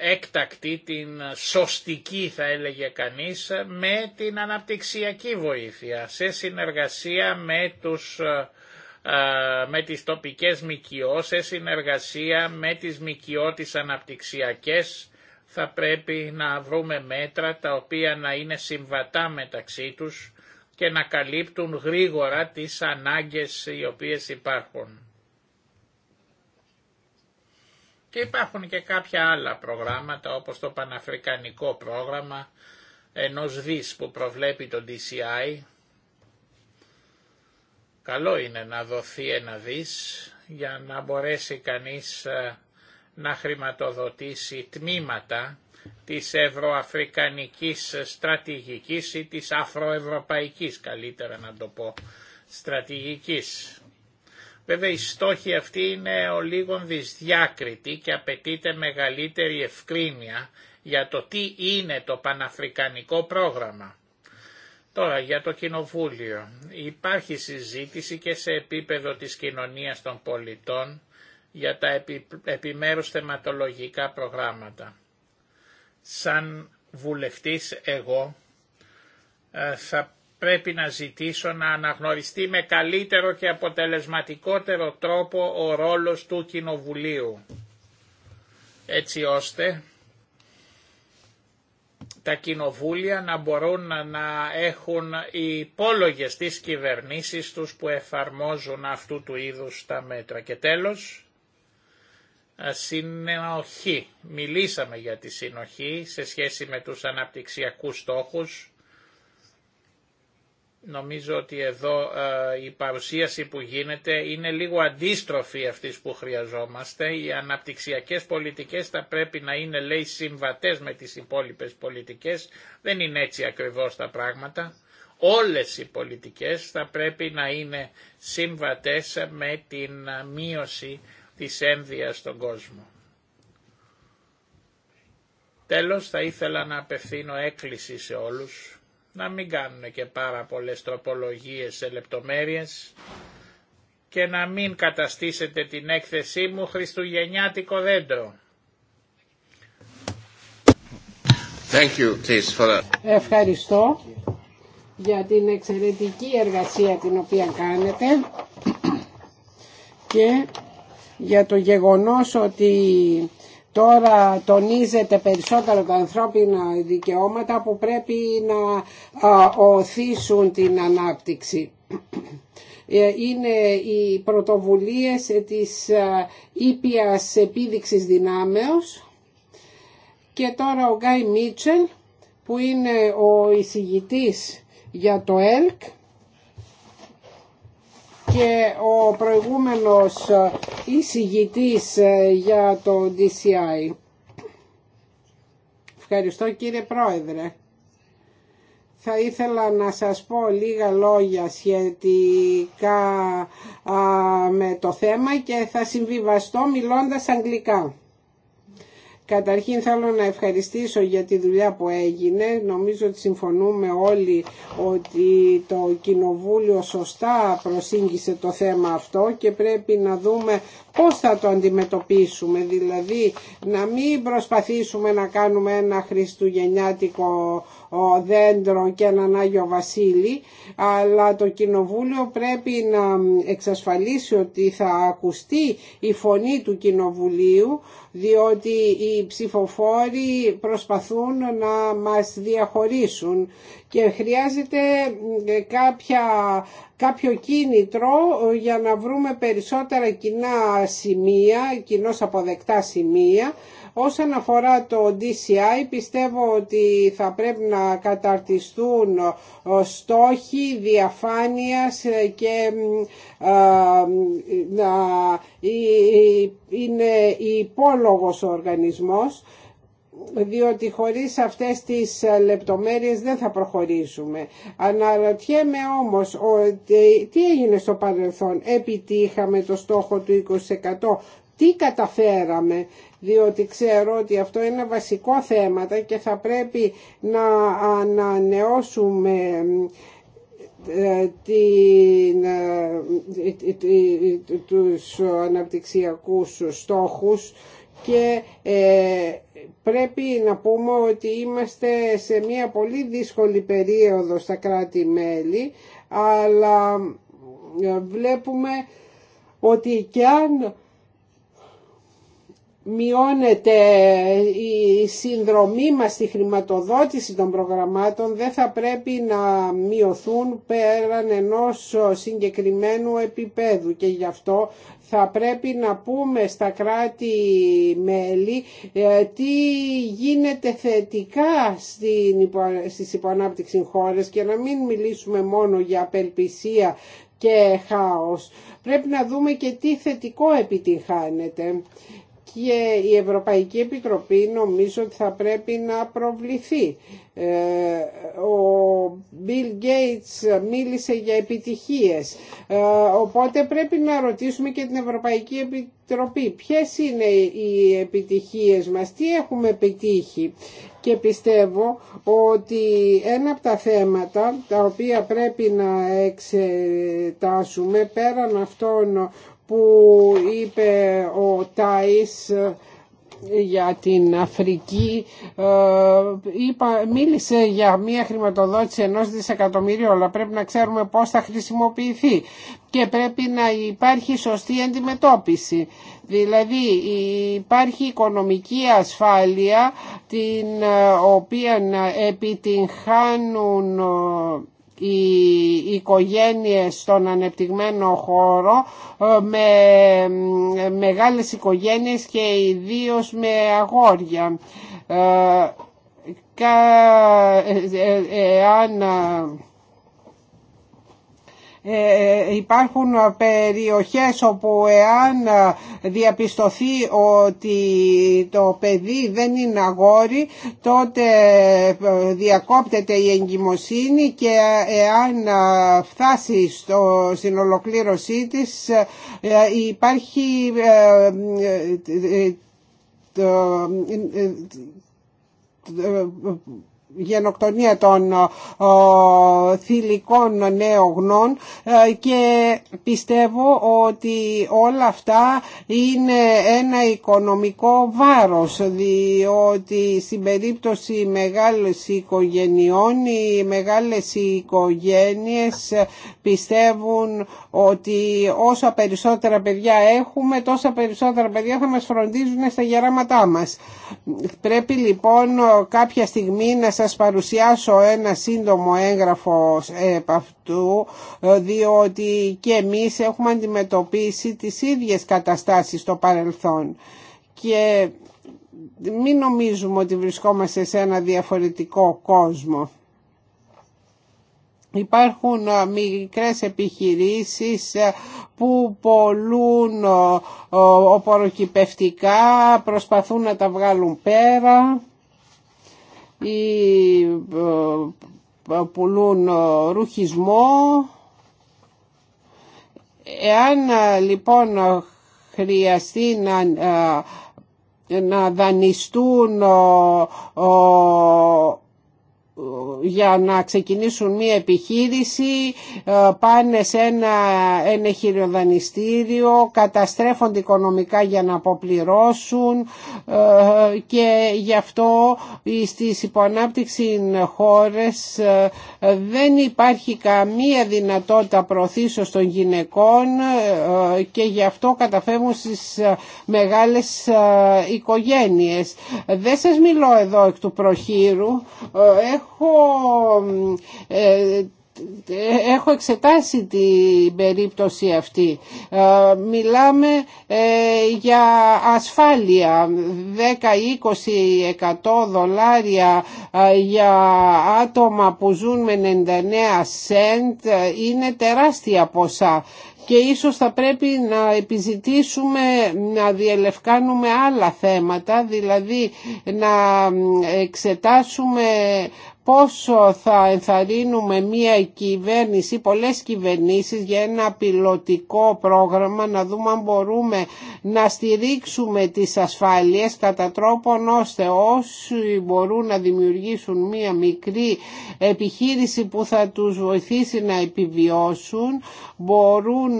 έκτακτη, την σωστική θα έλεγε κανείς, με την αναπτυξιακή βοήθεια, σε συνεργασία με, τους, με τις τοπικές σε συνεργασία με τις ΜΚΟ της αναπτυξιακές, θα πρέπει να βρούμε μέτρα τα οποία να είναι συμβατά μεταξύ τους και να καλύπτουν γρήγορα τις ανάγκες οι οποίες υπάρχουν. Και υπάρχουν και κάποια άλλα προγράμματα όπως το Παναφρικανικό πρόγραμμα ενός δις που προβλέπει το DCI. Καλό είναι να δοθεί ένα δις για να μπορέσει κανείς ε, να χρηματοδοτήσει τμήματα της ευρωαφρικανικής στρατηγικής ή της αφροευρωπαϊκής καλύτερα να το πω στρατηγικής. Βέβαια οι στόχοι αυτοί είναι ο λίγον δυσδιάκριτοι και απαιτείται μεγαλύτερη ευκρίνεια για το τι είναι το Παναφρικανικό πρόγραμμα. Τώρα για το Κοινοβούλιο. Υπάρχει συζήτηση και σε επίπεδο της κοινωνίας των πολιτών για τα επι, επιμέρους θεματολογικά προγράμματα. Σαν βουλευτής εγώ ε, θα πρέπει να ζητήσω να αναγνωριστεί με καλύτερο και αποτελεσματικότερο τρόπο ο ρόλος του Κοινοβουλίου, έτσι ώστε τα κοινοβούλια να μπορούν να έχουν οι υπόλογες τις κυβερνήσεις τους που εφαρμόζουν αυτού του είδους τα μέτρα. Και τέλος, συνοχή. Μιλήσαμε για τη συνοχή σε σχέση με τους αναπτυξιακούς στόχους Νομίζω ότι εδώ ε, η παρουσίαση που γίνεται είναι λίγο αντίστροφη αυτής που χρειαζόμαστε. Οι αναπτυξιακές πολιτικές θα πρέπει να είναι λέει συμβατές με τις υπόλοιπες πολιτικές. Δεν είναι έτσι ακριβώς τα πράγματα. Όλες οι πολιτικές θα πρέπει να είναι συμβατές με την μείωση της ένδυας στον κόσμο. Τέλος θα ήθελα να απευθύνω έκκληση σε όλους να μην κάνουν και πάρα πολλές τροπολογίες σε λεπτομέρειες και να μην καταστήσετε την έκθεσή μου χριστουγεννιάτικο δέντρο. Thank you, Ευχαριστώ για την εξαιρετική εργασία την οποία κάνετε και για το γεγονός ότι Τώρα τονίζεται περισσότερο τα ανθρώπινα δικαιώματα που πρέπει να οθήσουν την ανάπτυξη ε, είναι οι πρωτοβουλίες της ήπιας επίδειξης δυνάμεως και τώρα ο Γκάι Μίτσελ που είναι ο εισηγητής για το ΕΛΚ και ο προηγούμενος ε, εισηγητής ε, για το DCI. Ευχαριστώ κύριε Πρόεδρε. Θα ήθελα να σας πω λίγα λόγια σχετικά με το θέμα και θα συμβιβαστώ μιλώντας αγγλικά. Καταρχήν θέλω να ευχαριστήσω για τη δουλειά που έγινε. Νομίζω ότι συμφωνούμε όλοι ότι το Κοινοβούλιο σωστά προσήγησε το θέμα αυτό και πρέπει να δούμε πώς θα το αντιμετωπίσουμε, δηλαδή να μην προσπαθήσουμε να κάνουμε ένα χριστουγεννιάτικο δέντρο και έναν Άγιο Βασίλη, αλλά το Κοινοβούλιο πρέπει να εξασφαλίσει ότι θα ακουστεί η φωνή του Κοινοβουλίου, διότι οι ψηφοφόροι προσπαθούν να μας διαχωρίσουν και χρειάζεται ε, κάποια κάποιο κίνητρο για να βρούμε περισσότερα κοινά σημεία, κοινώς αποδεκτά σημεία. Όσον αφορά το DCI πιστεύω ότι θα πρέπει να καταρτιστούν στόχοι διαφάνειας και να είναι υπόλογος ο οργανισμός διότι χωρίς αυτές τις ε, λεπτομέρειες δεν θα προχωρήσουμε. Αναρωτιέμαι όμως ότι, τι έγινε στο παρελθόν, επιτύχαμε το στόχο του 20%, τι καταφέραμε, διότι ξέρω ότι αυτό είναι βασικό θέμα και θα πρέπει να ανανεώσουμε ε, την, ε, τους αναπτυξιακούς στόχους και ε, πρέπει να πούμε ότι είμαστε σε μια πολύ δύσκολη περίοδο στα κράτη-μέλη αλλά ε, βλέπουμε ότι και αν μειώνεται η συνδρομή μας στη χρηματοδότηση των προγραμμάτων δεν θα πρέπει να μειωθούν πέραν ενός συγκεκριμένου επίπεδου και γι' αυτό θα πρέπει να πούμε στα κράτη-μέλη ε, τι γίνεται θετικά στις υποανάπτυξη χώρες και να μην μιλήσουμε μόνο για απελπισία και χάος. Πρέπει να δούμε και τι θετικό επιτυγχάνεται και η Ευρωπαϊκή Επιτροπή νομίζω ότι θα πρέπει να προβληθεί. Ε, ο Bill Gates μίλησε για επιτυχίες, ε, οπότε πρέπει να ρωτήσουμε και την Ευρωπαϊκή Επιτροπή Ποιες είναι οι επιτυχίες μας, τι έχουμε επιτύχει και πιστεύω ότι ένα από τα θέματα τα οποία πρέπει να εξετάσουμε πέραν αυτών που είπε ο Τάις ε, για την Αφρική ε, είπα, μίλησε για μια χρηματοδότηση ενός δισεκατομμύριου αλλά πρέπει να ξέρουμε πώς θα χρησιμοποιηθεί και πρέπει να υπάρχει σωστή αντιμετώπιση. Δηλαδή υπάρχει οικονομική ασφάλεια την ε, οποία επιτυγχάνουν οι οικογένειες στον ανεπτυγμένο χώρο ε, με ε, μεγάλες οικογένειες και ιδίως με αγόρια. Ε, εάν υπάρχουν περιοχές όπου εάν διαπιστωθεί ότι το παιδί δεν είναι αγόρι τότε διακόπτεται η εγκυμοσύνη και εάν φτάσει στο, στην ολοκλήρωσή της υπάρχει γενοκτονία των ε, θηλυκών νεογνών ε, και πιστεύω ότι όλα αυτά είναι ένα οικονομικό βάρος διότι στην περίπτωση μεγάλες οικογενειών οι μεγάλες οικογένειες πιστεύουν ότι όσα περισσότερα παιδιά έχουμε τόσα περισσότερα παιδιά θα μας φροντίζουν στα γεράματά μας. Πρέπει λοιπόν κάποια στιγμή να σας παρουσιάσω ένα σύντομο έγγραφο επ' αυτού, ε, διότι και εμείς έχουμε αντιμετωπίσει τις ίδιες καταστάσεις στο παρελθόν. Και μην νομίζουμε ότι βρισκόμαστε σε ένα διαφορετικό κόσμο. Υπάρχουν ε, μικρές επιχειρήσεις ε, που πολλούν οποροκυπευτικά, προσπαθούν να τα βγάλουν πέρα ή ε, πουλούν ε, ρουχισμό. Εάν ε, λοιπόν χρειαστεί να να δανειστούν για να ξεκινήσουν μία επιχείρηση ε, πάνε σε ένα χειροδανιστήριο, καταστρέφονται οικονομικά για να αποπληρώσουν ε, και γι' αυτό στις υποανάπτυξη χώρες ε, δεν υπάρχει καμία δυνατότητα προωθήσεως των γυναικών και γι' αυτό καταφεύγουν στις μεγάλες οικογένειες. Δεν σας μιλώ εδώ εκ του προχείρου. Έχω έχω ε, ε, έχω εξετάσει την περίπτωση αυτή. Ε, μιλάμε για ασφάλεια 10-20% δολάρια για άτομα που ζουν με 99 cent είναι τεράστια ποσά και ίσως θα πρέπει να επιζητήσουμε να διελευκάνουμε άλλα θέματα, δηλαδή να εξετάσουμε πόσο θα ενθαρρύνουμε μία κυβέρνηση, πολλές κυβερνήσεις για ένα πιλωτικό πρόγραμμα να δούμε αν μπορούμε να στηρίξουμε τις ασφάλειες κατά τρόπον ώστε όσοι μπορούν να δημιουργήσουν μία μικρή επιχείρηση που θα τους βοηθήσει να επιβιώσουν μπορούν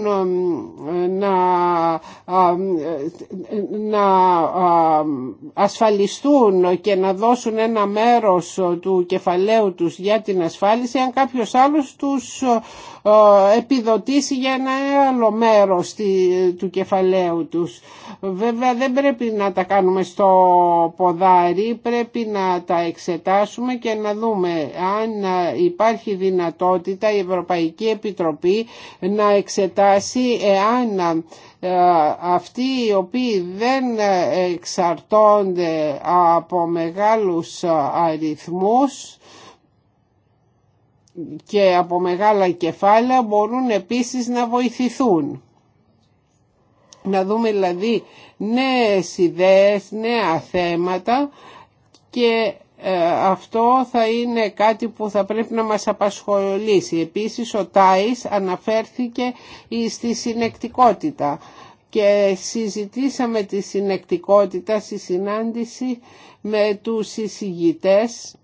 να, να ασφαλιστούν και να δώσουν ένα μέρος του κεφαλαίου κεφαλαίου για την ασφάλιση αν κάποιος άλλος τους ε, ε, επιδοτήσει για ένα άλλο μέρος του κεφαλαίου τους. Βέβαια δεν πρέπει να τα κάνουμε στο ποδάρι, πρέπει να τα εξετάσουμε και να δούμε αν ε, υπάρχει δυνατότητα η Ευρωπαϊκή Επιτροπή να εξετάσει εάν αυτοί οι οποίοι δεν εξαρτώνται από μεγάλους αριθμούς και από μεγάλα κεφάλαια μπορούν επίσης να βοηθηθούν. Να δούμε δηλαδή νέες ιδέες, νέα θέματα και ε, αυτό θα είναι κάτι που θα πρέπει να μας απασχολήσει. Επίσης ο Τάις αναφέρθηκε στη συνεκτικότητα και συζητήσαμε τη συνεκτικότητα στη συνάντηση με τους συζητητές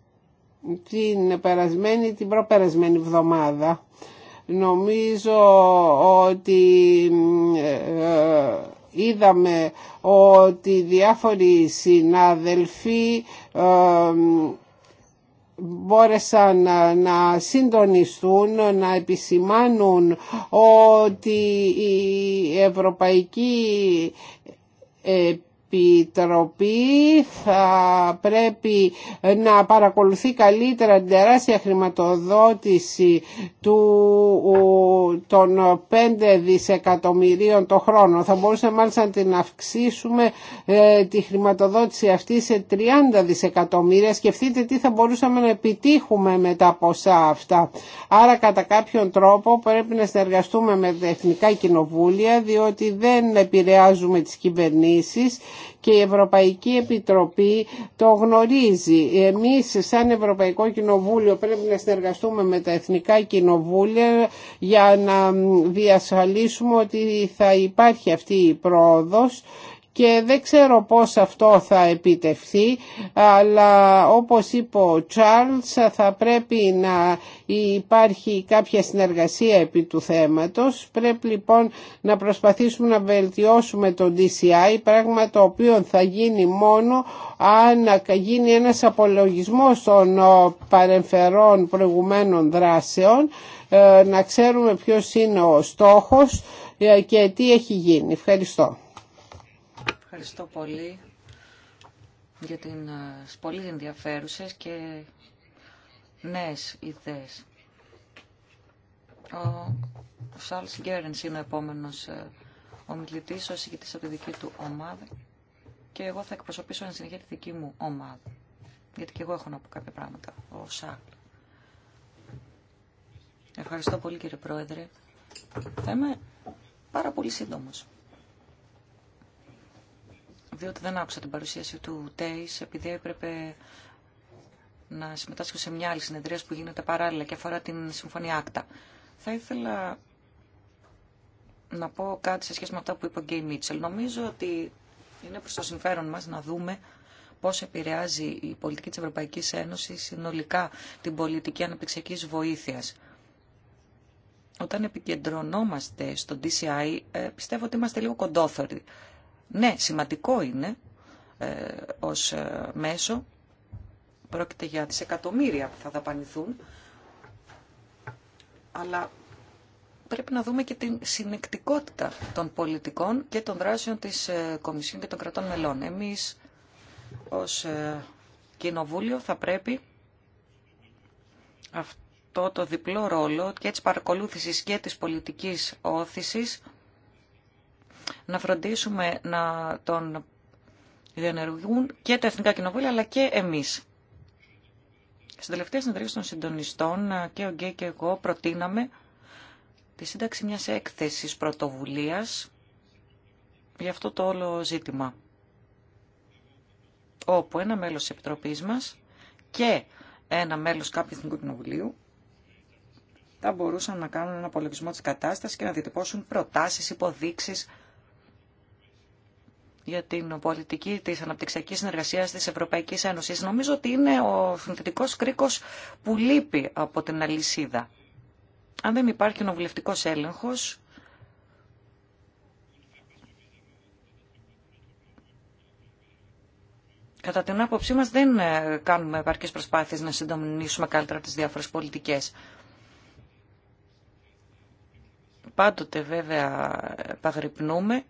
την περασμένη, την προπερασμένη εβδομάδα. Νομίζω ότι ε, ε, είδαμε ότι διάφοροι συνάδελφοι ε, μπόρεσαν να συντονιστούν, να επισημάνουν ότι η Ευρωπαϊκή Επιτροπή θα πρέπει να παρακολουθεί καλύτερα την τεράστια χρηματοδότηση του, των 5 δισεκατομμυρίων το χρόνο. Θα μπορούσαμε μάλιστα να την αυξήσουμε ε, τη χρηματοδότηση αυτή σε 30 δισεκατομμύρια. Σκεφτείτε τι θα μπορούσαμε να επιτύχουμε με τα ποσά αυτά. Άρα κατά κάποιον τρόπο πρέπει να συνεργαστούμε με τα εθνικά κοινοβούλια διότι δεν επηρεάζουμε τις κυβερνήσεις και η Ευρωπαϊκή Επιτροπή το γνωρίζει. Εμείς σαν Ευρωπαϊκό Κοινοβούλιο πρέπει να συνεργαστούμε με τα Εθνικά Κοινοβούλια για να διασφαλίσουμε ότι θα υπάρχει αυτή η πρόοδος και δεν ξέρω πώς αυτό θα επιτευχθεί αλλά όπως είπε ο Τσάρλς θα πρέπει να υπάρχει κάποια συνεργασία επί του θέματος πρέπει λοιπόν να προσπαθήσουμε να βελτιώσουμε το DCI πράγμα το οποίο θα γίνει μόνο αν γίνει ένας απολογισμός των ε, παρεμφερών προηγουμένων δράσεων ε, να ξέρουμε ποιος είναι ο στόχος ε, και τι έχει γίνει. Ευχαριστώ. Ευχαριστώ πολύ για την ε, πολύ ενδιαφέρουσες και νέες ιδέες. Ο Σάλς Γκέρενς είναι ο επόμενος ε, ομιλητής, ο συγκητής από τη δική του ομάδα και εγώ θα εκπροσωπήσω εν συνεχεία τη δική μου ομάδα. Γιατί και εγώ έχω να πω κάποια πράγματα, ο Ευχαριστώ πολύ κύριε Πρόεδρε. Θα είμαι πάρα πολύ σύντομος διότι δεν άκουσα την παρουσίαση του ΤΕΙΣ, επειδή έπρεπε να συμμετάσχω σε μια άλλη συνεδρία που γίνεται παράλληλα και αφορά την Συμφωνία Άκτα. Θα ήθελα να πω κάτι σε σχέση με αυτά που είπε ο Γκέι Μίτσελ. Νομίζω ότι είναι προς το συμφέρον μας να δούμε πώς επηρεάζει η πολιτική τη Ευρωπαϊκής Ένωσης συνολικά την πολιτική αναπτυξιακής βοήθειας. Όταν επικεντρωνόμαστε στο DCI, ε, πιστεύω ότι είμαστε λίγο κοντόθωροι ναι, σημαντικό είναι ε, ως ε, μέσο. Πρόκειται για τις εκατομμύρια που θα δαπανηθούν. Αλλά πρέπει να δούμε και την συνεκτικότητα των πολιτικών και των δράσεων της ε, Κομισιόν και των κρατών μελών. Εμείς ως ε, Κοινοβούλιο θα πρέπει αυτό το διπλό ρόλο και της παρακολούθησης και της πολιτικής όθησης να φροντίσουμε να τον διενεργούν και τα Εθνικά Κοινοβούλια αλλά και εμείς. Στην τελευταία συνεδρίαση των συντονιστών ε, και ο Γκέι και εγώ προτείναμε τη σύνταξη μιας έκθεσης πρωτοβουλίας για αυτό το όλο ζήτημα. Όπου ένα μέλος της Επιτροπής μας και ένα μέλος κάποιου Εθνικού Κοινοβουλίου θα μπορούσαν να κάνουν ένα απολογισμό της κατάστασης και να διατυπώσουν προτάσεις, υποδείξεις για την πολιτική της αναπτυξιακής συνεργασίας της Ευρωπαϊκής Ένωσης. Νομίζω ότι είναι ο συνθετικός κρίκος που λείπει από την αλυσίδα. Αν δεν υπάρχει κοινοβουλευτικό έλεγχος, κατά την άποψή μας δεν ε, κάνουμε επαρκές προσπάθειες να συντομινήσουμε καλύτερα τις διάφορες πολιτικές. Πάντοτε βέβαια παγρυπνούμε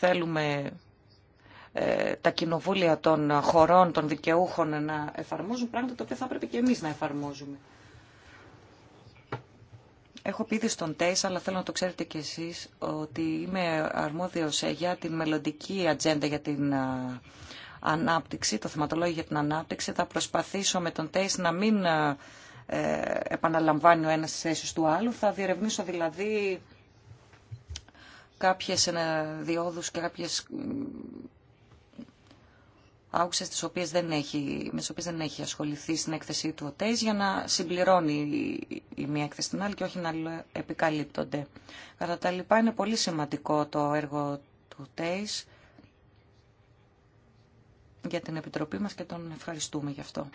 θέλουμε ε, τα κοινοβούλια των χωρών, των δικαιούχων να εφαρμόζουν πράγματα τα οποία θα πρέπει και εμείς να εφαρμόζουμε. Έχω πει στον ΤΕΙΣ, αλλά θέλω να το ξέρετε κι εσείς, ότι είμαι αρμόδιος για την μελλοντική ατζέντα για την ανάπτυξη, το θεματολόγιο για την ανάπτυξη. Θα προσπαθήσω με τον ΤΕΙΣ να μην ε, ε, επαναλαμβάνει ο ένας τις του άλλου. Θα διερευνήσω δηλαδή κάποιες διόδους και κάποιες άκουσε τις οποίες δεν έχει, με τις οποίες δεν έχει ασχοληθεί στην έκθεσή του ο για να συμπληρώνει η μία έκθεση στην άλλη και όχι να επικαλύπτονται. Κατά τα λοιπά είναι πολύ σημαντικό το έργο του ΤΕΙΣ για την Επιτροπή μας και τον ευχαριστούμε γι' αυτό.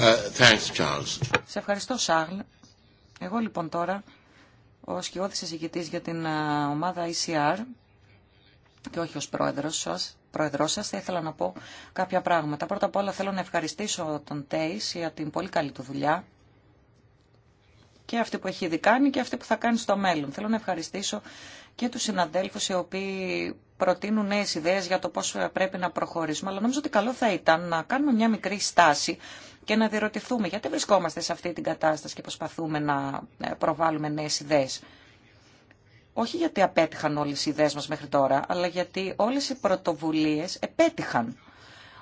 Ε, thanks, Σε ευχαριστώ, Σάρλ. Εγώ λοιπόν τώρα ο σκιώδης εισηγητής για την ομάδα ECR και όχι ως πρόεδρος σας, πρόεδρός σας, θα ήθελα να πω κάποια πράγματα. Πρώτα απ' όλα θέλω να ευχαριστήσω τον Τέις για την πολύ καλή του δουλειά και αυτή που έχει ήδη κάνει και αυτή που θα κάνει στο μέλλον. Θέλω να ευχαριστήσω και τους συναδέλφους οι οποίοι προτείνουν νέε ιδέε για το πώ πρέπει να προχωρήσουμε. Αλλά νομίζω ότι καλό θα ήταν να κάνουμε μια μικρή στάση και να διερωτηθούμε γιατί βρισκόμαστε σε αυτή την κατάσταση και προσπαθούμε να ε, προβάλλουμε νέε ιδέε. Όχι γιατί απέτυχαν όλε οι ιδέε μα μέχρι τώρα, αλλά γιατί όλε οι πρωτοβουλίε επέτυχαν.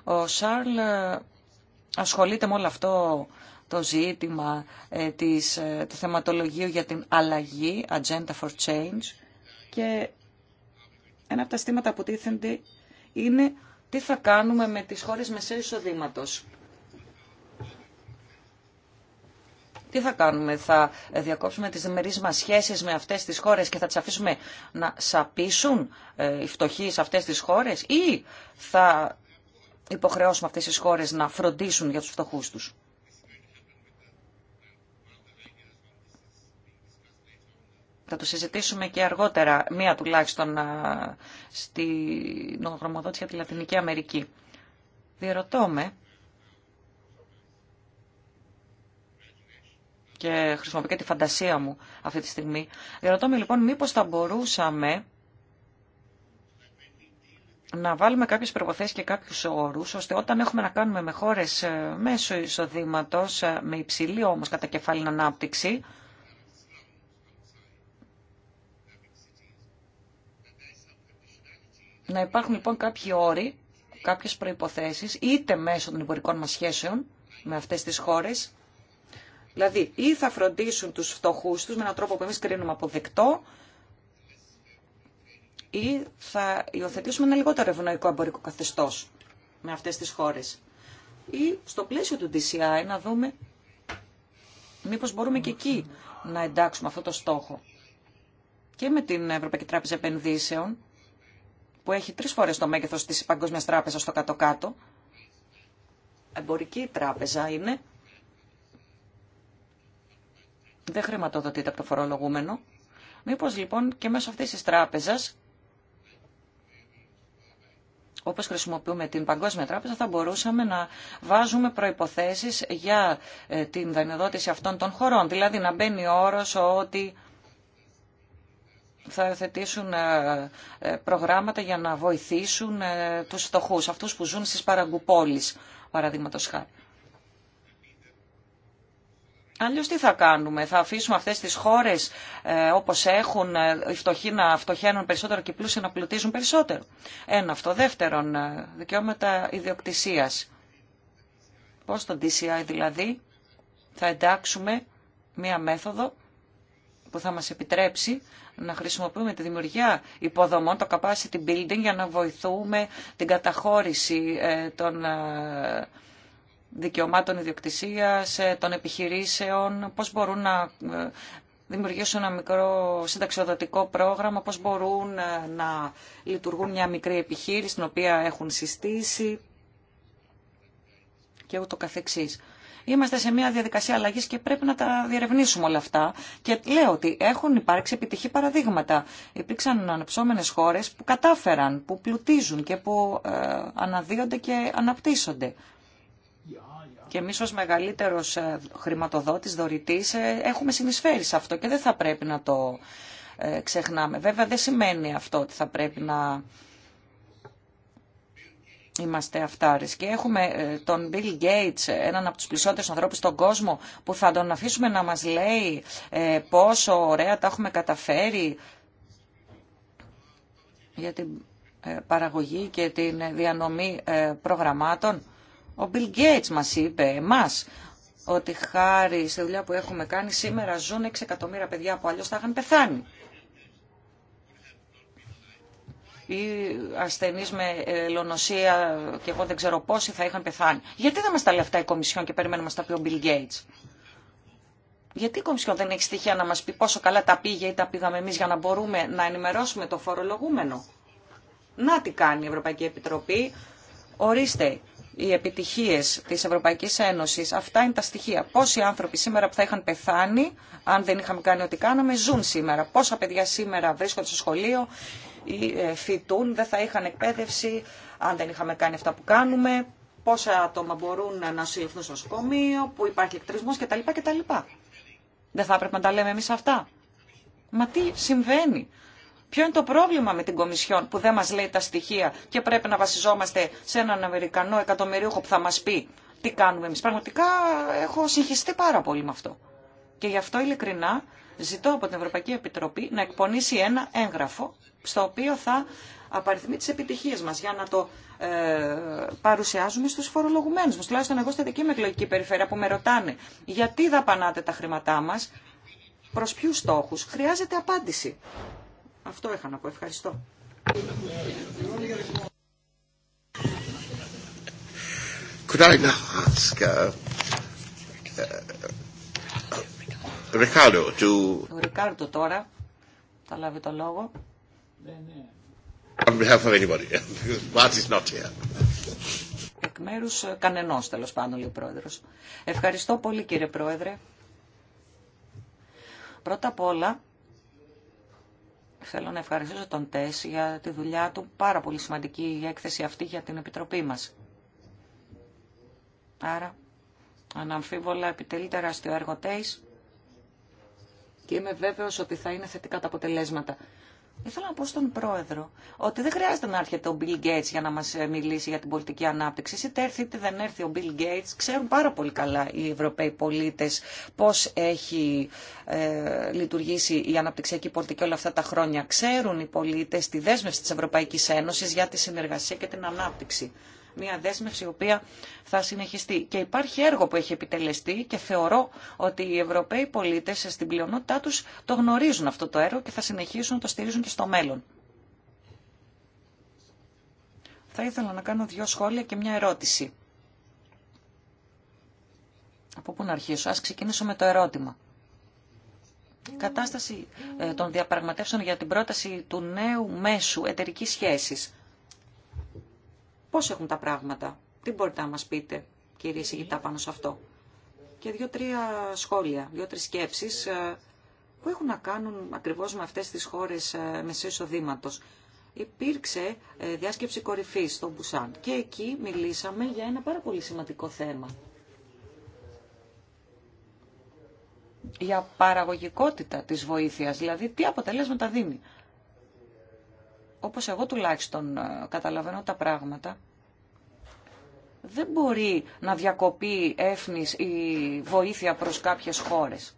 Ο Σάρλ ε, ασχολείται με όλο αυτό το ζήτημα ε, της, του θεματολογίου για την αλλαγή, Agenda for Change, και ένα από τα στήματα που τίθενται είναι τι θα κάνουμε με τις χώρες μεσαίου εισοδήματο. Τι θα κάνουμε, θα διακόψουμε τις διμερείς μας σχέσεις με αυτές τις χώρες και θα τις αφήσουμε να σαπίσουν ε, οι φτωχοί σε αυτές τις χώρες ή θα υποχρεώσουμε αυτές τις χώρες να φροντίσουν για τους φτωχούς τους. Θα το συζητήσουμε και αργότερα, μία τουλάχιστον, στη νομογραμματότηση για τη Λατινική Αμερική. Διερωτώ με και χρησιμοποιώ και τη φαντασία μου αυτή τη στιγμή. Διερωτώ με λοιπόν μήπως θα μπορούσαμε να βάλουμε κάποιες προποθέσεις και κάποιους όρους, ώστε όταν έχουμε να κάνουμε με χώρες ε, μέσω εισοδήματος, ε, με υψηλή όμως κατά κεφάλιν ανάπτυξη, Να υπάρχουν λοιπόν κάποιοι όροι, κάποιες προϋποθέσεις, είτε μέσω των εμπορικών μας σχέσεων με αυτές τις χώρες, δηλαδή ή θα φροντίσουν τους φτωχούς τους με έναν τρόπο που εμείς κρίνουμε αποδεκτό, ή θα υιοθετήσουμε ένα λιγότερο ευνοϊκό εμπορικό καθεστώς με αυτές τις χώρες. Ή στο πλαίσιο του DCI να δούμε μήπως μπορούμε και εκεί να εντάξουμε αυτό το στόχο. Και με την Ευρωπαϊκή Τράπεζα Επενδύσεων που έχει τρεις φορές το μέγεθος της Παγκόσμιας Τράπεζας στο κάτω-κάτω. Εμπορική τράπεζα είναι. Δεν χρηματοδοτείται από το φορολογούμενο. Μήπως λοιπόν και μέσω αυτής της τράπεζας, όπως χρησιμοποιούμε την Παγκόσμια Τράπεζα, θα μπορούσαμε να βάζουμε προϋποθέσεις για ε, την δανειοδότηση αυτών των χωρών. Δηλαδή να μπαίνει όρος ότι θα θετήσουν ε, ε, προγράμματα για να βοηθήσουν ε, τους φτωχούς, αυτούς που ζουν στις παραγκουπόλεις, παραδείγματος χάρη. Αλλιώ τι θα κάνουμε, θα αφήσουμε αυτές τις χώρες ε, όπω έχουν, οι φτωχοί να φτωχαίνουν περισσότερο και οι πλούσιοι να πλουτίζουν περισσότερο. Ένα αυτό. Δεύτερον, δικαιώματα ιδιοκτησίας. Πώς το DCI δηλαδή θα εντάξουμε μία μέθοδο που θα μας επιτρέψει να χρησιμοποιούμε τη δημιουργία υποδομών, το capacity building, για να βοηθούμε την καταχώρηση ε, των ε, δικαιωμάτων ιδιοκτησίας, ε, των επιχειρήσεων, πώς μπορούν να δημιουργήσουν ένα μικρό συνταξιοδοτικό πρόγραμμα, πώς μπορούν να λειτουργούν μια μικρή επιχείρηση την οποία έχουν συστήσει και ούτω καθεξής. Είμαστε σε μια διαδικασία αλλαγή και πρέπει να τα διερευνήσουμε όλα αυτά. Και λέω ότι έχουν υπάρξει επιτυχή παραδείγματα. Υπήρξαν ανεψόμενε χώρε που κατάφεραν, που πλουτίζουν και που ε, αναδύονται και αναπτύσσονται. Και εμεί ω μεγαλύτερο ε, χρηματοδότη, δωρητή, ε, έχουμε συνεισφέρει σε αυτό και δεν θα πρέπει να το ξεχνάμε. Βέβαια δεν σημαίνει αυτό ότι θα πρέπει να είμαστε αυτάρες. Και έχουμε ε, τον Bill Gates, έναν από τους πλησιότερους ανθρώπους στον κόσμο, που θα τον αφήσουμε να μας λέει ε, πόσο ωραία τα έχουμε καταφέρει για την ε, παραγωγή και την διανομή προγραμμάτων. Ο Bill Gates μας είπε, εμάς, ότι χάρη στη δουλειά που έχουμε κάνει σήμερα ζουν 6 εκατομμύρια παιδιά που αλλιώς θα είχαν πεθάνει ή ασθενεί με ε, λονοσία και εγώ δεν ξέρω πόσοι θα είχαν πεθάνει. Γιατί δεν μα τα λέει αυτά η Κομισιόν και περιμένουμε να τα πει ο Bill Gates. Γιατί η Κομισιόν δεν έχει στοιχεία να μα πει πόσο καλά τα πήγε ή τα πήγαμε εμεί για να μπορούμε να ενημερώσουμε το φορολογούμενο. Να τι κάνει η Ευρωπαϊκή Επιτροπή. Ορίστε, οι επιτυχίε τη Ευρωπαϊκή Ένωση. Αυτά είναι τα στοιχεία. Πόσοι άνθρωποι σήμερα που θα είχαν πεθάνει, αν δεν είχαμε κάνει ό,τι κάναμε, ζουν σήμερα. Πόσα παιδιά σήμερα βρίσκονται στο σχολείο ή ε, φοιτούν, δεν θα είχαν εκπαίδευση αν δεν είχαμε κάνει αυτά που κάνουμε, πόσα άτομα μπορούν να συλληφθούν στο νοσοκομείο, που υπάρχει εκτρισμό κτλ. κτλ. Δεν θα έπρεπε να τα λέμε εμεί αυτά. Μα τι συμβαίνει. Ποιο είναι το πρόβλημα με την Κομισιόν που δεν μα λέει τα στοιχεία και πρέπει να βασιζόμαστε σε έναν Αμερικανό εκατομμυρίουχο που θα μα πει τι κάνουμε εμεί. Πραγματικά έχω συγχυστεί πάρα πολύ με αυτό. Και γι' αυτό ειλικρινά ζητώ από την Ευρωπαϊκή Επιτροπή να εκπονήσει ένα έγγραφο στο οποίο θα απαριθμεί τις επιτυχίες μας για να το ε, παρουσιάζουμε στους φορολογουμένους μας. Τουλάχιστον εγώ στη δική μου εκλογική περιφέρεια που με ρωτάνε γιατί δαπανάτε τα χρήματά μας, προς ποιους στόχους. Χρειάζεται απάντηση. Αυτό είχα να πω. Ευχαριστώ. Ricardo, Ο Ρικάρντο τώρα θα λάβει το λόγο. On behalf *laughs* not here. Εκ μέρου ε, κανενό τέλο πάντων, λέει ο πρόεδρο. Ευχαριστώ πολύ κύριε πρόεδρε. Πρώτα απ' όλα θέλω να ευχαριστήσω τον Τέσ για τη δουλειά του. Πάρα πολύ σημαντική η έκθεση αυτή για την Επιτροπή μας. Άρα, αναμφίβολα επιτελεί τεράστιο έργο και είμαι βέβαιο ότι θα είναι θετικά τα αποτελέσματα. Ήθελα να πω στον πρόεδρο ότι δεν χρειάζεται να έρχεται ο Bill Gates για να μα ε, μιλήσει για την πολιτική ανάπτυξη. Είτε έρθει είτε δεν έρθει ο Bill Gates, ξέρουν πάρα πολύ καλά οι Ευρωπαίοι πολίτε πώ έχει ε, λειτουργήσει η αναπτυξιακή πολιτική όλα αυτά τα χρόνια. Ξέρουν οι πολίτε τη δέσμευση τη Ευρωπαϊκή Ένωση για τη συνεργασία και την ανάπτυξη μια δέσμευση η οποία θα συνεχιστεί. Και υπάρχει έργο που έχει επιτελεστεί και θεωρώ ότι οι Ευρωπαίοι πολίτες στην πλειονότητά του το γνωρίζουν αυτό το έργο και θα συνεχίσουν να το στηρίζουν και στο μέλλον. Θα ήθελα να κάνω δύο σχόλια και μια ερώτηση. Από πού να αρχίσω. Ας ξεκινήσω με το ερώτημα. Η κατάσταση ε, των διαπραγματεύσεων για την πρόταση του νέου μέσου εταιρικής σχέσης Πώς έχουν τα πράγματα. Τι μπορείτε να μας πείτε, κύριε Σιγητά, πάνω σε αυτό. Και δύο-τρία σχόλια, δύο-τρεις σκέψεις ε, που έχουν να κάνουν ακριβώς με αυτές τις χώρες ε, μεσαίου εισοδήματος. Υπήρξε ε, διάσκεψη κορυφής στο Μπουσάν και εκεί μιλήσαμε για ένα πάρα πολύ σημαντικό θέμα. Για παραγωγικότητα της βοήθειας, δηλαδή τι αποτελέσματα δίνει όπως εγώ τουλάχιστον ε, καταλαβαίνω τα πράγματα, δεν μπορεί να διακοπεί έφνης η βοήθεια προς κάποιες χώρες.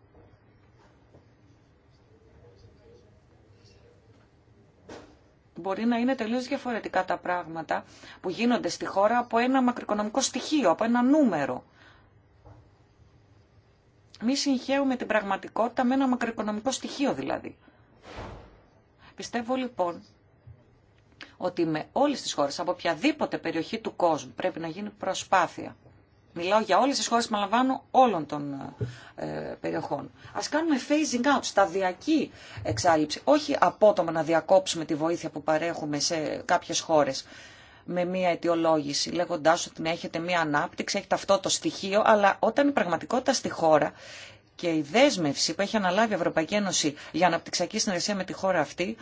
Μπορεί να είναι τελείως διαφορετικά τα πράγματα που γίνονται στη χώρα από ένα μακροοικονομικό στοιχείο, από ένα νούμερο. Μη συγχαίουμε την πραγματικότητα με ένα μακροοικονομικό στοιχείο δηλαδή. Πιστεύω λοιπόν ότι με όλε τι χώρε από οποιαδήποτε περιοχή του κόσμου, πρέπει να γίνει προσπάθεια. Μιλάω για όλε τι χώρε που αναλαμβάνω όλων των ε, περιοχών. Α κάνουμε phasing out, σταδιακή εξάλληψη, όχι απότομα να διακόψουμε τη βοήθεια που παρέχουμε σε κάποιε χώρε με μία αιτιολόγηση, λεγοντα ότι έχετε μία ανάπτυξη, έχετε αυτό το στοιχείο, αλλά όταν η πραγματικότητα στη χώρα και η δέσμευση που έχει αναλάβει η Ευρωπαϊκή Ένωση για αναπτυξιακή συνεργασία με τη χώρα αυτή,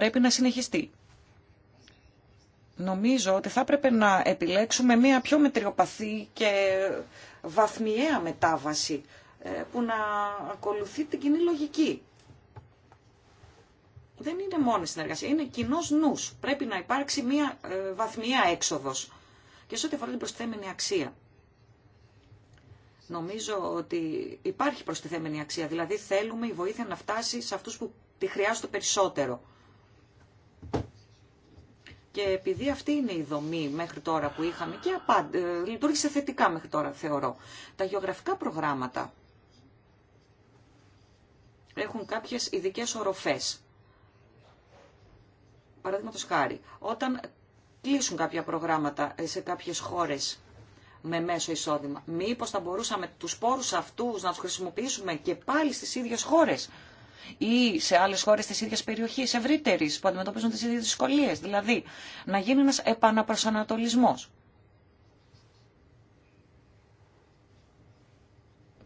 πρέπει να συνεχιστεί. Νομίζω ότι θα έπρεπε να επιλέξουμε μια πιο μετριοπαθή και βαθμιαία μετάβαση ε, που να ακολουθεί την κοινή λογική. Δεν είναι η συνεργασία, είναι κοινό νους. Πρέπει να υπάρξει μια ε, βαθμιαία έξοδος. Και σε ό,τι αφορά την προστιθέμενη αξία. Νομίζω ότι υπάρχει προστιθέμενη αξία. Δηλαδή θέλουμε η βοήθεια να φτάσει σε αυτούς που τη χρειάζονται περισσότερο. Και επειδή αυτή είναι η δομή μέχρι τώρα που είχαμε και ε, λειτουργήσε θετικά μέχρι τώρα θεωρώ. Τα γεωγραφικά προγράμματα έχουν κάποιες ειδικέ οροφές. Παραδείγματο χάρη, όταν κλείσουν κάποια προγράμματα ε, σε κάποιες χώρες με μέσο εισόδημα, μήπως θα μπορούσαμε τους πόρους αυτούς να τους χρησιμοποιήσουμε και πάλι στις ίδιες χώρες ή σε άλλε χώρε τη ίδια περιοχή, ευρύτερη, που αντιμετωπίζουν τι ίδιε δυσκολίε. Δηλαδή, να γίνει ένα επαναπροσανατολισμό.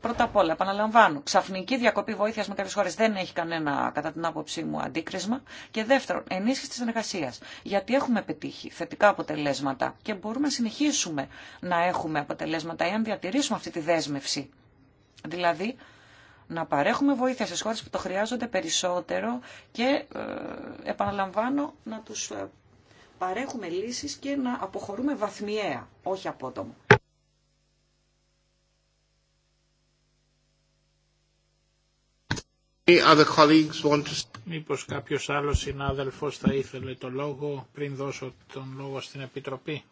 Πρώτα απ' όλα, επαναλαμβάνω, ξαφνική διακοπή βοήθεια με κάποιε χώρε δεν έχει κανένα, κατά την άποψή μου, αντίκρισμα. Και δεύτερον, ενίσχυση τη συνεργασία. Γιατί έχουμε πετύχει θετικά αποτελέσματα και μπορούμε να συνεχίσουμε να έχουμε αποτελέσματα εάν διατηρήσουμε αυτή τη δέσμευση. Δηλαδή, να παρέχουμε βοήθεια στις χώρες που το χρειάζονται περισσότερο και ε, επαναλαμβάνω να τους ε, παρέχουμε λύσεις και να αποχωρούμε βαθμιαία, όχι απότομα. Μήπως κάποιος άλλος συνάδελφος θα ήθελε το λόγο πριν δώσω τον λόγο στην Επιτροπή.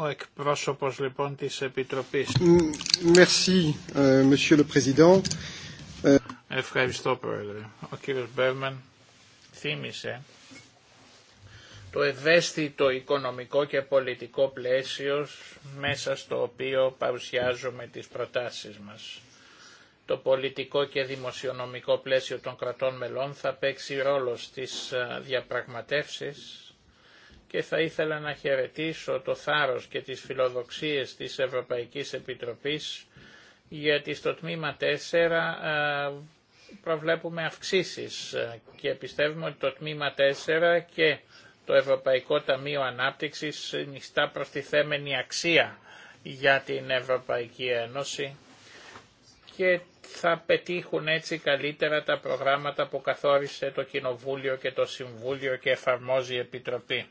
Ο εκπρόσωπος λοιπόν της Επιτροπής. Ε, ε, Ευχαριστώ Πρόεδρε. Ο κύριος Μπέρμαν θύμισε το ευαίσθητο οικονομικό και πολιτικό πλαίσιο μέσα στο οποίο παρουσιάζουμε τις προτάσεις μας. Το πολιτικό και δημοσιονομικό πλαίσιο των κρατών μελών θα παίξει ρόλο στις ε, διαπραγματεύσεις και θα ήθελα να χαιρετήσω το θάρρος και τις φιλοδοξίες της Ευρωπαϊκής Επιτροπής γιατί στο τμήμα 4 ε, προβλέπουμε αυξήσεις και πιστεύουμε ότι το τμήμα 4 και το Ευρωπαϊκό Ταμείο Ανάπτυξης νηστά προστιθέμενη αξία για την Ευρωπαϊκή Ένωση και θα πετύχουν έτσι καλύτερα τα προγράμματα που καθόρισε το Κοινοβούλιο και το Συμβούλιο και εφαρμόζει η Επιτροπή.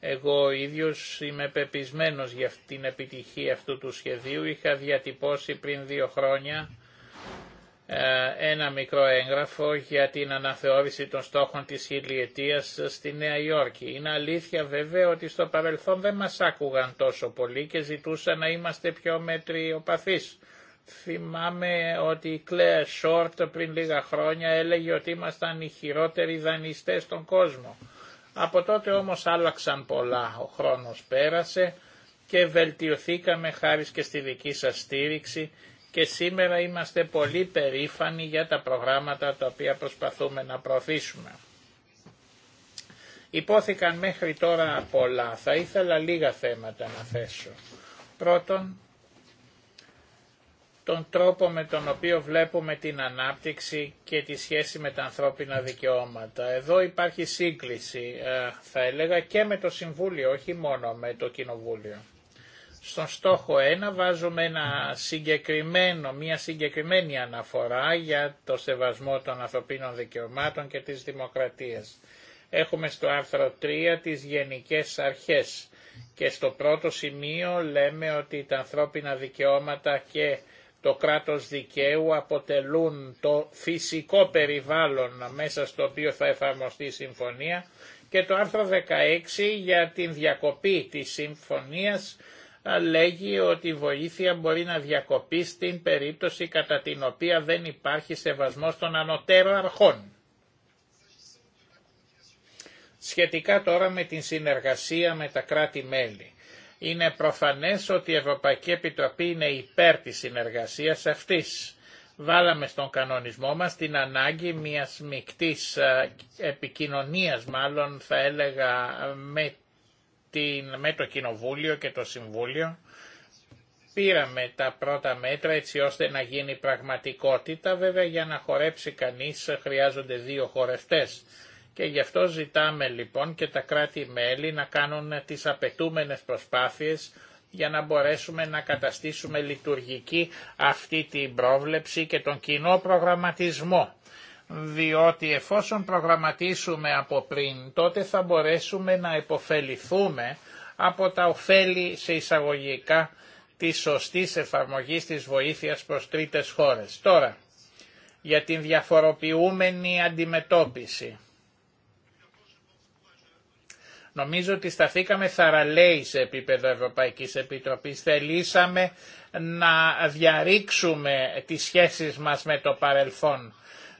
Εγώ ο ίδιος είμαι πεπισμένος για την επιτυχία αυτού του σχεδίου. Είχα διατυπώσει πριν δύο χρόνια ε, ένα μικρό έγγραφο για την αναθεώρηση των στόχων της χιλιετίας στη Νέα Υόρκη. Είναι αλήθεια βέβαια ότι στο παρελθόν δεν μας άκουγαν τόσο πολύ και ζητούσαν να είμαστε πιο μετριοπαθείς. Θυμάμαι ότι η Κλέα Σόρτ πριν λίγα χρόνια έλεγε ότι ήμασταν οι χειρότεροι δανειστές στον κόσμο. Από τότε όμως άλλαξαν πολλά, ο χρόνος πέρασε και βελτιωθήκαμε χάρη και στη δική σας στήριξη και σήμερα είμαστε πολύ περήφανοι για τα προγράμματα τα οποία προσπαθούμε να προωθήσουμε. Υπόθηκαν μέχρι τώρα πολλά, θα ήθελα λίγα θέματα να θέσω. Πρώτον, τον τρόπο με τον οποίο βλέπουμε την ανάπτυξη και τη σχέση με τα ανθρώπινα δικαιώματα. Εδώ υπάρχει σύγκληση, ε, θα έλεγα, και με το Συμβούλιο, όχι μόνο με το Κοινοβούλιο. Στον στόχο 1 βάζουμε ένα συγκεκριμένο, μια συγκεκριμένη αναφορά για το σεβασμό των ανθρωπίνων δικαιωμάτων και της δημοκρατίας. Έχουμε στο άρθρο 3 τις γενικές αρχές και στο πρώτο σημείο λέμε ότι τα ανθρώπινα δικαιώματα και το κράτος δικαίου αποτελούν το φυσικό περιβάλλον μέσα στο οποίο θα εφαρμοστεί η συμφωνία και το άρθρο 16 για την διακοπή της συμφωνίας λέγει ότι η βοήθεια μπορεί να διακοπεί στην περίπτωση κατά την οποία δεν υπάρχει σεβασμός των ανωτέρων αρχών. Σχετικά τώρα με την συνεργασία με τα κράτη-μέλη. Είναι προφανές ότι η Ευρωπαϊκή Επιτροπή είναι υπέρ της συνεργασίας αυτής. Βάλαμε στον κανονισμό μας την ανάγκη μιας μικτής ε, επικοινωνίας μάλλον θα έλεγα με, την, με το Κοινοβούλιο και το Συμβούλιο. Πήραμε τα πρώτα μέτρα έτσι ώστε να γίνει πραγματικότητα. Βέβαια για να χορέψει κανείς χρειάζονται δύο χορευτές και γι' αυτό ζητάμε λοιπόν και τα κράτη-μέλη να κάνουν τις απαιτούμενες προσπάθειες για να μπορέσουμε να καταστήσουμε λειτουργική αυτή την πρόβλεψη και τον κοινό προγραμματισμό. Διότι εφόσον προγραμματίσουμε από πριν, τότε θα μπορέσουμε να υποφεληθούμε από τα ωφέλη σε εισαγωγικά της σωστής εφαρμογής της βοήθειας προς τρίτες χώρες. Τώρα, για την διαφοροποιούμενη αντιμετώπιση. Νομίζω ότι σταθήκαμε θαραλέοι σε επίπεδο Ευρωπαϊκής Επιτροπής. Θελήσαμε να διαρρήξουμε τις σχέσεις μας με το παρελθόν.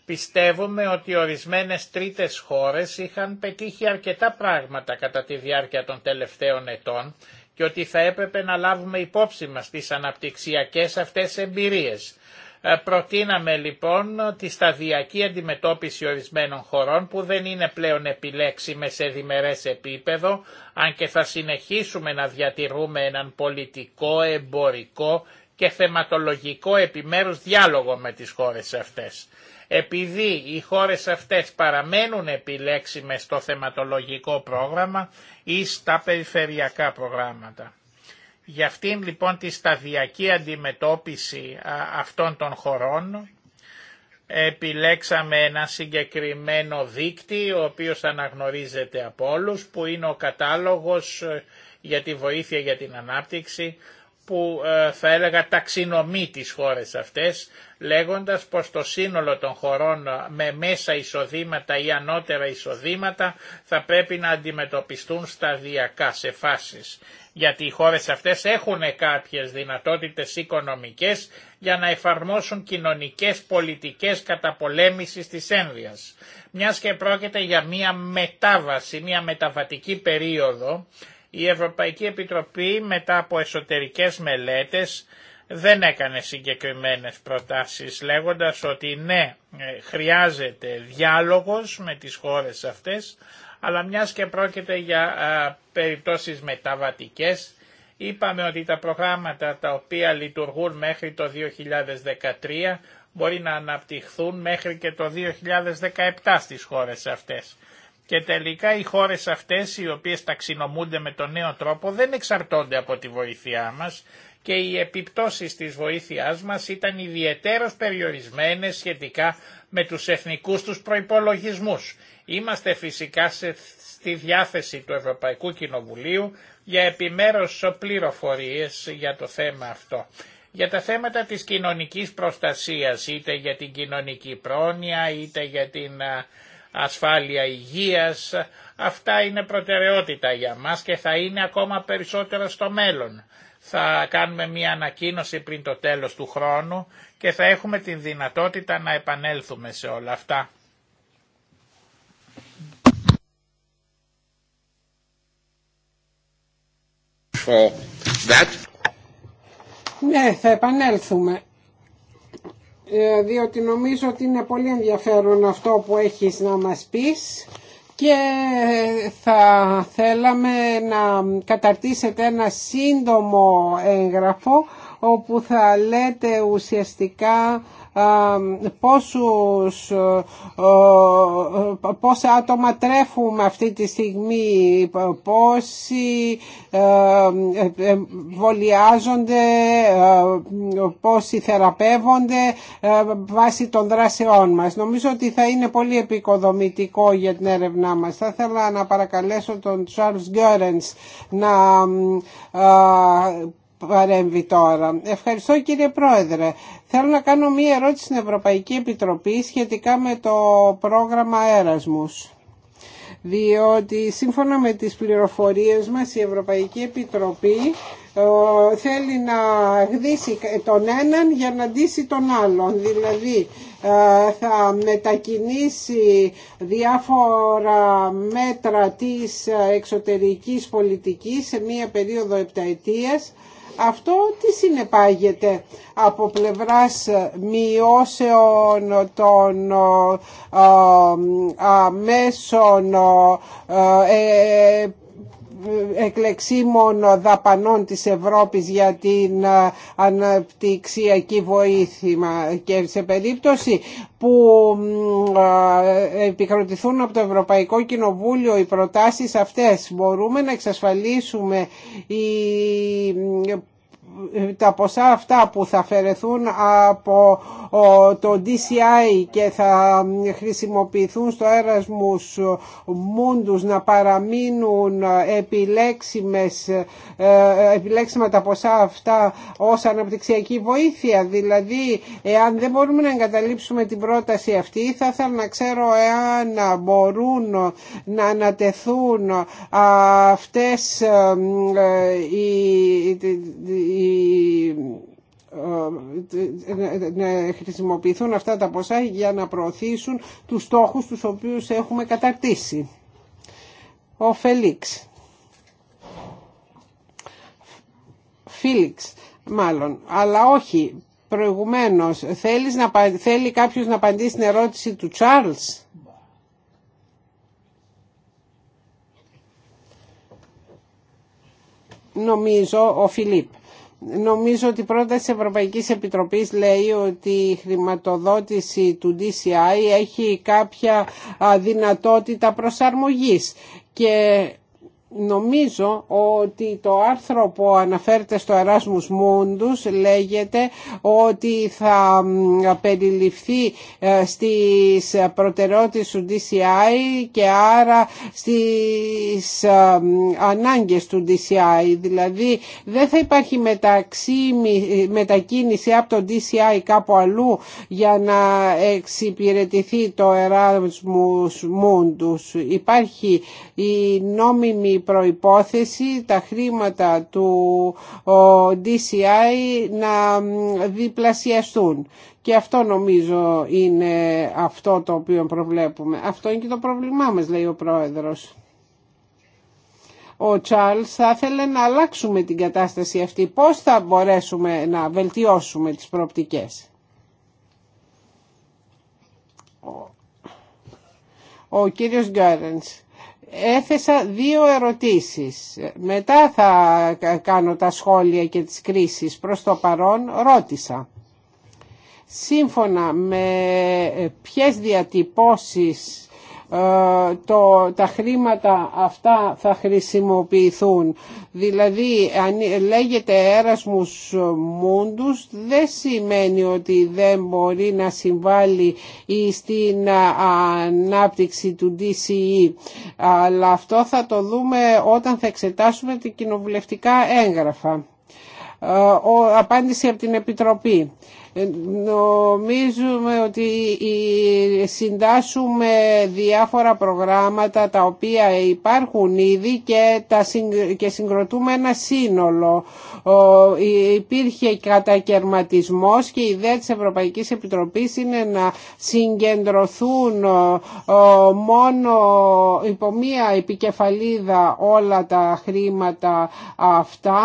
Πιστεύουμε ότι ορισμένες τρίτες χώρες είχαν πετύχει αρκετά πράγματα κατά τη διάρκεια των τελευταίων ετών και ότι θα έπρεπε να λάβουμε υπόψη μας τις αναπτυξιακές αυτές εμπειρίες. Ε, προτείναμε λοιπόν τη σταδιακή αντιμετώπιση ορισμένων χωρών που δεν είναι πλέον επιλέξιμες σε διμερές επίπεδο, αν και θα συνεχίσουμε να διατηρούμε έναν πολιτικό, εμπορικό και θεματολογικό επιμέρους διάλογο με τις χώρες αυτές. Επειδή οι χώρες αυτές παραμένουν επιλέξιμες στο θεματολογικό πρόγραμμα ή στα περιφερειακά προγράμματα. Για αυτήν λοιπόν τη σταδιακή αντιμετώπιση αυτών των χωρών επιλέξαμε ένα συγκεκριμένο δίκτυο ο οποίο αναγνωρίζεται από όλους που είναι ο κατάλογος ε, για τη βοήθεια για την ανάπτυξη που ε, θα έλεγα ταξινομεί τις χώρες αυτές λέγοντας πως το σύνολο των χωρών ε, με μέσα εισοδήματα ή ανώτερα εισοδήματα θα πρέπει να αντιμετωπιστούν σταδιακά σε φάσεις γιατί οι χώρες αυτές έχουν κάποιες δυνατότητες οικονομικές για να εφαρμόσουν κοινωνικές πολιτικές καταπολέμησης της ένδυας. Μιας και πρόκειται για μια μετάβαση, μια μεταβατική περίοδο, η Ευρωπαϊκή Επιτροπή μετά από εσωτερικές μελέτες δεν έκανε συγκεκριμένες προτάσεις λέγοντας ότι ναι ε, χρειάζεται διάλογος με τις χώρες αυτές αλλά μιας και πρόκειται για περιπτώσεις μεταβατικές, είπαμε ότι τα προγράμματα τα οποία λειτουργούν μέχρι το 2013 μπορεί να αναπτυχθούν μέχρι και το 2017 στις χώρες αυτές. Και τελικά οι χώρες αυτές οι οποίες ταξινομούνται με τον νέο τρόπο δεν εξαρτώνται από τη βοήθειά μας και οι επιπτώσεις της βοήθειάς μας ήταν ιδιαίτερως περιορισμένες σχετικά με τους εθνικούς τους προϋπολογισμούς. Είμαστε φυσικά σε, στη διάθεση του Ευρωπαϊκού Κοινοβουλίου για επιμέρους πληροφορίες για το θέμα αυτό. Για τα θέματα της κοινωνικής προστασίας, είτε για την κοινωνική πρόνοια, είτε για την ασφάλεια υγείας, αυτά είναι προτεραιότητα για μας και θα είναι ακόμα περισσότερο στο μέλλον. Θα κάνουμε μια ανακοίνωση πριν το τέλος του χρόνου και θα έχουμε την δυνατότητα να επανέλθουμε σε όλα αυτά. for that. Ναι, θα επανέλθουμε ε, διότι νομίζω ότι είναι πολύ ενδιαφέρον αυτό που έχεις να μας πεις και ε, θα θέλαμε να καταρτήσετε ένα σύντομο έγγραφο όπου θα λέτε ουσιαστικά ε, πόσους, ε, ε, πόσα άτομα τρέφουμε αυτή τη στιγμή, πόσοι εμβολιάζονται, πόσοι θεραπεύονται βάσει των δράσεών μας. Νομίζω ότι θα είναι πολύ επικοδομητικό για την έρευνά μας. Θα ήθελα να παρακαλέσω τον Charles Γκέρενς να παρέμβει τώρα. Ευχαριστώ κύριε Πρόεδρε. Θέλω να κάνω μία ερώτηση στην Ευρωπαϊκή Επιτροπή σχετικά με το πρόγραμμα Έρασμους διότι σύμφωνα με τις πληροφορίες μας η Ευρωπαϊκή Επιτροπή ε, θέλει να γδίσει τον έναν για να ντύσει τον άλλον. Δηλαδή ε, θα μετακινήσει διάφορα μέτρα της εξωτερικής πολιτικής σε μία περίοδο επταετίας αυτό τι συνεπάγεται από πλευράς μειώσεων των αμέσων εκλεξίμων δαπανών της Ευρώπης για την ε, αναπτυξιακή βοήθημα και σε περίπτωση που ε, επικροτηθούν από το Ευρωπαϊκό Κοινοβούλιο οι προτάσεις αυτές μπορούμε να εξασφαλίσουμε η τα ποσά αυτά που θα αφαιρεθούν από το DCI και θα χρησιμοποιηθούν στο έρασμους μούντους να παραμείνουν επιλέξιμες, ε, επιλέξιμα τα ποσά αυτά ως αναπτυξιακή βοήθεια. Δηλαδή, εάν δεν μπορούμε να εγκαταλείψουμε την πρόταση αυτή, θα ήθελα να ξέρω εάν μπορούν να ανατεθούν αυτές ε, οι να χρησιμοποιηθούν αυτά τα ποσά για να προωθήσουν τους στόχους τους οποίους έχουμε καταρτήσει. Ο Φελίξ. Φίλιξ, μάλλον. Αλλά όχι, προηγουμένως. Θέλεις να, θέλει κάποιος να απαντήσει στην ερώτηση του Τσάρλς. Νομίζω ο Φιλίπ. Νομίζω ότι η πρόταση της Ευρωπαϊκής Επιτροπής λέει ότι η χρηματοδότηση του DCI έχει κάποια δυνατότητα προσαρμογής και Νομίζω ότι το άρθρο που αναφέρεται στο Erasmus Mundus λέγεται ότι θα περιληφθεί ε, στις προτεραιότητες του DCI και άρα στις ε, ανάγκες του DCI. Δηλαδή δεν θα υπάρχει μεταξύ μετακίνηση από το DCI κάπου αλλού για να εξυπηρετηθεί το Erasmus Mundus. Υπάρχει η νόμιμη προϋπόθεση τα χρήματα του DCI να διπλασιαστούν. Και αυτό νομίζω είναι αυτό το οποίο προβλέπουμε. Αυτό είναι και το πρόβλημά μας, λέει ο Πρόεδρος. Ο Τσάρλς θα ήθελε να αλλάξουμε την κατάσταση αυτή. Πώς θα μπορέσουμε να βελτιώσουμε τις προοπτικές. Ο κύριος Γκάρενς έθεσα δύο ερωτήσεις. Μετά θα κάνω τα σχόλια και τις κρίσεις. Προς το παρόν ρώτησα. Σύμφωνα με ποιες διατυπώσεις ε, το, τα χρήματα αυτά θα χρησιμοποιηθούν. Δηλαδή αν λέγεται έρασμους μούντους δεν σημαίνει ότι δεν μπορεί να συμβάλλει στην ε, ανάπτυξη του DCE. Αλλά αυτό θα το δούμε όταν θα εξετάσουμε την κοινοβουλευτικά έγγραφα. Ε, ο, απάντηση από την Επιτροπή. Ε, νομίζουμε ότι συντάσσουμε διάφορα προγράμματα τα οποία υπάρχουν ήδη και, τα και συγκροτούμε ένα σύνολο. Υπήρχε κατακαιρματισμός και η ιδέα της Ευρωπαϊκής Επιτροπής είναι να συγκεντρωθούν μόνο υπό μία επικεφαλίδα όλα τα χρήματα αυτά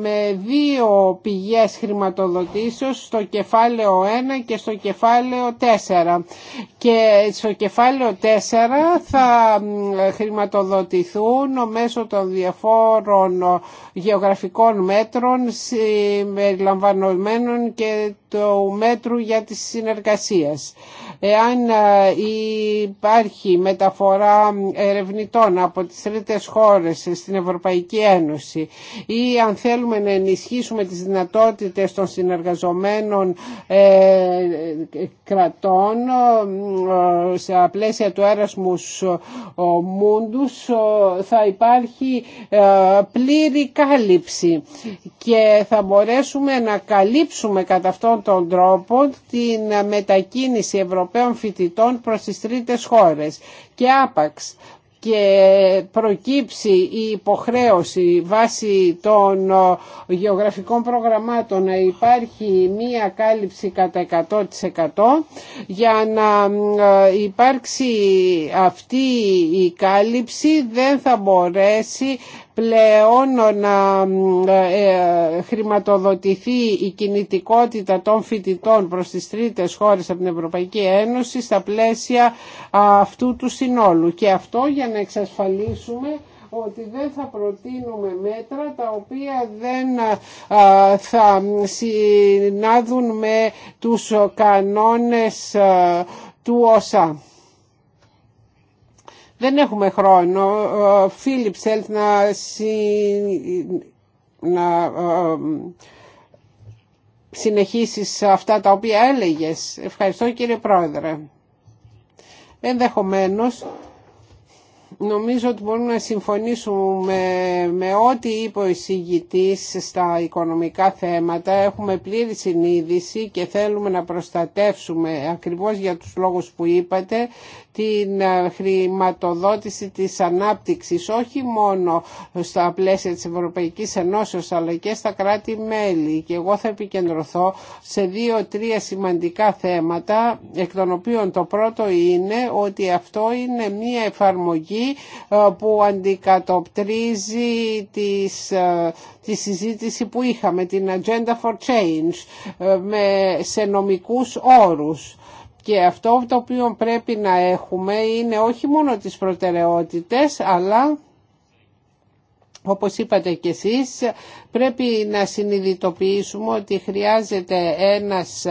με δύο πηγές χρηματοδοτήσεως στο κεφάλι κεφάλαιο 1 και στο κεφάλαιο 4. Και στο κεφάλαιο 4 θα χρηματοδοτηθούν μέσω των διαφόρων γεωγραφικών μέτρων συμπεριλαμβανομένων και του μέτρου για τις συνεργασίες. Εάν ε, υπάρχει μεταφορά ερευνητών από τις τρίτες χώρες στην Ευρωπαϊκή Ένωση ή αν θέλουμε να ενισχύσουμε τις δυνατότητες των συνεργαζομένων ε, κρατών σε πλαίσια του έρασμους μούντους ε, θα υπάρχει πλήρη κάλυψη και θα μπορέσουμε να καλύψουμε κατά αυτόν τον τρόπο την μετακίνηση Ευρωπαϊκή Ευρωπαίων φοιτητών προς τις χώρες και άπαξ και προκύψει η υποχρέωση βάσει των ε, γεωγραφικών προγραμμάτων να υπάρχει μία κάλυψη κατά 100% για να ε, υπάρξει αυτή η κάλυψη δεν θα μπορέσει πλέον να ε, ε, χρηματοδοτηθεί η κινητικότητα των φοιτητών προς τις τρίτες χώρες από την Ευρωπαϊκή Ένωση στα πλαίσια αυτού του συνόλου. Και αυτό για να εξασφαλίσουμε ότι δεν θα προτείνουμε μέτρα τα οποία δεν θα συνάδουν με τους κανόνες του ΟΣΑ. Δεν έχουμε χρόνο. Ο Φίλιπ να, συ... να συνεχίσεις αυτά τα οποία έλεγες. Ευχαριστώ κύριε Πρόεδρε. Ενδεχομένως νομίζω ότι μπορούμε να συμφωνήσουμε με ό,τι είπε ο εισηγητής στα οικονομικά θέματα. Έχουμε πλήρη συνείδηση και θέλουμε να προστατεύσουμε ακριβώς για τους λόγους που είπατε την ε, χρηματοδότηση της ανάπτυξης όχι μόνο στα πλαίσια της Ευρωπαϊκής Ενώσεως αλλά και στα κράτη-μέλη και εγώ θα επικεντρωθώ σε δύο-τρία σημαντικά θέματα εκ των οποίων το πρώτο είναι ότι αυτό είναι μία εφαρμογή ε, που αντικατοπτρίζει τις ε, τη συζήτηση που είχαμε, την Agenda for Change, με, σε νομικούς όρους. Και αυτό το οποίο πρέπει να έχουμε είναι όχι μόνο τις προτεραιότητες, αλλά όπως είπατε και εσείς, πρέπει να συνειδητοποιήσουμε ότι χρειάζεται ένας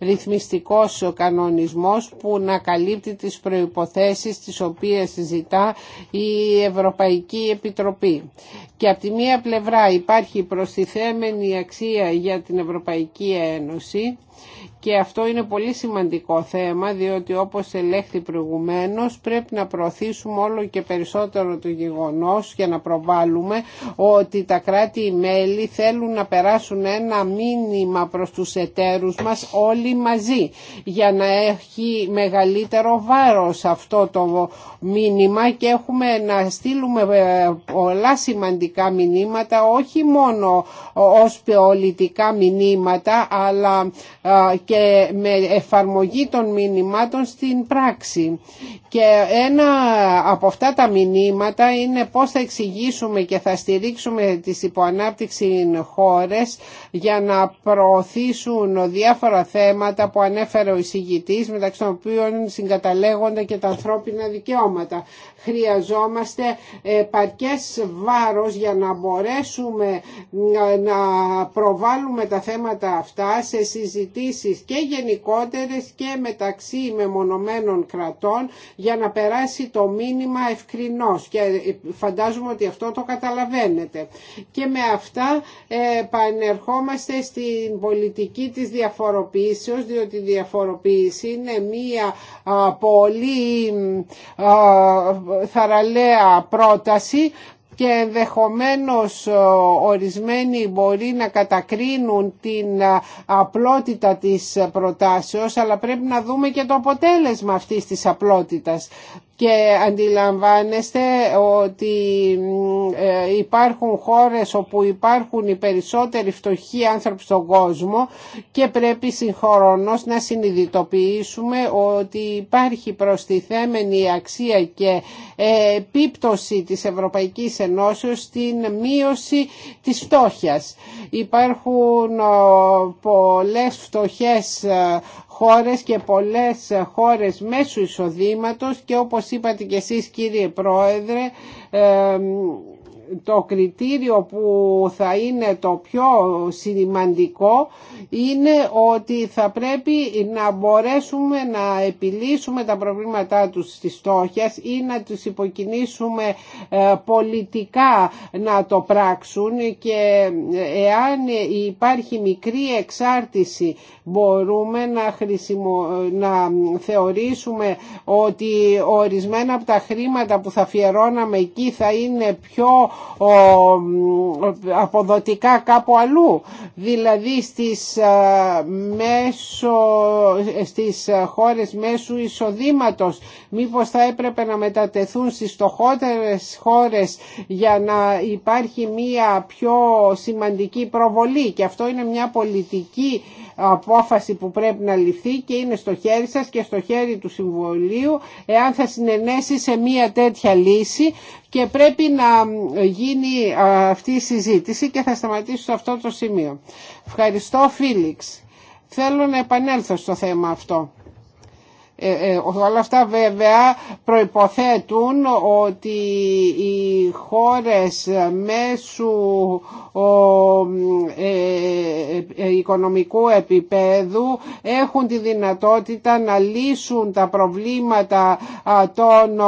ρυθμιστικός κανονισμός που να καλύπτει τις προϋποθέσεις τις οποίες ζητά η Ευρωπαϊκή Επιτροπή. Και από τη μία πλευρά υπάρχει προστιθέμενη αξία για την Ευρωπαϊκή Ένωση και αυτό είναι πολύ σημαντικό θέμα διότι όπως ελέγχθη προηγουμένως πρέπει να προωθήσουμε όλο και περισσότερο το γεγονός για να προβάλλουμε ότι τα κράτη-μέλη θέλουν να περάσουν ένα μήνυμα προς τους εταίρους μας όλοι μαζί για να έχει μεγαλύτερο βάρος αυτό το μήνυμα και έχουμε να στείλουμε ε, πολλά σημαντικά μηνύματα όχι μόνο ως πολιτικά μηνύματα αλλά ε, και με εφαρμογή των μηνυμάτων στην πράξη. Και ένα από αυτά τα μηνύματα είναι πώς θα εξηγήσουμε και θα στηρίξουμε τις υποανάπτυξη χώρες για να προωθήσουν διάφορα θέματα που ανέφερε ο εισηγητής μεταξύ των οποίων συγκαταλέγονται και τα ανθρώπινα δικαιώματα. Χρειαζόμαστε ε, παρκές βάρος για να μπορέσουμε ε, να προβάλλουμε τα θέματα αυτά σε συζητήσεις και γενικότερες και μεταξύ μεμονωμένων κρατών για να περάσει το μήνυμα ευκρινώς και ε, φαντάζομαι ότι αυτό το καταλαβαίνετε. Και με αυτά πανερχόμαστε στην πολιτική της διαφοροποίησης διότι η διαφοροποίηση είναι μία πολύ θαραλέα πρόταση και ενδεχομένως ε, ορισμένοι μπορεί να κατακρίνουν την ε, απλότητα της προτάσεως αλλά πρέπει να δούμε και το αποτέλεσμα αυτής της απλότητας και αντιλαμβάνεστε ότι ε, υπάρχουν χώρες όπου υπάρχουν οι περισσότεροι φτωχοί άνθρωποι στον κόσμο και πρέπει συγχρονώς να συνειδητοποιήσουμε ότι υπάρχει προστιθέμενη αξία και επίπτωση της Ευρωπαϊκής Ενώσεως στην μείωση της φτώχειας. Υπάρχουν ε, πολλές φτωχές ε, χώρες και πολλές χώρες μέσου εισοδήματος και όπως είπατε και εσείς κύριε Πρόεδρε ε, το κριτήριο που θα είναι το πιο σημαντικό είναι ότι θα πρέπει να μπορέσουμε να επιλύσουμε τα προβλήματά τους στις στόχες ή να τους υποκινήσουμε ε, πολιτικά να το πράξουν και ε, εάν υπάρχει μικρή εξάρτηση μπορούμε να, χρησιμο... να θεωρήσουμε ότι ορισμένα από τα χρήματα που θα αφιερώναμε εκεί θα είναι πιο αποδοτικά κάπου αλλού δηλαδή στις, ε, μέσω, στις ε, χώρες μέσου εισοδήματος μήπως θα έπρεπε να μετατεθούν στις στοχότερες χώρες για να υπάρχει μία πιο σημαντική προβολή και αυτό είναι μια πολιτική απόφαση που πρέπει να ληφθεί και είναι στο χέρι σας και στο χέρι του Συμβουλίου εάν θα συνενέσει σε μια τέτοια λύση και πρέπει να γίνει αυτή η συζήτηση και θα σταματήσω σε αυτό το σημείο. Ευχαριστώ Φίλιξ. Θέλω να επανέλθω στο θέμα αυτό. Ε, ε, όλα αυτά βέβαια προϋποθέτουν ότι οι χώρες μέσου ε, οικονομικού επίπεδου έχουν τη δυνατότητα να λύσουν τα προβλήματα των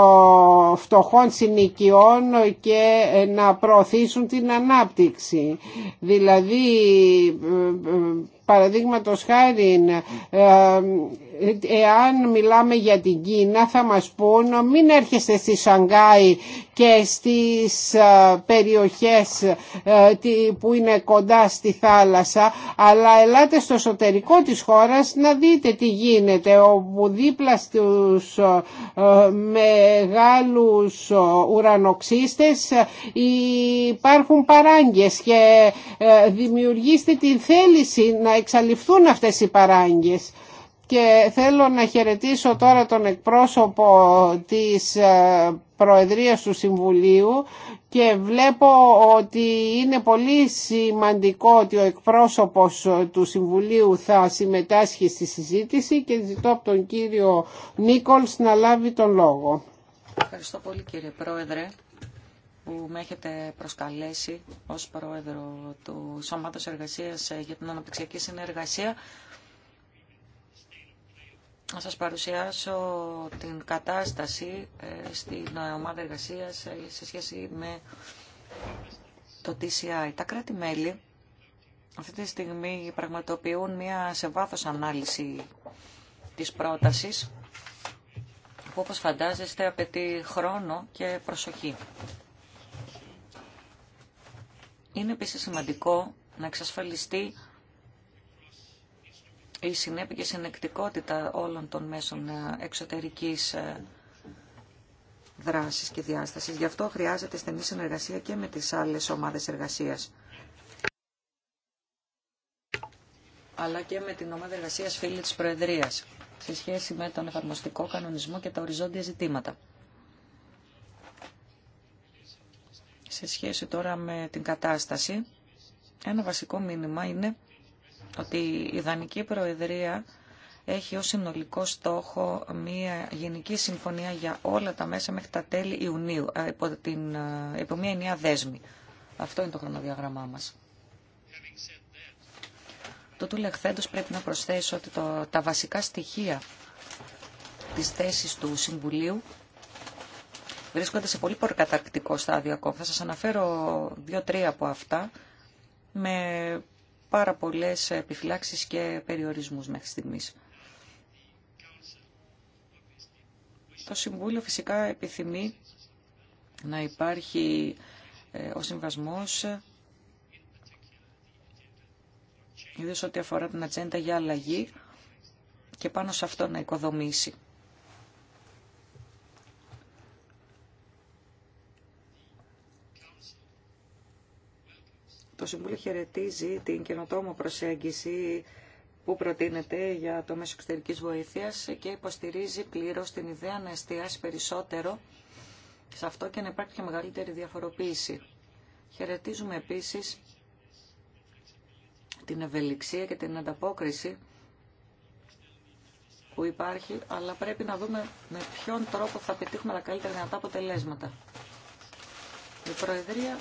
φτωχών συνοικιών και να προωθήσουν την ανάπτυξη. Δηλαδή, παραδείγματος χάρη εάν μιλάμε για την Κίνα θα μας πούν μην έρχεστε στη Σανγκάη και στις ε, περιοχές ε, που είναι κοντά στη θάλασσα αλλά ελάτε στο εσωτερικό της χώρας να δείτε τι γίνεται όπου δίπλα στους ε, μεγάλους ουρανοξύστες υπάρχουν παράγγες και δημιουργήστε την θέληση να εξαλειφθούν αυτές οι παράγγες και θέλω να χαιρετήσω τώρα τον εκπρόσωπο της ε, Προεδρίας του Συμβουλίου και βλέπω ότι είναι πολύ σημαντικό ότι ο εκπρόσωπος του Συμβουλίου θα συμμετάσχει στη συζήτηση και ζητώ από τον κύριο Νίκολς να λάβει τον λόγο. Ευχαριστώ πολύ κύριε Πρόεδρε που με έχετε προσκαλέσει ως Πρόεδρο του Σώματος Εργασίας ε, για την Αναπτυξιακή Συνεργασία να σας παρουσιάσω την κατάσταση ε, στην ομάδα εργασίας ε, σε σχέση με το TCI. Τα κράτη-μέλη αυτή τη στιγμή πραγματοποιούν μια σε βάθος ανάλυση της πρότασης που όπως φαντάζεστε απαιτεί χρόνο και προσοχή. Είναι επίσης σημαντικό να εξασφαλιστεί η συνέπεια και συνεκτικότητα όλων των μέσων ε, εξωτερικής ε, δράσης και διάστασης. Γι' αυτό χρειάζεται στενή συνεργασία και με τις άλλες ομάδες εργασίας. αλλά και με την ομάδα εργασίας φίλη της Προεδρίας σε σχέση με τον εφαρμοστικό κανονισμό και τα οριζόντια ζητήματα. Σε σχέση τώρα με την κατάσταση, ένα βασικό μήνυμα είναι ότι η Ιδανική Προεδρία έχει ως συνολικό στόχο μια γενική συμφωνία για όλα τα μέσα μέχρι τα τέλη Ιουνίου, ε, υπό, την, ε, υπό μια ενιαία δέσμη. Αυτό είναι το χρονοδιαγραμμά μας. Το του λεχθέντος πρέπει να προσθέσω ότι τα βασικά στοιχεία της θέσης του Συμβουλίου βρίσκονται σε πολύ προκαταρκτικό στάδιο ακόμα. Θα σας αναφέρω δύο-τρία από αυτά με πάρα πολλές επιφυλάξεις και περιορισμούς μέχρι στιγμής. Το Συμβούλιο φυσικά επιθυμεί να υπάρχει ε, ο συμβασμός ιδίως ό,τι αφορά την ατζέντα για αλλαγή και πάνω σε αυτό να οικοδομήσει. Το Συμβούλιο χαιρετίζει την καινοτόμο προσέγγιση που προτείνεται για το μέσο εξωτερική βοήθεια και υποστηρίζει πλήρω την ιδέα να εστιάσει περισσότερο σε αυτό και να υπάρχει και μεγαλύτερη διαφοροποίηση. Χαιρετίζουμε επίσης την ευελιξία και την ανταπόκριση που υπάρχει, αλλά πρέπει να δούμε με ποιον τρόπο θα πετύχουμε τα καλύτερα δυνατά αποτελέσματα. Η Προεδρία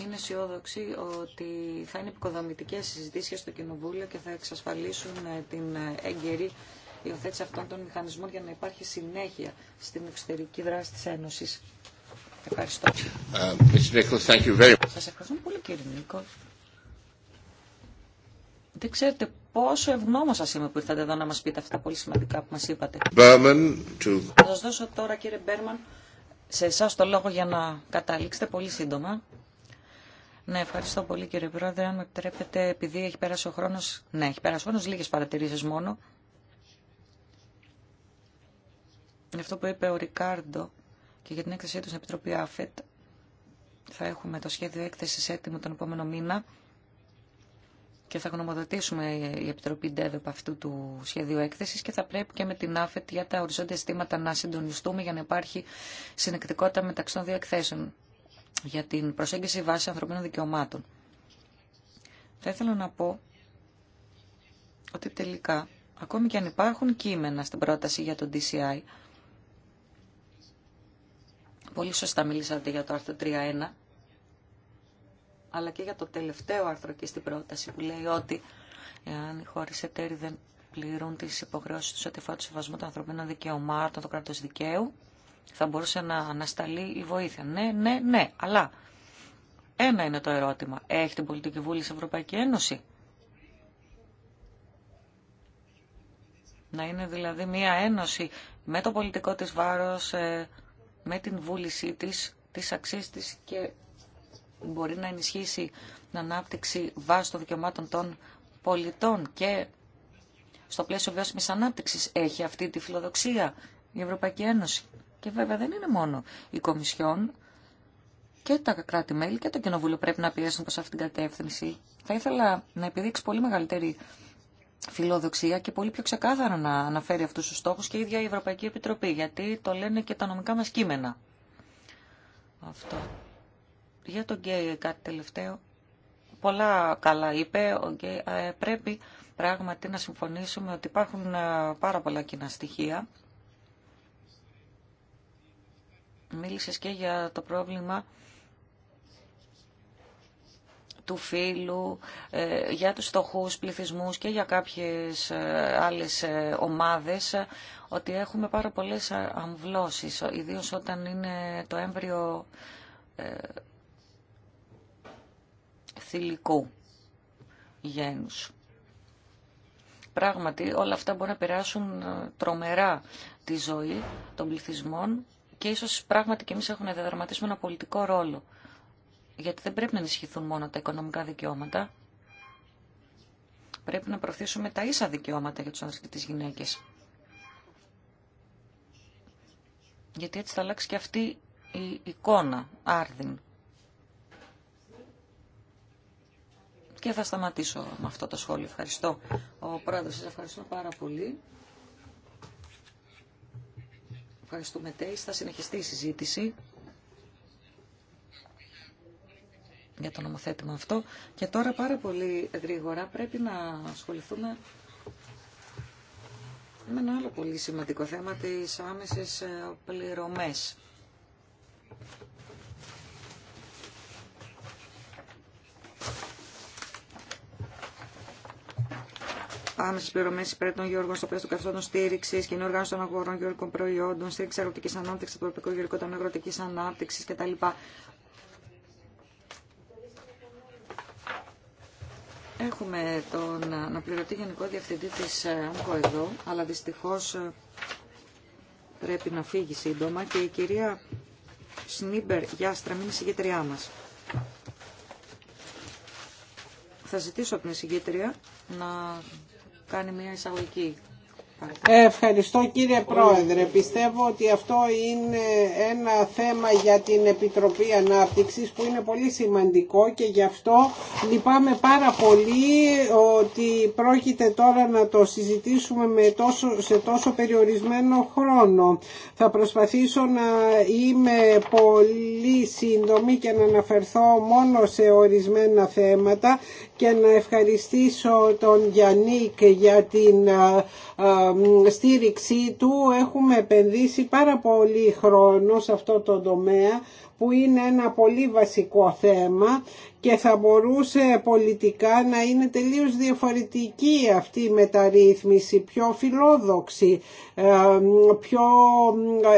είναι αισιόδοξη ότι θα είναι επικοδομητικέ συζητήσει στο Κοινοβούλιο και θα εξασφαλίσουν ε, την ε, έγκαιρη υιοθέτηση αυτών των μηχανισμών για να υπάρχει συνέχεια στην εξωτερική δράση τη Ένωση. Ευχαριστώ. Ε, Σα ευχαριστώ πολύ κύριε Νίκο. Δεν ξέρετε πόσο ευγνώμων σας είμαι που ήρθατε εδώ να μας πείτε αυτά πολύ σημαντικά που μας είπατε. Θα σας δώσω τώρα κύριε Μπέρμαν σε εσάς το λόγο για να καταλήξετε πολύ σύντομα. Ναι, ευχαριστώ πολύ κύριε Πρόεδρε. Αν με επιτρέπετε, επειδή έχει πέρασει ο χρόνος... Ναι, έχει πέρασει ο χρόνος, λίγε παρατηρήσει μόνο. Αυτό που είπε ο Ρικάρντο και για την έκθεσή του στην Επιτροπή ΑΦΕΤ. Θα έχουμε το σχέδιο έκθεση έτοιμο τον επόμενο μήνα και θα γνωμοδοτήσουμε η Επιτροπή ΝΤΕΒ από αυτού του σχεδίου έκθεση και θα πρέπει και με την ΑΦΕΤ για τα οριζόντια στήματα να συντονιστούμε για να υπάρχει συνεκτικότητα μεταξύ των δύο εκθέσεων για την προσέγγιση βάση ανθρωπίνων δικαιωμάτων. Θα ήθελα να πω ότι τελικά, ακόμη και αν υπάρχουν κείμενα στην πρόταση για τον DCI, πολύ σωστά μιλήσατε για το άρθρο 3.1, αλλά και για το τελευταίο άρθρο και στην πρόταση που λέει ότι εάν οι χώρε εταίροι δεν πληρούν τις υποχρεώσεις του ό,τι αφορά σεβασμό των ανθρωπίνων δικαιωμάτων, το κράτος δικαίου, θα μπορούσε να ανασταλεί η βοήθεια. Ναι, ναι, ναι, αλλά ένα είναι το ερώτημα. Έχει την πολιτική βούληση Ευρωπαϊκή Ένωση. Να είναι δηλαδή μια ένωση με το πολιτικό της βάρος, ε, με την βούλησή της, της αξίας της και μπορεί να ενισχύσει την ανάπτυξη βάσει των δικαιωμάτων των πολιτών και στο πλαίσιο βιώσιμης ανάπτυξης έχει αυτή τη φιλοδοξία η Ευρωπαϊκή Ένωση. Και βέβαια δεν είναι μόνο η Κομισιόν και τα κράτη-μέλη και το Κοινοβούλιο πρέπει να πιέσουν προς αυτήν την κατεύθυνση. Θα ήθελα να επιδείξει πολύ μεγαλύτερη φιλοδοξία και πολύ πιο ξεκάθαρα να αναφέρει αυτούς τους στόχους και η ίδια η Ευρωπαϊκή Επιτροπή, γιατί το λένε και τα νομικά μας κείμενα. Αυτό. Για τον Γκέι κάτι τελευταίο. Πολλά καλά είπε. Ο ε, πρέπει πράγματι να συμφωνήσουμε ότι υπάρχουν ε, πάρα πολλά κοινά στοιχεία Μίλησες και για το πρόβλημα του φύλου, ε, για τους στοχούς πληθυσμούς και για κάποιες ε, άλλες ε, ομάδες, ότι έχουμε πάρα πολλές αμβλώσεις, ιδίως όταν είναι το έμβριο θηλυκού γένους. Πράγματι, όλα αυτά μπορούν να περάσουν τρομερά τη ζωή των πληθυσμών και ίσως πράγματι και εμείς έχουμε να διαδραματίσουμε ένα πολιτικό ρόλο. Γιατί δεν πρέπει να ενισχυθούν μόνο τα οικονομικά δικαιώματα. Πρέπει να προωθήσουμε τα ίσα δικαιώματα για τους άνδρες και τις γυναίκες. Γιατί έτσι θα αλλάξει και αυτή η εικόνα άρδιν. Και θα σταματήσω με αυτό το σχόλιο. Ευχαριστώ. Ο πρόεδρος, σας ευχαριστώ πάρα πολύ. Ευχαριστούμε, Τέις. Θα συνεχιστεί η συζήτηση για το νομοθέτημα αυτό. Και τώρα πάρα πολύ γρήγορα πρέπει να ασχοληθούμε με ένα άλλο πολύ σημαντικό θέμα, τις άμεσες ε, πληρωμές. στι πληρωμέ υπέρ των γεωργών στο πλαίσιο του καθόλου στήριξη, κοινή οργάνωση των αγορών γεωργικών προϊόντων, στήριξη αγροτική ανάπτυξη, το Ευρωπαϊκό Γεωργικό Ταμείο Αγροτική Ανάπτυξη κτλ. Έχουμε τον αναπληρωτή Γενικό Διευθυντή τη ε, ΑΜΚΟ εδώ, αλλά δυστυχώς ε, πρέπει να φύγει σύντομα και η κυρία Σνίμπερ Γιάστρα, μην συγκίτριά μας. Θα ζητήσω από την συγκίτρια να Ευχαριστώ κύριε Πρόεδρε. Πιστεύω ότι αυτό είναι ένα θέμα για την Επιτροπή Ανάπτυξης που είναι πολύ σημαντικό και γι' αυτό λυπάμαι πάρα πολύ ότι πρόκειται τώρα να το συζητήσουμε με τόσο, σε τόσο περιορισμένο χρόνο. Θα προσπαθήσω να είμαι πολύ σύντομη και να αναφερθώ μόνο σε ορισμένα θέματα και να ευχαριστήσω τον Γιάννη και για την στήριξή του. Έχουμε επενδύσει πάρα πολύ χρόνο σε αυτό το τομέα που είναι ένα πολύ βασικό θέμα και θα μπορούσε πολιτικά να είναι τελείως διαφορετική αυτή η μεταρρύθμιση, πιο φιλόδοξη, ε, πιο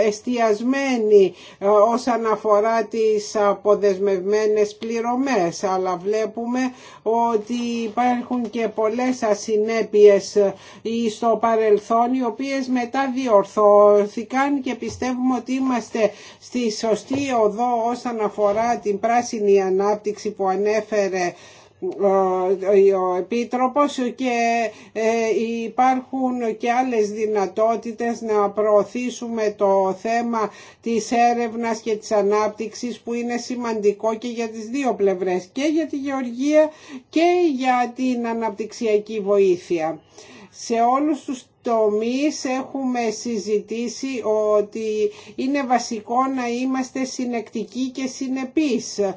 εστιασμένη ε, όσον αφορά τις αποδεσμευμένες πληρωμές. Αλλά βλέπουμε ότι υπάρχουν και πολλές ασυνέπειες ε, στο παρελθόν οι οποίες μετά διορθώθηκαν και πιστεύουμε ότι είμαστε στη σωστή οδό όσον αφορά την πράσινη ανάπτυξη που ανέφερε ο Επίτροπος και ε, υπάρχουν και άλλες δυνατότητες να προωθήσουμε το θέμα της έρευνας και της ανάπτυξης που είναι σημαντικό και για τις δύο πλευρές και για τη γεωργία και για την αναπτυξιακή βοήθεια. Σε όλους τους τομείς έχουμε συζητήσει ότι είναι βασικό να είμαστε συνεκτικοί και συνεπείς ε,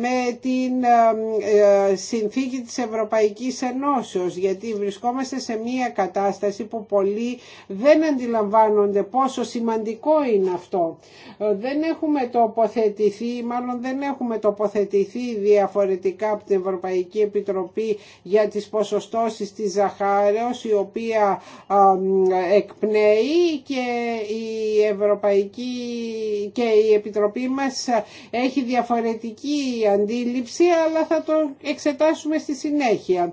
με την ε, ε, συνθήκη της Ευρωπαϊκής Ενώσεως γιατί βρισκόμαστε σε μια κατάσταση που πολλοί δεν αντιλαμβάνονται πόσο σημαντικό είναι αυτό. Δεν έχουμε τοποθετηθεί, μάλλον δεν έχουμε τοποθετηθεί διαφορετικά από την Ευρωπαϊκή Επιτροπή για τις ποσοστώσεις της Ζαχάρεως η οποία εκπνέει και η Ευρωπαϊκή και η Επιτροπή μας έχει διαφορετική αντίληψη αλλά θα το εξετάσουμε στη συνέχεια.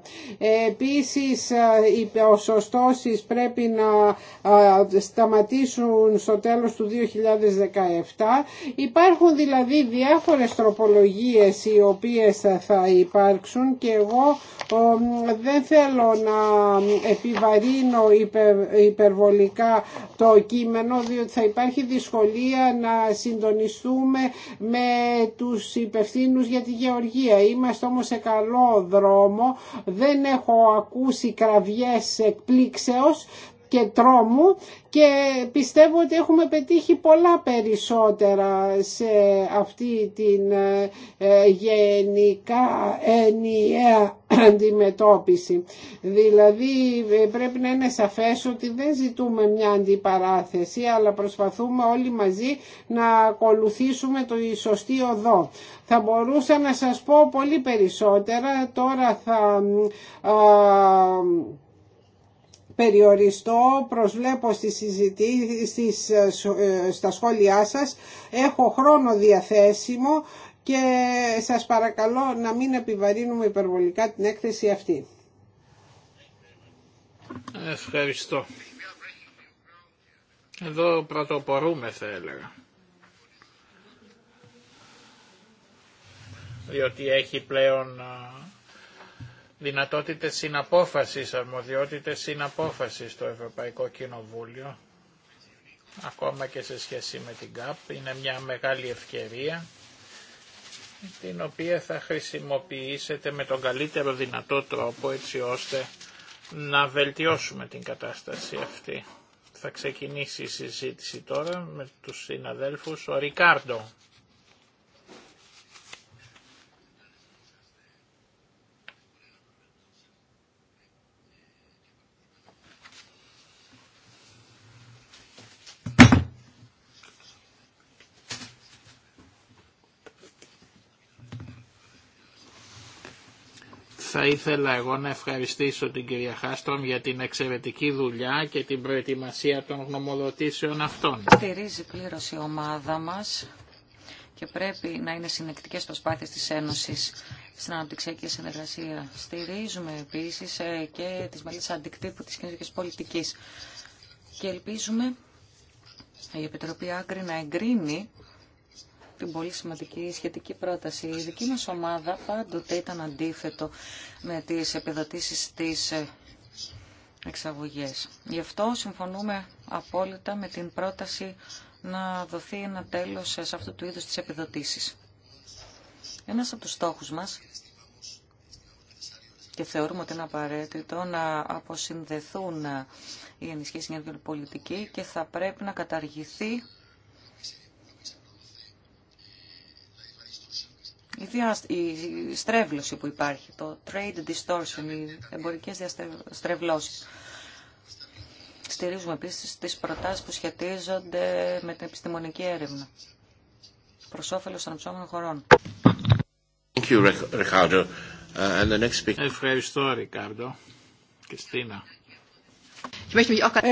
Επίσης οι ποσοστώσεις πρέπει να σταματήσουν στο τέλος του 2017. Υπάρχουν δηλαδή διάφορες τροπολογίες οι οποίες θα υπάρξουν και εγώ δεν θέλω να επιβαρύνω υπερβολικά το κείμενο διότι θα υπάρχει δυσκολία να συντονιστούμε με τους υπευθύνους για τη γεωργία. Είμαστε όμως σε καλό δρόμο, δεν έχω ακούσει κραυγές εκπλήξεως και τρόμου και πιστεύω ότι έχουμε πετύχει πολλά περισσότερα σε αυτή την ε, γενικά ενιαία αντιμετώπιση. Δηλαδή ε, πρέπει να είναι σαφές ότι δεν ζητούμε μια αντιπαράθεση αλλά προσπαθούμε όλοι μαζί να ακολουθήσουμε το σωστή οδό. Θα μπορούσα να σας πω πολύ περισσότερα, τώρα θα περιοριστώ, προσβλέπω στις συζητήσεις, ε, στα σχόλιά σας, έχω χρόνο διαθέσιμο και σας παρακαλώ να μην επιβαρύνουμε υπερβολικά την έκθεση αυτή. Ευχαριστώ. Εδώ πρωτοπορούμε θα έλεγα. Διότι έχει πλέον ε, δυνατότητες συναπόφασης, αρμοδιότητες συναπόφασης στο Ευρωπαϊκό Κοινοβούλιο, ακόμα και σε σχέση με την ΚΑΠ. Είναι μια μεγάλη ευκαιρία, την οποία θα χρησιμοποιήσετε με τον καλύτερο δυνατό τρόπο, έτσι ώστε να βελτιώσουμε την κατάσταση αυτή. Θα ξεκινήσει η συζήτηση τώρα με τους συναδέλφους. Ο Ρικάρντο. Θα ήθελα εγώ να ευχαριστήσω την κυρία Χάστρομ για την εξαιρετική δουλειά και την προετοιμασία των γνωμοδοτήσεων αυτών. Στηρίζει πλήρω η ομάδα μα και πρέπει να είναι συνεκτικές προσπάθειε της Ένωσης στην αναπτυξιακή συνεργασία. Στηρίζουμε επίσης ε, και τις μελέτε αντικτύπου τη κοινωνική πολιτική. και ελπίζουμε η Επιτροπή Άγκρη να εγκρίνει την πολύ σημαντική σχετική πρόταση. Η δική μας ομάδα πάντοτε ήταν αντίθετο με τις επιδοτήσεις της ε, εξαγωγές. Γι' αυτό συμφωνούμε απόλυτα με την πρόταση να δοθεί ένα τέλος σε αυτού του είδους τις επιδοτήσεις. Ένας από τους στόχους μας και θεωρούμε ότι είναι απαραίτητο να αποσυνδεθούν ε, οι ενισχύσεις για την πολιτική και θα πρέπει να καταργηθεί η, στρέβλωση που υπάρχει, το trade distortion, οι εμπορικές διαστρεβλώσεις. Στηρίζουμε επίσης τις προτάσεις που σχετίζονται με την επιστημονική έρευνα προς όφελος των ψώμενων χωρών. Uh, Ευχαριστώ, Ρικάρντο. Κριστίνα.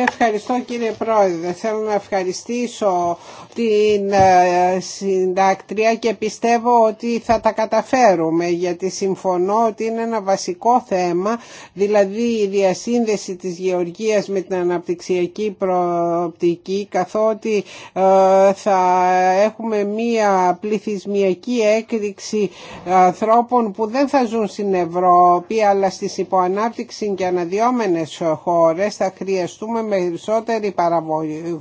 Ευχαριστώ κύριε Πρόεδρε. Θέλω να ευχαριστήσω την ε, συντάκτρια και πιστεύω ότι θα τα καταφέρουμε γιατί συμφωνώ ότι είναι ένα βασικό θέμα δηλαδή η διασύνδεση της γεωργίας με την αναπτυξιακή προοπτική καθότι ε, θα έχουμε μία πληθυσμιακή έκρηξη ανθρώπων που δεν θα ζουν στην Ευρώπη αλλά στις υποανάπτυξη και αναδυόμενες χώρες θα με περισσότερη παραγωγή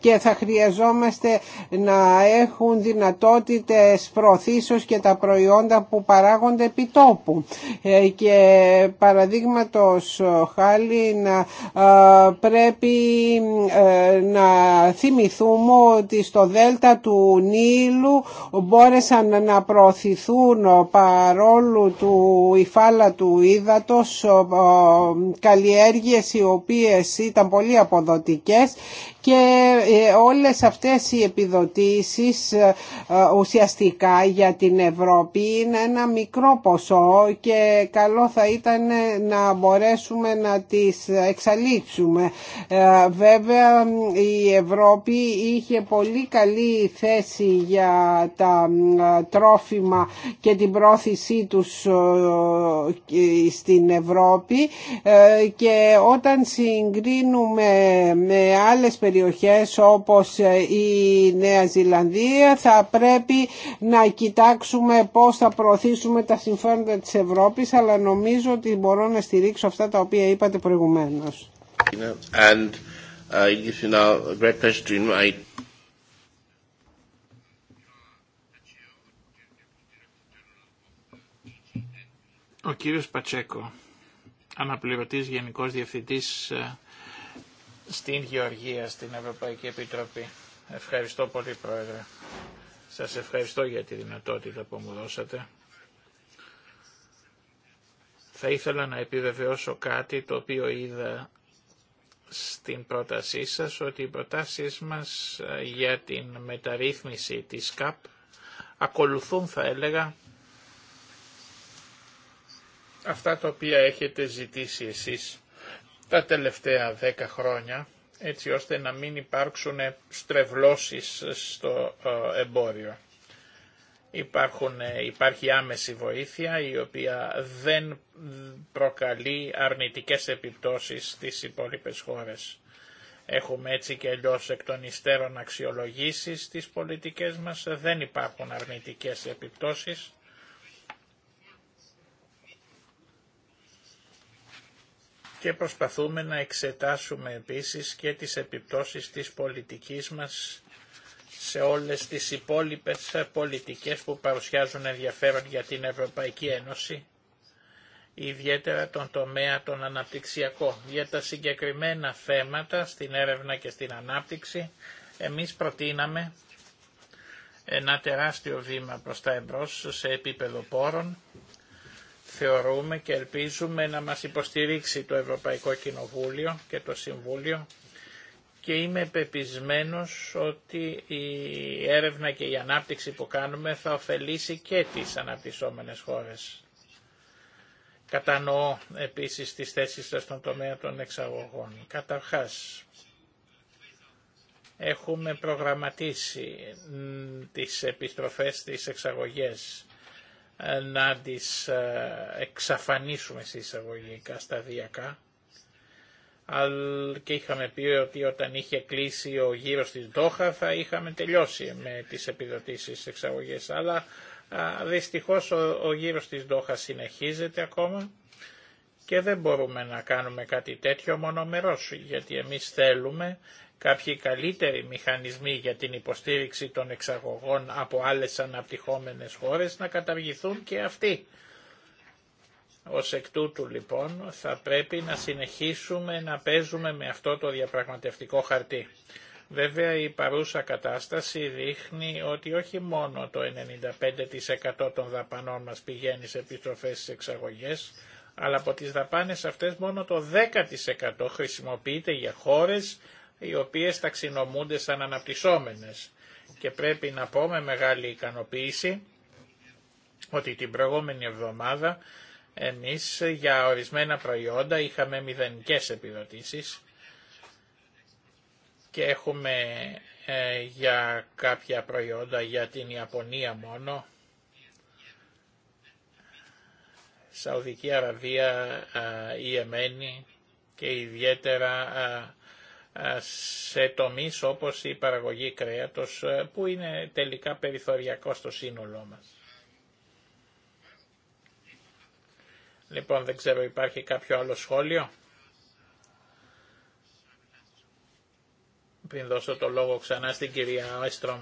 και θα χρειαζόμαστε να έχουν δυνατότητες προωθήσεως και τα προϊόντα που παράγονται επί τόπου. Ε, και παραδείγματος ε, χάλι να ε, πρέπει να θυμηθούμε ότι στο δέλτα του Νείλου μπόρεσαν να προωθηθούν παρόλου του υφάλα του ύδατος καλλιέργειες οι οποίες ήταν πολύ αποδοτικές και ε, όλες αυτές οι επιδοτήσεις ε, ε, ουσιαστικά για την Ευρώπη είναι ένα μικρό ποσό και καλό θα ήταν να μπορέσουμε να τις εξαλείψουμε. Βέβαια η Ευρώπη είχε πολύ καλή θέση για τα τρόφιμα και την πρόθεσή τους στην Ευρώπη και όταν συγκρίνουμε με άλλες περιοχές περιοχές όπως ε, η Νέα Ζηλανδία θα πρέπει να κοιτάξουμε πώς θα προωθήσουμε τα συμφέροντα της Ευρώπης αλλά νομίζω ότι μπορώ να στηρίξω αυτά τα οποία είπατε προηγουμένως. And, uh, Ο κύριος Πατσέκο, αναπληρωτής Γενικός Διευθυντής ε, στην Γεωργία, στην Ευρωπαϊκή Επιτροπή. Ευχαριστώ πολύ Πρόεδρε. Σας ευχαριστώ για τη δυνατότητα που μου δώσατε. Θα ήθελα να επιβεβαιώσω κάτι το οποίο είδα στην πρότασή σας, ότι οι προτάσεις μας ε, για την μεταρρύθμιση της ΚΑΠ ακολουθούν, θα έλεγα, αυτά τα οποία έχετε ζητήσει εσείς τα τελευταία δέκα χρόνια έτσι ώστε να μην υπάρξουν στρεβλώσεις στο ε, εμπόριο. Υπάρχουν, ε, υπάρχει άμεση βοήθεια η οποία δεν προκαλεί αρνητικές επιπτώσεις στις υπόλοιπες χώρες. Έχουμε έτσι και αλλιώ εκ των υστέρων αξιολογήσεις στις πολιτικές μας, δεν υπάρχουν αρνητικές επιπτώσεις και προσπαθούμε να εξετάσουμε επίσης και τις επιπτώσεις της πολιτικής μας σε όλες τις υπόλοιπες πολιτικές που παρουσιάζουν ενδιαφέρον για την Ευρωπαϊκή Ένωση, ιδιαίτερα τον τομέα των αναπτυξιακό. Για τα συγκεκριμένα θέματα στην έρευνα και στην ανάπτυξη, εμείς προτείναμε ένα τεράστιο βήμα προς τα εμπρός σε επίπεδο πόρων, θεωρούμε και ελπίζουμε να μας υποστηρίξει το Ευρωπαϊκό Κοινοβούλιο και το Συμβούλιο και είμαι πεπισμένος ότι η έρευνα και η ανάπτυξη που κάνουμε θα ωφελήσει και τις αναπτυσσόμενες χώρες. Κατανοώ επίσης τις θέσεις σας στον τομέα των εξαγωγών. Καταρχάς, έχουμε προγραμματίσει τις επιστροφές στις εξαγωγές να τις ε, εξαφανίσουμε σε εισαγωγικά σταδιακά και είχαμε πει ότι όταν είχε κλείσει ο γύρος της Ντόχα θα είχαμε τελειώσει με τις επιδοτήσεις εξαγωγές αλλά δυστυχώς ο, ο γύρος της Ντόχα συνεχίζεται ακόμα και δεν μπορούμε να κάνουμε κάτι τέτοιο μονομερός γιατί εμείς θέλουμε κάποιοι καλύτεροι μηχανισμοί για την υποστήριξη των εξαγωγών από άλλες αναπτυχόμενες χώρες να καταργηθούν και αυτοί. Ως εκ τούτου λοιπόν θα πρέπει να συνεχίσουμε να παίζουμε με αυτό το διαπραγματευτικό χαρτί. Βέβαια η παρούσα κατάσταση δείχνει ότι όχι μόνο το 95% των δαπανών μας πηγαίνει σε επιστροφές στις εξαγωγές, αλλά από τις δαπάνες αυτές μόνο το 10% χρησιμοποιείται για χώρες οι οποίες ταξινομούνται σαν αναπτυσσόμενες. Και πρέπει να πω με μεγάλη ικανοποίηση ότι την προηγούμενη εβδομάδα εμείς για ορισμένα προϊόντα είχαμε μηδενικές επιδοτήσεις και έχουμε ε, για κάποια προϊόντα για την Ιαπωνία μόνο, Σαουδική Αραβία, ε, η και ιδιαίτερα ε, σε τομείς όπως η παραγωγή κρέατος ε, που είναι τελικά περιθωριακό στο σύνολό μας. Λοιπόν, δεν ξέρω, υπάρχει κάποιο άλλο σχόλιο. Πριν δώσω το λόγο ξανά στην κυρία Άιστρομ.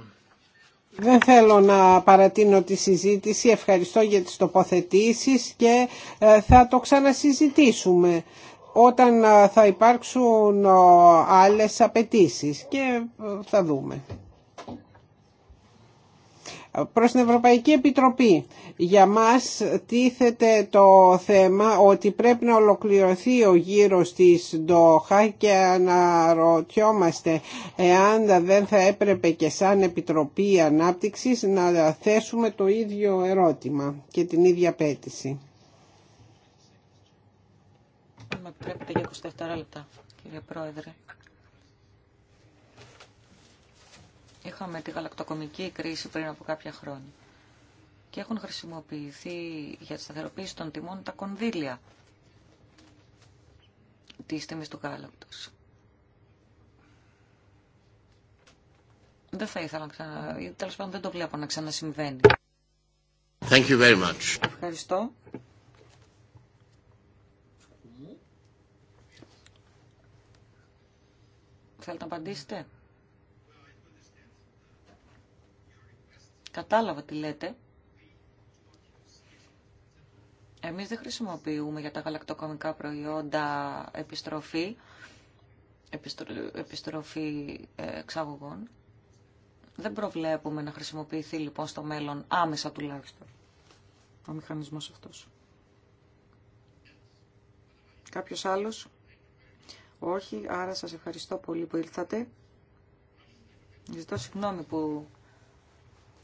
Δεν θέλω να παρατείνω τη συζήτηση. Ευχαριστώ για τις τοποθετήσεις και ε, θα το ξανασυζητήσουμε όταν θα υπάρξουν άλλες απαιτήσει και θα δούμε. Προς την Ευρωπαϊκή Επιτροπή, για μας τίθεται το θέμα ότι πρέπει να ολοκληρωθεί ο γύρος της Ντόχα και αναρωτιόμαστε εάν δεν θα έπρεπε και σαν Επιτροπή Ανάπτυξης να θέσουμε το ίδιο ερώτημα και την ίδια απέτηση με επιτρέπετε για 27 λεπτά, κύριε Πρόεδρε. Είχαμε τη γαλακτοκομική κρίση πριν από κάποια χρόνια και έχουν χρησιμοποιηθεί για τη σταθεροποίηση των τιμών τα κονδύλια της τιμής του γάλακτος. Δεν θα ήθελα να ξανα... Τέλος πάντων δεν το βλέπω να ξανασυμβαίνει. Thank you very much. Ευχαριστώ. Θέλετε να απαντήσετε. Κατάλαβα τι λέτε. Εμείς δεν χρησιμοποιούμε για τα γαλακτοκομικά προϊόντα επιστροφή, επιστροφή ε, εξαγωγών. Δεν προβλέπουμε να χρησιμοποιηθεί λοιπόν στο μέλλον άμεσα τουλάχιστον ο μηχανισμός αυτός. Κάποιος άλλος. Όχι, άρα σας ευχαριστώ πολύ που ήρθατε. Ζητώ συγγνώμη που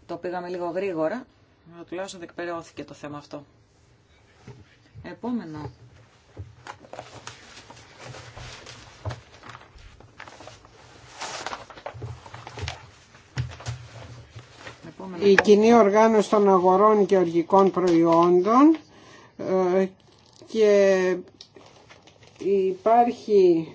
το πήγαμε λίγο γρήγορα, αλλά τουλάχιστον δεκπεραιώθηκε το θέμα αυτό. Επόμενο. Η κοινή οργάνωση των αγορών και οργικών προϊόντων ε, και υπάρχει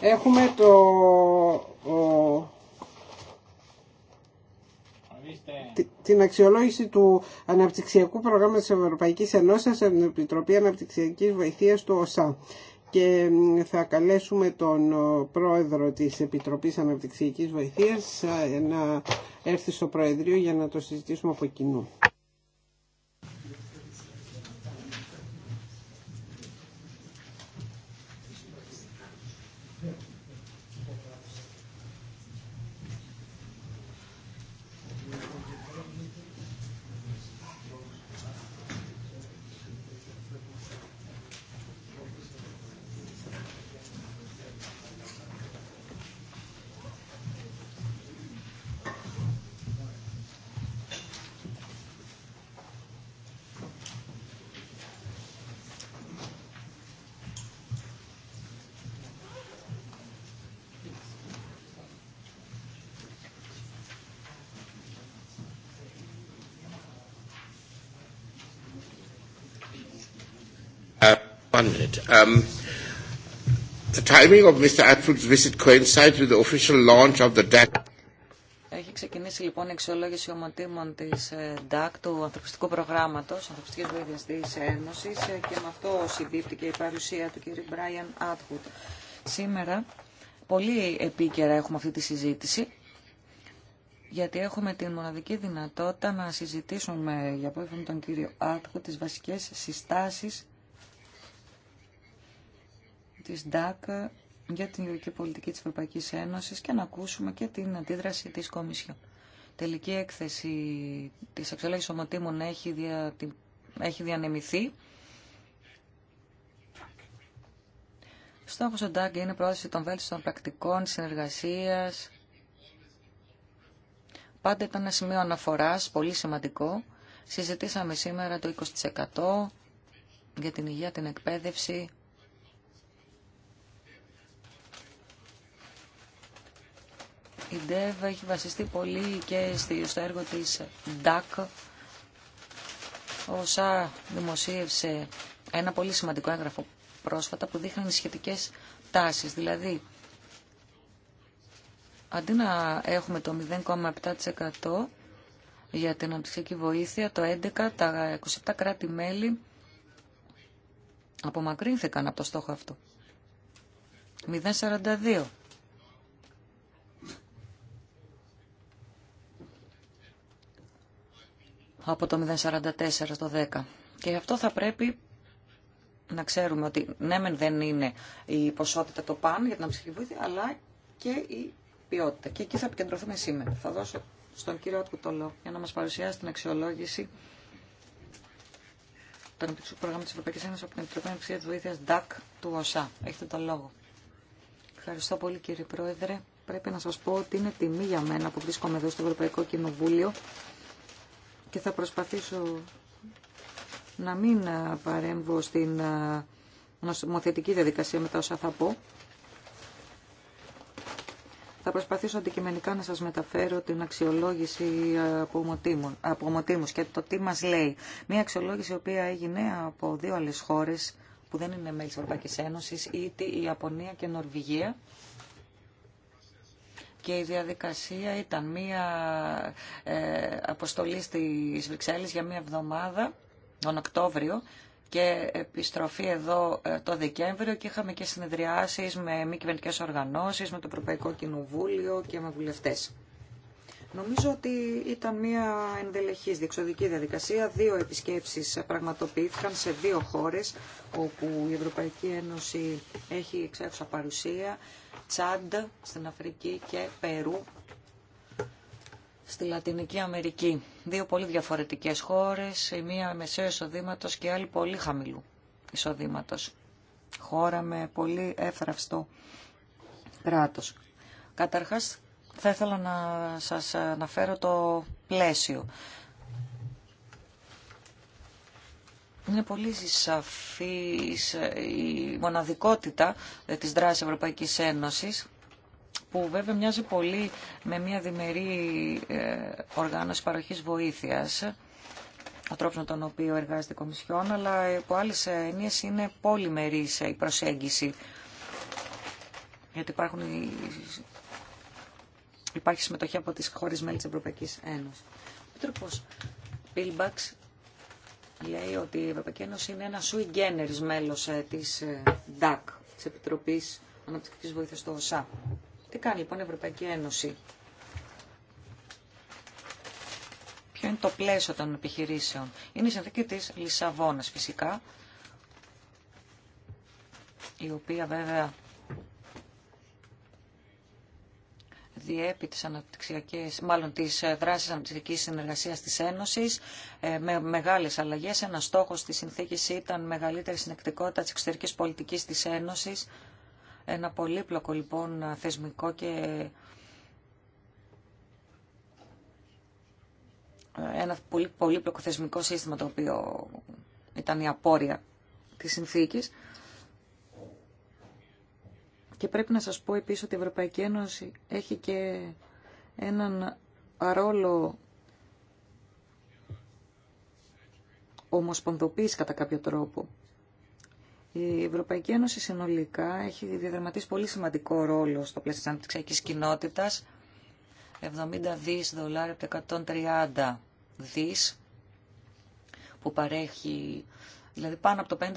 Έχουμε το την αξιολόγηση του αναπτυξιακού προγράμματος Ευρωπαϊκή Ευρωπαϊκής από στην Επιτροπή Αναπτυξιακή Βοηθείας του ΟΣΑ και θα καλέσουμε τον πρόεδρο της Επιτροπής Αναπτυξιακή Βοηθείας ε, να έρθει στο Προεδρείο για να το συζητήσουμε από κοινού. Um, the timing of Mr. Atwood's visit coincides with the official launch of the DAC. Έχει ξεκινήσει λοιπόν η αξιολόγηση ομοτήμων τη ΔΑΚ, ε, του ανθρωπιστικού προγράμματο, ανθρωπιστική βοήθεια τη Ένωση, ε, και με αυτό συμπίπτει η παρουσία του κ. Μπράιαν Άτχουτ. Σήμερα, πολύ επίκαιρα έχουμε αυτή τη συζήτηση, γιατί έχουμε την μοναδική δυνατότητα να συζητήσουμε για πόλεμο τον κύριο Άτχουτ τι βασικέ συστάσει της ΝΤΑΚ για την ιδιωτική πολιτική της Ευρωπαϊκής Ένωσης και να ακούσουμε και την αντίδραση της Κομισιόν. Τελική έκθεση της αξιολόγησης ομοτήμων έχει, δια, έχει διανεμηθεί. Στόχος του ΝΤΑΚ είναι η πρόθεση των βέλτιστων πρακτικών, συνεργασίας. Πάντα ήταν ένα σημείο αναφοράς, πολύ σημαντικό. Συζητήσαμε σήμερα το 20% για την υγεία, την εκπαίδευση, Η ΔΕΒ έχει βασιστεί πολύ και στο έργο της ΔΑκ Ο ΣΑ δημοσίευσε ένα πολύ σημαντικό έγγραφο πρόσφατα που δείχνει σχετικές τάσεις. Δηλαδή, αντί να έχουμε το 0,7% για την αναπτυξιακή βοήθεια, το 11 τα 27 κράτη-μέλη απομακρύνθηκαν από το στόχο αυτό. 0,42 από το 044 στο 10. Και γι' αυτό θα πρέπει να ξέρουμε ότι ναι μεν δεν είναι η ποσότητα το παν για την αψυχή βοήθεια, αλλά και η ποιότητα. Και εκεί θα επικεντρωθούμε σήμερα. Θα δώσω στον κύριο Άτκου το λόγο για να μας παρουσιάσει την αξιολόγηση των Αναπτύξου προγράμμα της Ευρωπαϊκής Ένωσης από την Επιτροπή Αναψυχίας Βοήθειας ΔΑΚ του ΟΣΑ. Έχετε το λόγο. Ευχαριστώ πολύ κύριε Πρόεδρε. Πρέπει να σας πω ότι είναι τιμή για μένα που βρίσκομαι εδώ στο Ευρωπαϊκό Κοινοβούλιο και θα προσπαθήσω να μην παρέμβω στην νομοθετική διαδικασία μετά όσα θα πω. Θα προσπαθήσω αντικειμενικά να σας μεταφέρω την αξιολόγηση από ομοτήμους και το τι μας λέει. Μία αξιολόγηση η οποία έγινε από δύο άλλες χώρες που δεν είναι μέλη της Ευρωπαϊκής Ένωσης, η Ιαπωνία και η Νορβηγία και η διαδικασία ήταν μία ε, αποστολή στις Βρυξέλλες για μία εβδομάδα, τον Οκτώβριο, και επιστροφή εδώ ε, το Δεκέμβριο και είχαμε και συνεδριάσεις με μη κυβερνητικέ οργανώσεις, με το Ευρωπαϊκό Κοινοβούλιο και με βουλευτές. Νομίζω ότι ήταν μια ενδελεχής διεξοδική διαδικασία. Δύο επισκέψεις πραγματοποιήθηκαν σε δύο χώρες όπου η Ευρωπαϊκή Ένωση έχει εξέχουσα παρουσία. Τσάντ στην Αφρική και Περού στη Λατινική Αμερική. Δύο πολύ διαφορετικές χώρες, η μία μεσαίου εισοδήματος και η άλλη πολύ χαμηλού εισοδήματος. Χώρα με πολύ εύθραυστο κράτος. Καταρχάς θα ήθελα να σας αναφέρω το πλαίσιο. Είναι πολύ σαφή η μοναδικότητα ε, της δράσης Ευρωπαϊκής Ένωσης που βέβαια μοιάζει πολύ με μια διμερή ε, οργάνωση παροχής βοήθειας ο τρόπο με τον οποίο εργάζεται η Κομισιόν, αλλά από άλλε ενίες είναι πολυμερή η προσέγγιση γιατί υπάρχουν υπάρχει συμμετοχή από τις χώρες μέλη της Ευρωπαϊκής Ένωσης. Ο Πίτροπος Πίλμπαξ λέει ότι η Ευρωπαϊκή Ένωση είναι ένα sui generis μέλος ε, της ε, ΔΑΚ, της Επιτροπής Αναπτυξικής Βοήθειας του ΩΣΑ. Τι κάνει λοιπόν η Ευρωπαϊκή Ένωση. Ποιο είναι το πλαίσιο των επιχειρήσεων. Είναι η συνθήκη της Λισαβόνας φυσικά, η οποία βέβαια διέπει τις μάλλον τις ε, δράσεις αναπτυξιακής συνεργασίας της Ένωσης ε, με μεγάλες αλλαγές. Ένας στόχος της συνθήκης ήταν μεγαλύτερη συνεκτικότητα της εξωτερικής πολιτικής της Ένωσης. Ένα πολύπλοκο λοιπόν θεσμικό και ε, ένα πολύ πολύπλοκο θεσμικό σύστημα το οποίο ήταν η απόρρια της συνθήκης. Και πρέπει να σας πω επίσης ότι η Ευρωπαϊκή Ένωση έχει και έναν ρόλο ομοσπονδοποίηση κατά κάποιο τρόπο. Η Ευρωπαϊκή Ένωση συνολικά έχει διαδραματίσει πολύ σημαντικό ρόλο στο πλαίσιο της αναπτυξιακής κοινότητας. 70 δις δολάρια από 130 δις που παρέχει, δηλαδή πάνω από το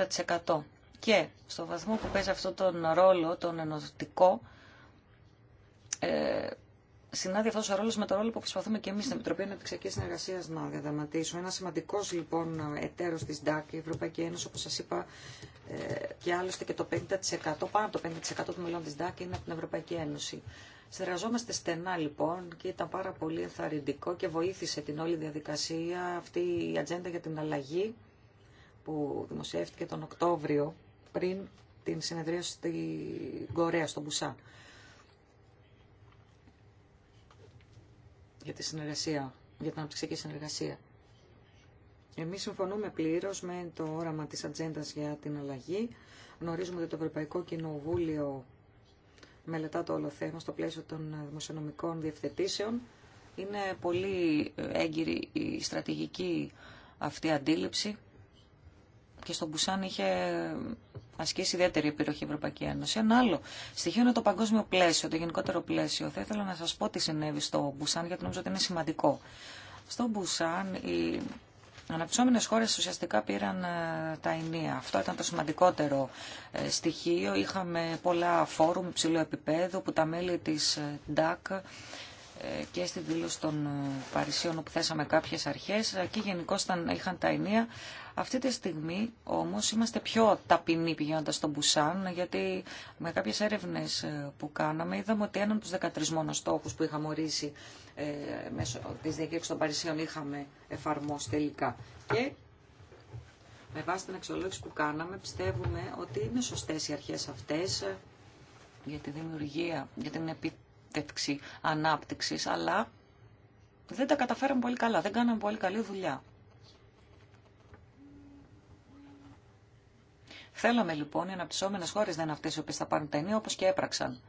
50% και στο βαθμό που παίζει αυτόν τον ρόλο, τον ενωτικό, ε, συνάδει αυτό ο ρόλο με τον ρόλο που προσπαθούμε και εμεί στην Επιτροπή Αναπτυξιακή Συνεργασία να διαδραματίσουμε. Ένα σημαντικό λοιπόν εταίρο τη ΔΑΚ, η Ευρωπαϊκή Ένωση, όπω σα είπα, ε, και άλλωστε και το 50%, πάνω από το 50% των μελών τη ΔΑΚ είναι από την Ευρωπαϊκή Ένωση. Συνεργαζόμαστε στενά λοιπόν και ήταν πάρα πολύ ενθαρρυντικό και βοήθησε την όλη διαδικασία αυτή η ατζέντα για την αλλαγή που δημοσιεύτηκε τον Οκτώβριο πριν την συνεδρία στην Κορέα, στο πουσά Για τη συνεργασία, για την αναπτυξιακή συνεργασία. Εμείς συμφωνούμε πλήρως με το όραμα της ατζέντα για την αλλαγή. Γνωρίζουμε ότι το Ευρωπαϊκό Κοινοβούλιο μελετά το όλο θέμα στο πλαίσιο των δημοσιονομικών διευθετήσεων. Είναι πολύ έγκυρη η στρατηγική αυτή αντίληψη και στο Μπουσάν είχε ασκήσει ιδιαίτερη επιρροχή η Ευρωπαϊκή Ένωση. Ένα άλλο στοιχείο είναι το παγκόσμιο πλαίσιο, το γενικότερο πλαίσιο. Θα ήθελα να σα πω τι συνέβη στο Μπουσάν, γιατί νομίζω ότι είναι σημαντικό. Στο Μπουσάν οι αναπτυσσόμενε χώρε ουσιαστικά πήραν ε, τα ενία. Αυτό ήταν το σημαντικότερο ε, στοιχείο. Είχαμε πολλά φόρουμ ψηλού επίπεδου που τα μέλη τη ε, ΝΤΑΚ και στην δήλωση των ε, Παρισίων όπου θέσαμε κάποιες αρχές ε, και γενικώ είχαν τα ενία. Αυτή τη στιγμή όμως είμαστε πιο ταπεινοί πηγαίνοντας στον Μπουσάν γιατί με κάποιες έρευνες ε, που κάναμε είδαμε ότι έναν από τους 13 μόνο στόχους που είχαμε ορίσει ε, μέσω της διακήρυξης των Παρισίων είχαμε εφαρμόσει τελικά. Και με βάση την αξιολόγηση που κάναμε πιστεύουμε ότι είναι σωστές οι αρχές αυτές για τη δημιουργία, για την επιτυχία επίτευξη ανάπτυξης, αλλά δεν τα καταφέραμε πολύ καλά, δεν κάναμε πολύ καλή δουλειά. Θέλαμε λοιπόν οι αναπτυσσόμενε χώρε να είναι αυτέ οι οποίε θα πάρουν τα ενία όπω και έπραξαν.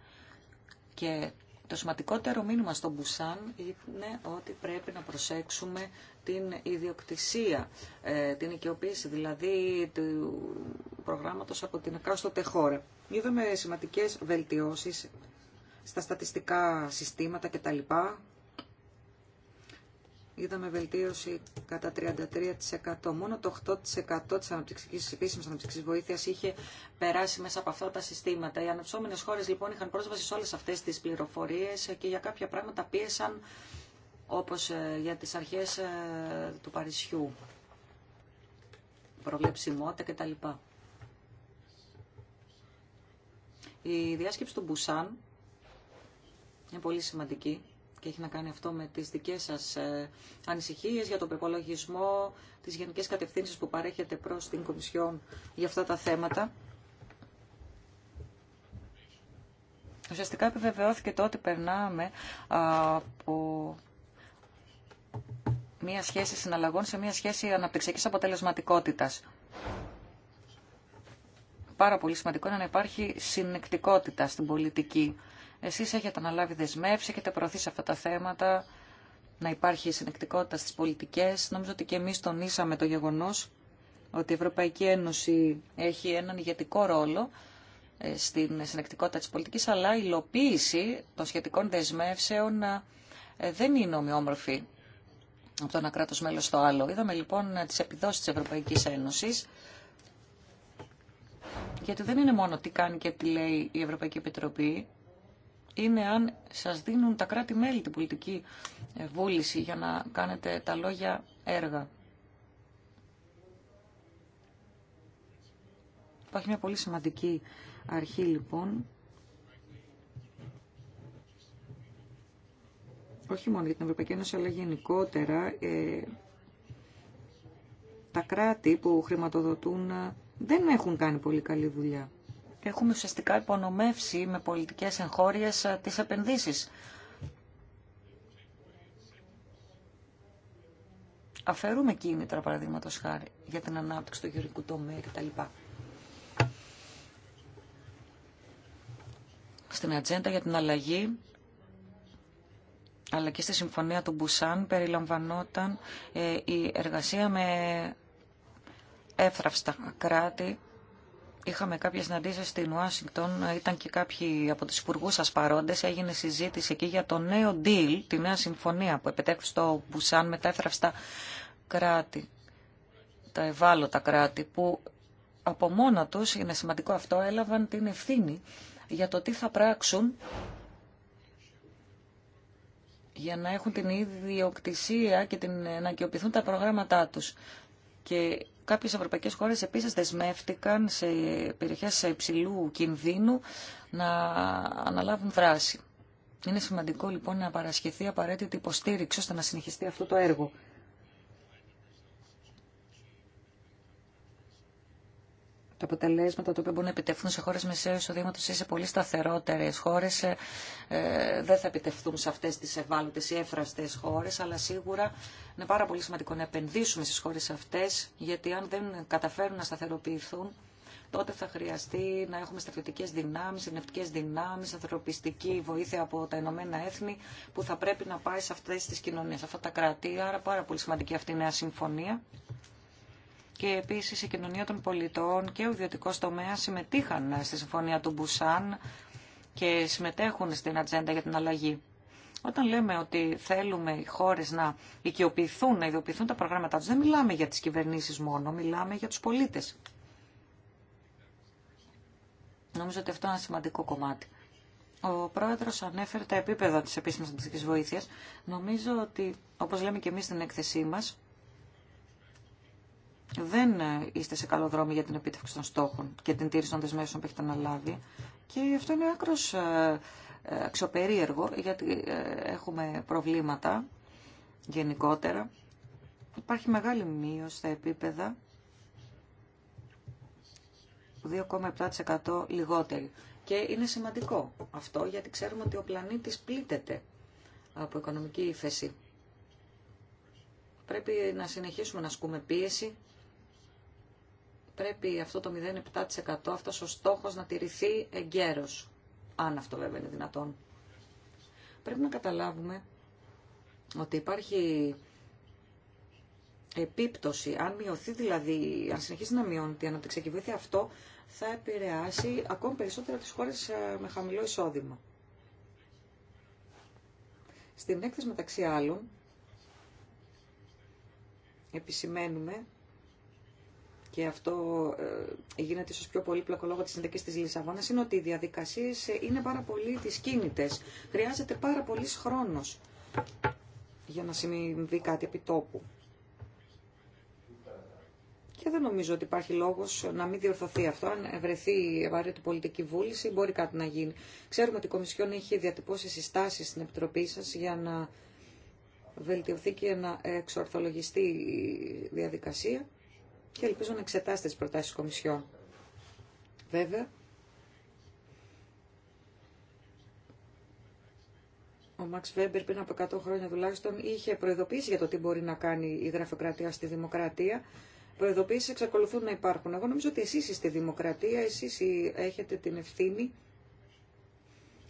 Και το σημαντικότερο μήνυμα στον Μπουσάν είναι ότι πρέπει να προσέξουμε την ιδιοκτησία, ε, την οικειοποίηση δηλαδή του προγράμματος από την εκάστοτε χώρα. Είδαμε σημαντικές βελτιώσεις στα στατιστικά συστήματα κτλ. Είδαμε βελτίωση κατά 33%. Μόνο το 8% της αναπτυξικής, επίσημης αναπτυξικής βοήθειας είχε περάσει μέσα από αυτά τα συστήματα. Οι αναψώμενες χώρες λοιπόν είχαν πρόσβαση σε όλες αυτές τις πληροφορίες και για κάποια πράγματα πίεσαν όπως ε, για τις αρχές ε, του Παρισιού, προβλεψιμότητα κτλ. Η διάσκεψη του Μπουσάν είναι πολύ σημαντική και έχει να κάνει αυτό με τις δικές σας ε, ανησυχίες για τον προπολογισμό, τις γενικές κατευθύνσεις που παρέχετε προς την Κομισιόν για αυτά τα θέματα. Ουσιαστικά επιβεβαιώθηκε το ότι περνάμε από μία σχέση συναλλαγών σε μία σχέση αναπτυξιακής αποτελεσματικότητας. Πάρα πολύ σημαντικό είναι να υπάρχει συνεκτικότητα στην πολιτική εσείς έχετε αναλάβει δεσμεύσει, έχετε σε αυτά τα θέματα, να υπάρχει συνεκτικότητα στις πολιτικές. Νομίζω ότι και εμείς τονίσαμε το γεγονός ότι η Ευρωπαϊκή Ένωση έχει έναν ηγετικό ρόλο ε, στην συνεκτικότητα της πολιτικής, αλλά η υλοποίηση των σχετικών δεσμεύσεων ε, δεν είναι ομοιόμορφη από το ένα κράτος μέλος στο άλλο. Είδαμε λοιπόν τις επιδόσεις της Ευρωπαϊκής Ένωσης, γιατί δεν είναι μόνο τι κάνει και τι λέει η Ευρωπαϊκή Επιτροπή, είναι αν σας δίνουν τα κράτη-μέλη την πολιτική ε, βούληση για να κάνετε τα λόγια έργα. Υπάρχει μια πολύ σημαντική αρχή λοιπόν, όχι μόνο για την Ευρωπαϊκή Ένωση αλλά γενικότερα, ε, τα κράτη που χρηματοδοτούν ε, δεν έχουν κάνει πολύ καλή δουλειά έχουμε ουσιαστικά υπονομεύσει με πολιτικές εγχώριες ε, τις επενδύσεις. Αφαιρούμε κίνητρα, παραδείγματο χάρη, για την ανάπτυξη του γεωργικού τομέα κτλ. Στην ατζέντα για την αλλαγή αλλά και στη συμφωνία του Μπουσάν περιλαμβανόταν ε, η εργασία με εύθραυστα κράτη Είχαμε κάποιες συναντήσεις στην Ουάσιγκτον, ήταν και κάποιοι από τους υπουργού σας παρόντες, έγινε συζήτηση εκεί για το νέο deal, τη νέα συμφωνία που επιτέχθη στο Μπουσάν με τα έφραυστα κράτη, τα ευάλωτα κράτη, που από μόνα τους, είναι σημαντικό αυτό, έλαβαν την ευθύνη για το τι θα πράξουν για να έχουν την ίδια ιδιοκτησία και την, να αγκαιοποιηθούν τα προγράμματά τους. Και Κάποιες ευρωπαϊκές χώρες επίσης δεσμεύτηκαν σε περιοχές υψηλού κινδύνου να αναλάβουν δράση. Είναι σημαντικό λοιπόν να παρασχεθεί απαραίτητη υποστήριξη ώστε να συνεχιστεί αυτό το έργο. τα αποτελέσματα τα οποία μπορούν να επιτευχθούν σε χώρε μεσαίου εισοδήματο ή σε πολύ σταθερότερε χώρε ε, ε, δεν θα επιτευχθούν σε αυτέ τι ευάλωτε ή έφραστε χώρε, αλλά σίγουρα είναι πάρα πολύ σημαντικό να επενδύσουμε στι χώρε αυτέ, γιατί αν δεν καταφέρουν να σταθεροποιηθούν, τότε θα χρειαστεί να έχουμε στρατιωτικέ δυνάμει, ενευτικέ δυνάμει, ανθρωπιστική βοήθεια από τα Ηνωμένα Έθνη που θα πρέπει να πάει σε αυτέ τι κοινωνίε. σε αυτά τα κρατή. Άρα πάρα πολύ σημαντική αυτή η νέα συμφωνία και επίσης η κοινωνία των πολιτών και ο ιδιωτικό τομέα συμμετείχαν στη συμφωνία του Μπουσάν και συμμετέχουν στην ατζέντα για την αλλαγή. Όταν λέμε ότι θέλουμε οι χώρες να οικειοποιηθούν, να ιδιοποιηθούν τα προγράμματά τους, δεν μιλάμε για τις κυβερνήσεις μόνο, μιλάμε για τους πολίτες. Νομίζω ότι αυτό είναι ένα σημαντικό κομμάτι. Ο πρόεδρος ανέφερε τα επίπεδα της επίσημης αντιστικής βοήθειας. Νομίζω ότι, όπως λέμε και εμείς στην έκθεσή μας, δεν ε, είστε σε καλό δρόμο για την επίτευξη των στόχων και την τήρηση των δεσμεύσεων που έχετε αναλάβει. Και αυτό είναι άκρο ε, ε, αξιοπερίεργο, γιατί έχουμε προβλήματα γενικότερα. Υπάρχει μεγάλη μείωση στα επίπεδα 2,7% λιγότερη. Και είναι σημαντικό αυτό γιατί ξέρουμε ότι ο πλανήτης πλήττεται από οικονομική ύφεση. Πρέπει να συνεχίσουμε να ασκούμε πίεση πρέπει αυτό το 0,7% αυτός ο στόχος να τηρηθεί εγκαίρως, αν αυτό βέβαια είναι δυνατόν. Πρέπει να καταλάβουμε ότι υπάρχει επίπτωση, αν μειωθεί δηλαδή, αν συνεχίσει να μειώνεται η αναπτυξιακή αυτό θα επηρεάσει ακόμη περισσότερα τις χώρες ε, με χαμηλό εισόδημα. Στην έκθεση μεταξύ άλλων επισημαίνουμε και αυτό ε, γίνεται ίσω πιο πολύπλοκο λόγω τη συνδεκής τη Λισαβόνα, είναι ότι οι διαδικασίε είναι πάρα πολύ δυσκίνητες. Χρειάζεται πάρα πολύ χρόνο για να συμβεί κάτι επί τόπου. Και δεν νομίζω ότι υπάρχει λόγο να μην διορθωθεί αυτό. Αν βρεθεί η ευαρέτη πολιτική βούληση, μπορεί κάτι να γίνει. Ξέρουμε ότι η Κομισιόν έχει διατυπώσει συστάσει στην Επιτροπή σα για να βελτιωθεί και να εξορθολογιστεί η διαδικασία και ελπίζω να εξετάσετε τις προτάσεις της Κομισιόν. Βέβαια, ο Μαξ Βέμπερ πριν από 100 χρόνια τουλάχιστον είχε προειδοποιήσει για το τι μπορεί να κάνει η γραφειοκρατία στη δημοκρατία. Προειδοποιήσει εξακολουθούν να υπάρχουν. Εγώ νομίζω ότι εσείς είστε δημοκρατία, εσεί έχετε την ευθύνη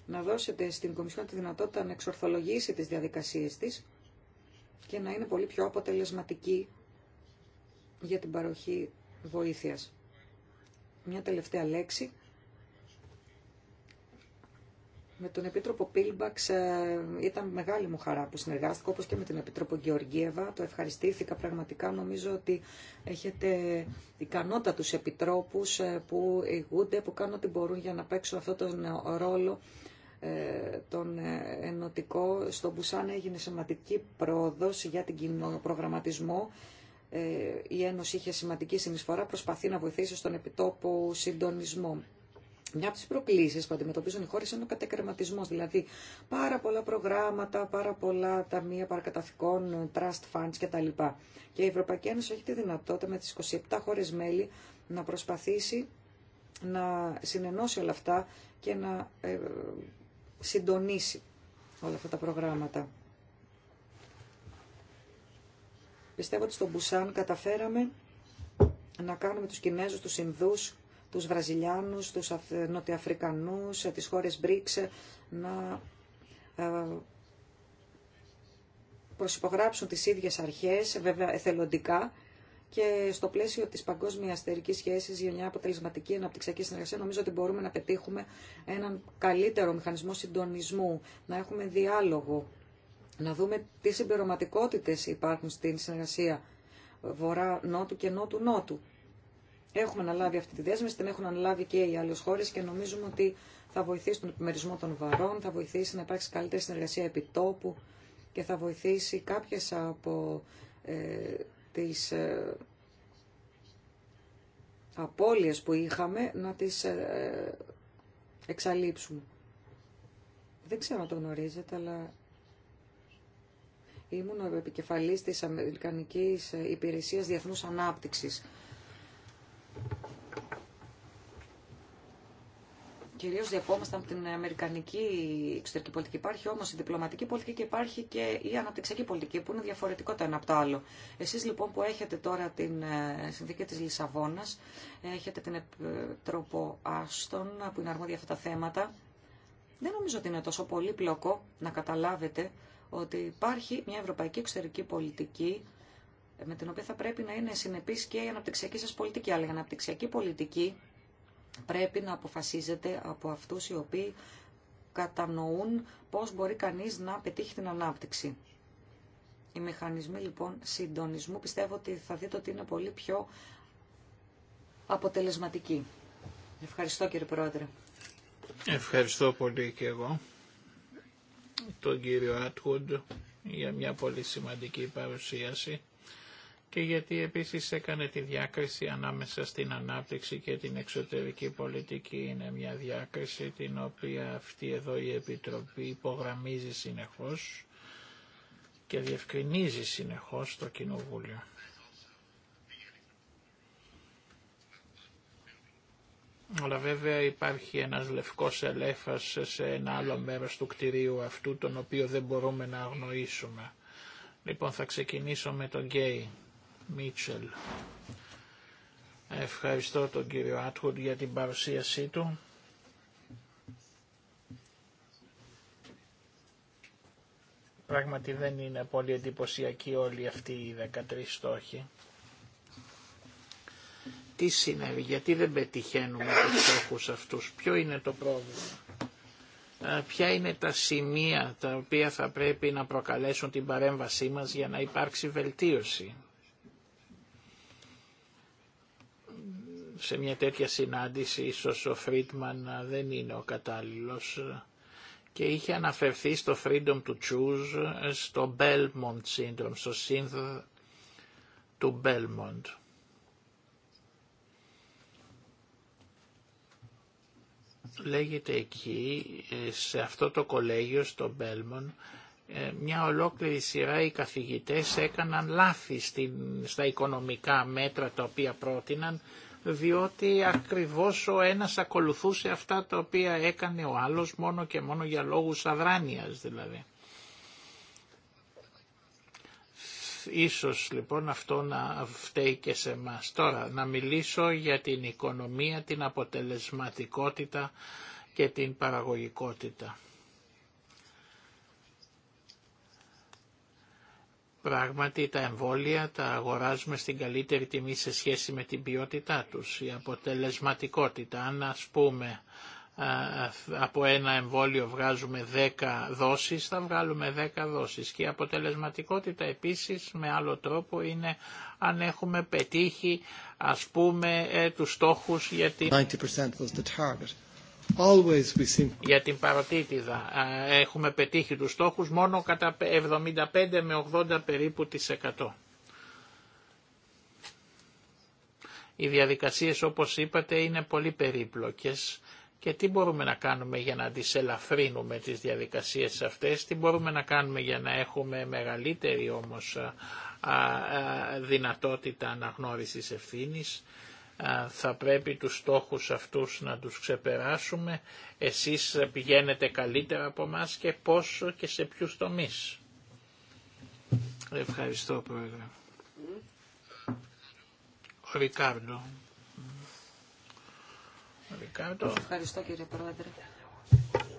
να δώσετε στην Κομισιόν τη δυνατότητα να εξορθολογήσει τις διαδικασίες της και να είναι πολύ πιο αποτελεσματική για την παροχή βοήθειας. Μια τελευταία λέξη. Με τον Επίτροπο Πίλμπαξ ε, ήταν μεγάλη μου χαρά που συνεργάστηκα, όπως και με τον Επίτροπο Γεωργίευα. Το ευχαριστήθηκα πραγματικά. Νομίζω ότι έχετε ικανότατους επιτρόπους ε, που ηγούνται, που κάνουν ό,τι μπορούν για να παίξουν αυτόν τον ε, ρόλο τον ενωτικό. Στο Μπουσάν έγινε σημαντική πρόοδος για την κοινό προγραμματισμό ε, η Ένωση είχε σημαντική συνεισφορά, προσπαθεί να βοηθήσει στον επιτόπο συντονισμό. Μια από τι προκλήσει που αντιμετωπίζουν οι χώρε είναι ο κατεκρεματισμό. Δηλαδή, πάρα πολλά προγράμματα, πάρα πολλά ταμεία παρακαταθήκων, trust funds κτλ. Και η Ευρωπαϊκή Ένωση έχει τη δυνατότητα με τι 27 χώρε μέλη να προσπαθήσει να συνενώσει όλα αυτά και να ε, συντονίσει όλα αυτά τα προγράμματα. Πιστεύω ότι στον Μπουσάν καταφέραμε να κάνουμε τους Κινέζους, τους Ινδούς, τους Βραζιλιάνους, τους Νοτιοαφρικανούς, ε, τις χώρες BRICS ε, να ε, προσυπογράψουν τις ίδιες αρχές, βέβαια εθελοντικά, και στο πλαίσιο της παγκόσμιας εταιρικής σχέσης για μια αποτελεσματική αναπτυξιακή συνεργασία νομίζω ότι μπορούμε να πετύχουμε έναν καλύτερο μηχανισμό συντονισμού, να έχουμε διάλογο να δούμε τι συμπληρωματικότητες υπάρχουν στην συνεργασία Βορρά-Νότου και Νότου-Νότου. Έχουμε αναλάβει αυτή τη δέσμευση, την έχουν αναλάβει και οι άλλε χώρε και νομίζουμε ότι θα βοηθήσει τον επιμερισμό των βαρών, θα βοηθήσει να υπάρξει καλύτερη συνεργασία επιτόπου και θα βοηθήσει κάποιε από ε, τι ε, απώλειες που είχαμε να τις ε, εξαλείψουμε. Δεν ξέρω αν το γνωρίζετε, αλλά Ήμουν ο επικεφαλής της Αμερικανικής Υπηρεσίας Διεθνούς Ανάπτυξης. Κυρίως διακόμασταν από την Αμερικανική εξωτερική πολιτική. Υπάρχει όμως η διπλωματική πολιτική και υπάρχει και η αναπτυξιακή πολιτική που είναι διαφορετικό το ένα από το άλλο. Εσείς λοιπόν που έχετε τώρα την ε, συνθήκη της Λισαβόνας, έχετε την ε, τρόπο Άστον που είναι αρμόδια αυτά τα θέματα, δεν νομίζω ότι είναι τόσο πολύπλοκο να καταλάβετε ότι υπάρχει μια ευρωπαϊκή εξωτερική πολιτική ε, με την οποία θα πρέπει να είναι συνεπής και η αναπτυξιακή σας πολιτική. Αλλά η αναπτυξιακή πολιτική πρέπει να αποφασίζεται από αυτούς οι οποίοι κατανοούν πώς μπορεί κανείς να πετύχει την ανάπτυξη. Οι μηχανισμοί λοιπόν συντονισμού πιστεύω ότι θα δείτε ότι είναι πολύ πιο αποτελεσματικοί. Ευχαριστώ κύριε Πρόεδρε. Ευχαριστώ πολύ και εγώ τον κύριο Άτχουντ για μια πολύ σημαντική παρουσίαση και γιατί επίσης έκανε τη διάκριση ανάμεσα στην ανάπτυξη και την εξωτερική πολιτική. Είναι μια διάκριση την οποία αυτή εδώ η Επιτροπή υπογραμμίζει συνεχώς και διευκρινίζει συνεχώς το Κοινοβούλιο. Αλλά βέβαια υπάρχει ένας λευκός ελέφας σε ένα άλλο μέρος του κτηρίου αυτού, τον οποίο δεν μπορούμε να αγνοήσουμε. Λοιπόν, θα ξεκινήσω με τον Γκέι Μίτσελ. Ευχαριστώ τον κύριο Άτχουρ για την παρουσίασή του. Πράγματι δεν είναι πολύ εντυπωσιακή όλοι αυτή οι 13 στόχοι τι συνέβη, γιατί δεν πετυχαίνουμε τους στόχους αυτούς, ποιο είναι το πρόβλημα, ε, ποια είναι τα σημεία τα οποία θα πρέπει να προκαλέσουν την παρέμβασή μας για να υπάρξει βελτίωση. Σε μια τέτοια συνάντηση ίσως ο Φρίτμαν ε, δεν είναι ο κατάλληλος και είχε αναφερθεί στο Freedom to Choose, ε, στο Belmont Syndrome, στο σύνδεδο του Belmont. λέγεται εκεί ε, σε αυτό το κολέγιο στο Μπέλμον ε, μια ολόκληρη σειρά οι καθηγητές έκαναν λάθη στην, στα οικονομικά μέτρα τα οποία πρότειναν διότι ακριβώς ο ένας ακολουθούσε αυτά τα οποία έκανε ο άλλος μόνο και μόνο για λόγους αδράνειας δηλαδή. Ίσως λοιπόν αυτό να φταίει και σε μας. Τώρα να μιλήσω για την οικονομία, την αποτελεσματικότητα και την παραγωγικότητα. Πράγματι τα εμβόλια τα αγοράζουμε στην καλύτερη τιμή σε σχέση με την ποιότητά τους, η αποτελεσματικότητα. Αν ας πούμε από ένα εμβόλιο βγάζουμε 10 δόσεις, θα βγάλουμε 10 δόσεις. Και η αποτελεσματικότητα επίσης με άλλο τρόπο είναι αν έχουμε πετύχει ας πούμε ε, τους στόχους για την, 90 για την παροτίτιδα. Έχουμε πετύχει τους στόχους μόνο κατά 75 με 80 περίπου τις 100. Οι διαδικασίες όπως είπατε είναι πολύ περίπλοκες και τι μπορούμε να κάνουμε για να τις ελαφρύνουμε τις διαδικασίες αυτές, τι μπορούμε να κάνουμε για να έχουμε μεγαλύτερη όμως δυνατότητα αναγνώρισης ευθύνης. Θα πρέπει τους στόχους αυτούς να τους ξεπεράσουμε. Εσείς πηγαίνετε καλύτερα από μας και πόσο και σε ποιους τομείς. Ευχαριστώ Πρόεδρε. Ο Ρικάρντο. Ευχαριστώ κύριε Πρόεδρε.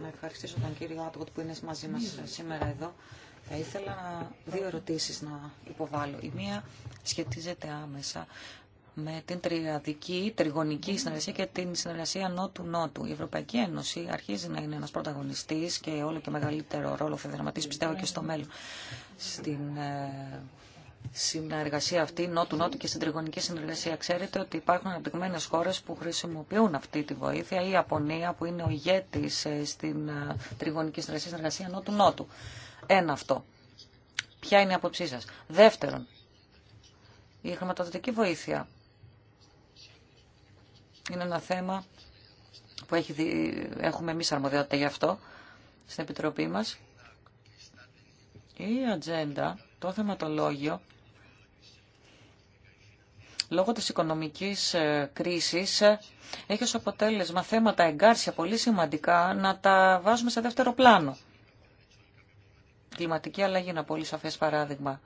Να ευχαριστήσω τον κύριο Άτογκοτ που είναι μαζί μας σήμερα εδώ. Θα ήθελα δύο ερωτήσεις να υποβάλω. Η μία σχετίζεται άμεσα με την τριαδική, τριγωνική συνεργασία και την συνεργασία νότου-νότου. Η Ευρωπαϊκή Ένωση αρχίζει να είναι ένας πρωταγωνιστής και όλο και μεγαλύτερο ρόλο θα δραματίσει πιστεύω και στο μέλλον στην ε, συνεργασία αυτή, νότου-νότου και στην τριγωνική συνεργασία. Ξέρετε ότι υπάρχουν αναπτυγμένε χώρε που χρησιμοποιούν αυτή τη βοήθεια. Η Ιαπωνία, που είναι ο ηγέτη ε, στην ε, τριγωνική συνεργασία, συνεργασία νότου-νότου. Ένα αυτό. Ποια είναι η άποψή σα. Δεύτερον, η χρηματοδοτική βοήθεια είναι ένα θέμα που έχει έχουμε εμεί αρμοδιότητα γι' αυτό στην Επιτροπή μα, Η ατζέντα, το θεματολόγιο, λόγω της οικονομικής ε, κρίσης ε, έχει ως αποτέλεσμα θέματα εγκάρσια πολύ σημαντικά να τα βάζουμε σε δεύτερο πλάνο. Κλιματική αλλαγή είναι ένα πολύ σαφές παράδειγμα.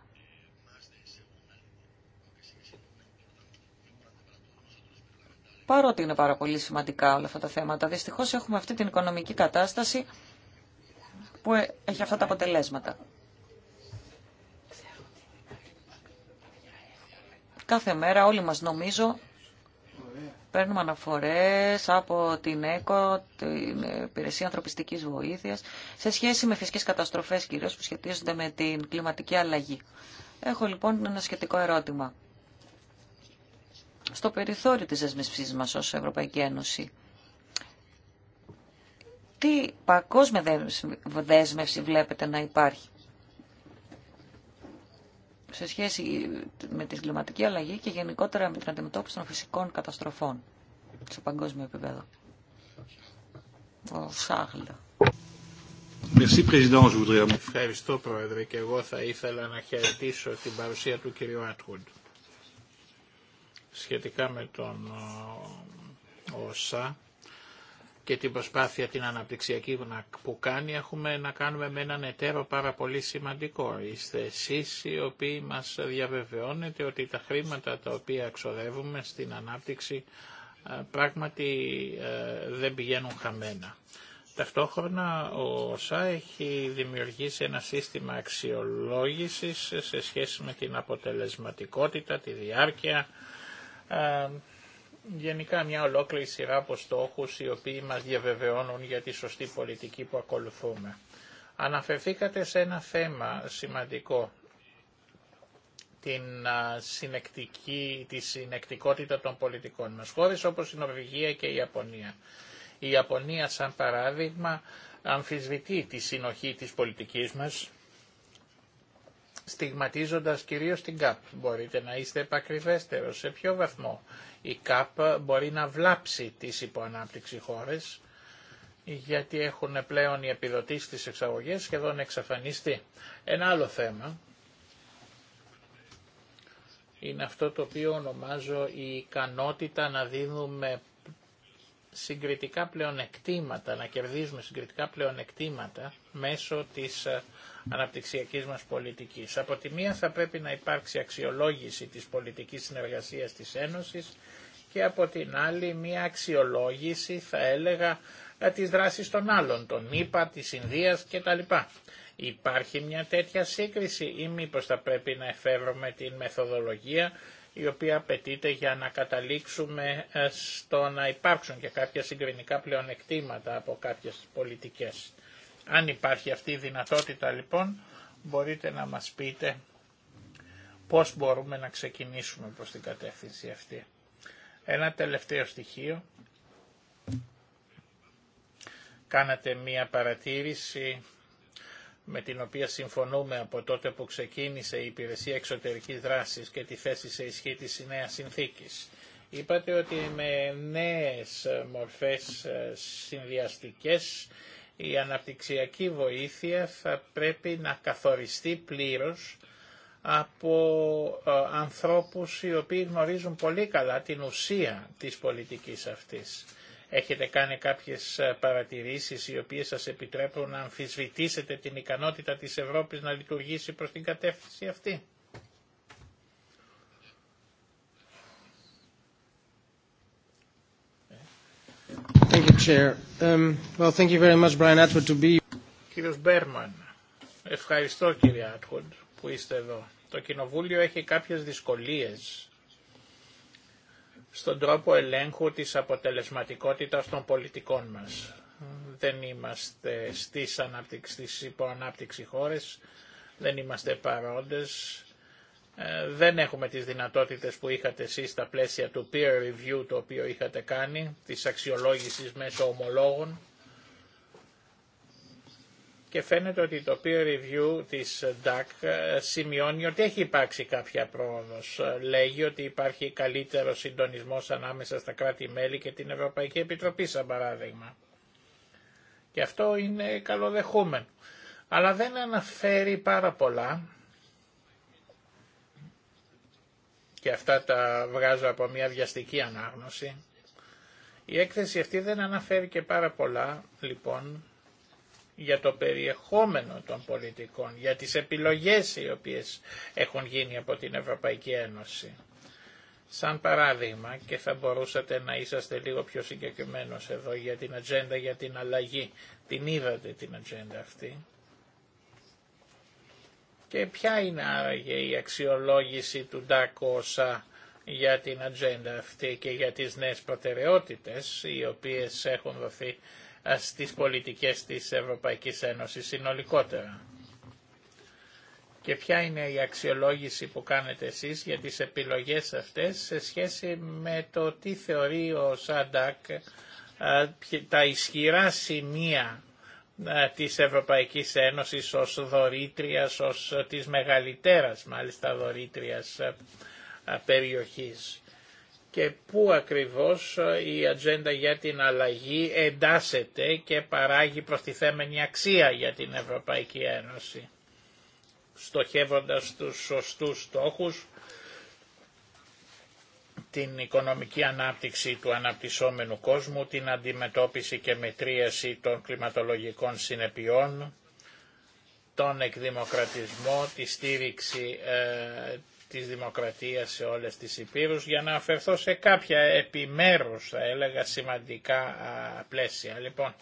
Παρότι είναι πάρα πολύ σημαντικά όλα αυτά τα θέματα, δυστυχώς έχουμε αυτή την οικονομική κατάσταση που ε, έχει αυτά τα αποτελέσματα. Κάθε μέρα όλοι μας νομίζω παίρνουμε αναφορές από την ΕΚΟ, την Υπηρεσία Ανθρωπιστικής Βοήθειας, σε σχέση με φυσικές καταστροφές κυρίως που σχετίζονται με την κλιματική αλλαγή. Έχω λοιπόν ένα σχετικό ερώτημα. Στο περιθώριο της δεσμευσής μας ως Ευρωπαϊκή Ένωση, τι παγκόσμια δέσμευση βλέπετε να υπάρχει σε σχέση με τη κλιματική αλλαγή και γενικότερα με την αντιμετώπιση των φυσικών καταστροφών σε παγκόσμιο επίπεδο. Ο Ευχαριστώ Πρόεδρε και εγώ θα ήθελα να χαιρετήσω την παρουσία του κυρίου Άτχουντ σχετικά με τον ΩΣΑ και την προσπάθεια την αναπτυξιακή που κάνει έχουμε να κάνουμε με έναν εταίρο πάρα πολύ σημαντικό. Είστε εσείς οι οποίοι μας διαβεβαιώνετε ότι τα χρήματα τα οποία εξοδεύουμε στην ανάπτυξη ε, πράγματι ε, δεν πηγαίνουν χαμένα. Ταυτόχρονα ο Σά έχει δημιουργήσει ένα σύστημα αξιολόγησης σε σχέση με την αποτελεσματικότητα, τη διάρκεια ε, γενικά μια ολόκληρη σειρά από στόχους οι οποίοι μας διαβεβαιώνουν για τη σωστή πολιτική που ακολουθούμε. Αναφερθήκατε σε ένα θέμα σημαντικό, την συνεκτική, τη συνεκτικότητα των πολιτικών μας χώρες όπως η Νορβηγία και η Ιαπωνία. Η Ιαπωνία σαν παράδειγμα αμφισβητεί τη συνοχή της πολιτικής μας στιγματίζοντας κυρίως την ΚΑΠ. Μπορείτε να είστε επακριβέστερο σε ποιο βαθμό η ΚΑΠ μπορεί να βλάψει τις υποανάπτυξη χώρες, γιατί έχουν πλέον οι επιδοτήσεις της εξαγωγής σχεδόν εξαφανιστεί. Ένα άλλο θέμα είναι αυτό το οποίο ονομάζω η ικανότητα να δίνουμε συγκριτικά πλεονεκτήματα, να κερδίζουμε συγκριτικά πλεονεκτήματα μέσω της ε, αναπτυξιακής μας πολιτικής. Από τη μία θα πρέπει να υπάρξει αξιολόγηση της πολιτικής συνεργασίας της Ένωσης και από την άλλη μια αξιολόγηση θα έλεγα ε, της δράσης των άλλων, των ΙΠΑ, της Ινδίας κτλ. Υπάρχει μια τέτοια σύγκριση ή μήπως θα πρέπει να εφεύρουμε την μεθοδολογία η οποία απαιτείται για να καταλήξουμε ε, στο να υπάρξουν και κάποια συγκρινικά πλεονεκτήματα από κάποιες πολιτικές. Αν υπάρχει αυτή η δυνατότητα λοιπόν, μπορείτε να μας πείτε πώς μπορούμε να ξεκινήσουμε προς την κατεύθυνση αυτή. Ένα τελευταίο στοιχείο. Κάνατε μία παρατήρηση με την οποία συμφωνούμε από τότε που ξεκίνησε η Υπηρεσία Εξωτερικής Δράσης και τη θέση σε ισχύ της νέας συνθήκης. Είπατε ότι με νέες μορφές ε, συνδυαστικές η αναπτυξιακή βοήθεια θα πρέπει να καθοριστεί πλήρως από ε, ανθρώπους οι οποίοι γνωρίζουν πολύ καλά την ουσία της πολιτικής αυτής. Έχετε κάνει κάποιες ε, παρατηρήσεις οι οποίες σας επιτρέπουν να αμφισβητήσετε την ικανότητα της Ευρώπης να λειτουργήσει προς την κατεύθυνση αυτή. Um, Κύριο Μπέρμαν, ευχαριστώ κύριε Άτχοντ που είστε εδώ. Το Κοινοβούλιο έχει κάποιες δυσκολίες στον τρόπο ελέγχου της αποτελεσματικότητας των πολιτικών μας. Δεν είμαστε στις, στις υποανάπτυξη χώρες, δεν είμαστε παρόντες ε, δεν έχουμε τις δυνατότητες που είχατε εσείς στα πλαίσια του peer review το οποίο είχατε κάνει, της αξιολόγησης μέσω ομολόγων. Και φαίνεται ότι το peer review της DAC σημειώνει ότι έχει υπάρξει κάποια πρόοδος. Λέγει ότι υπάρχει καλύτερο συντονισμός ανάμεσα στα κράτη-μέλη και την Ευρωπαϊκή Επιτροπή, σαν παράδειγμα. Και αυτό είναι καλοδεχούμενο. Αλλά δεν αναφέρει πάρα πολλά και αυτά τα βγάζω από μια βιαστική ανάγνωση. Η έκθεση αυτή δεν αναφέρει και πάρα πολλά, λοιπόν, για το περιεχόμενο των πολιτικών, για τις επιλογές οι οποίες έχουν γίνει από την Ευρωπαϊκή Ένωση. Σαν παράδειγμα, και θα μπορούσατε να είσαστε λίγο πιο συγκεκριμένος εδώ για την ατζέντα για την αλλαγή, την είδατε την ατζέντα αυτή, και ποια είναι άραγε η αξιολόγηση του ΝΤΑΚΟΣΑ για την ατζέντα αυτή και για τις νέες προτεραιότητες οι οποίες έχουν δοθεί στις πολιτικές της Ευρωπαϊκής Ένωσης συνολικότερα. Και ποια είναι η αξιολόγηση που κάνετε εσείς για τις επιλογές αυτές σε σχέση με το τι θεωρεί ο Σαντακ τα ισχυρά σημεία ε, της Ευρωπαϊκής Ένωσης ως δωρήτριας, ως της μεγαλύτερας μάλιστα δωρήτριας ε, ε, περιοχής και πού ακριβώς η ατζέντα για την αλλαγή εντάσσεται και παράγει προστιθέμενη αξία για την Ευρωπαϊκή Ένωση στοχεύοντας τους σωστούς στόχους την οικονομική ανάπτυξη του αναπτυσσόμενου κόσμου, την αντιμετώπιση και μετρίαση των κλιματολογικών συνεπειών, τον εκδημοκρατισμό, τη στήριξη ε, της δημοκρατίας σε όλες τις υπήρους για να αφαιρθώ σε κάποια επιμέρους θα έλεγα σημαντικά πλαίσια. Λοιπόν,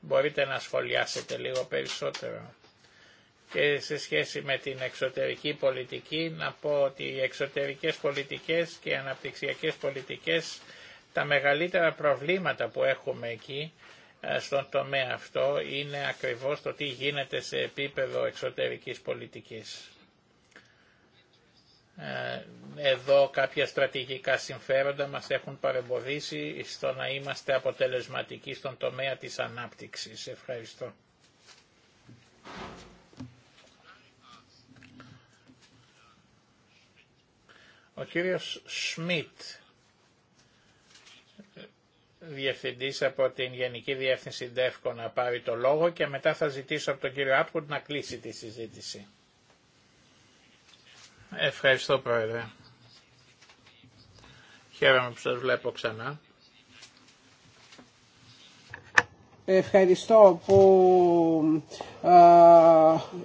μπορείτε να σχολιάσετε λίγο περισσότερο. Και σε σχέση με την εξωτερική πολιτική να πω ότι οι εξωτερικές πολιτικές και οι αναπτυξιακές πολιτικές τα μεγαλύτερα προβλήματα που έχουμε εκεί ε, στον τομέα αυτό είναι ακριβώς το τι γίνεται σε επίπεδο εξωτερικής πολιτικής. Ε, εδώ κάποια στρατηγικά συμφέροντα μας έχουν παρεμποδίσει στο να είμαστε αποτελεσματικοί στον τομέα της ανάπτυξης. Ευχαριστώ. Ο κύριος Σμιτ, διευθυντής από την Γενική Διεύθυνση ΔΕΦΚΟ να πάρει το λόγο και μετά θα ζητήσω από τον κύριο Άπκουτ να κλείσει τη συζήτηση. Ευχαριστώ Πρόεδρε. Χαίρομαι που σας βλέπω ξανά. Ευχαριστώ που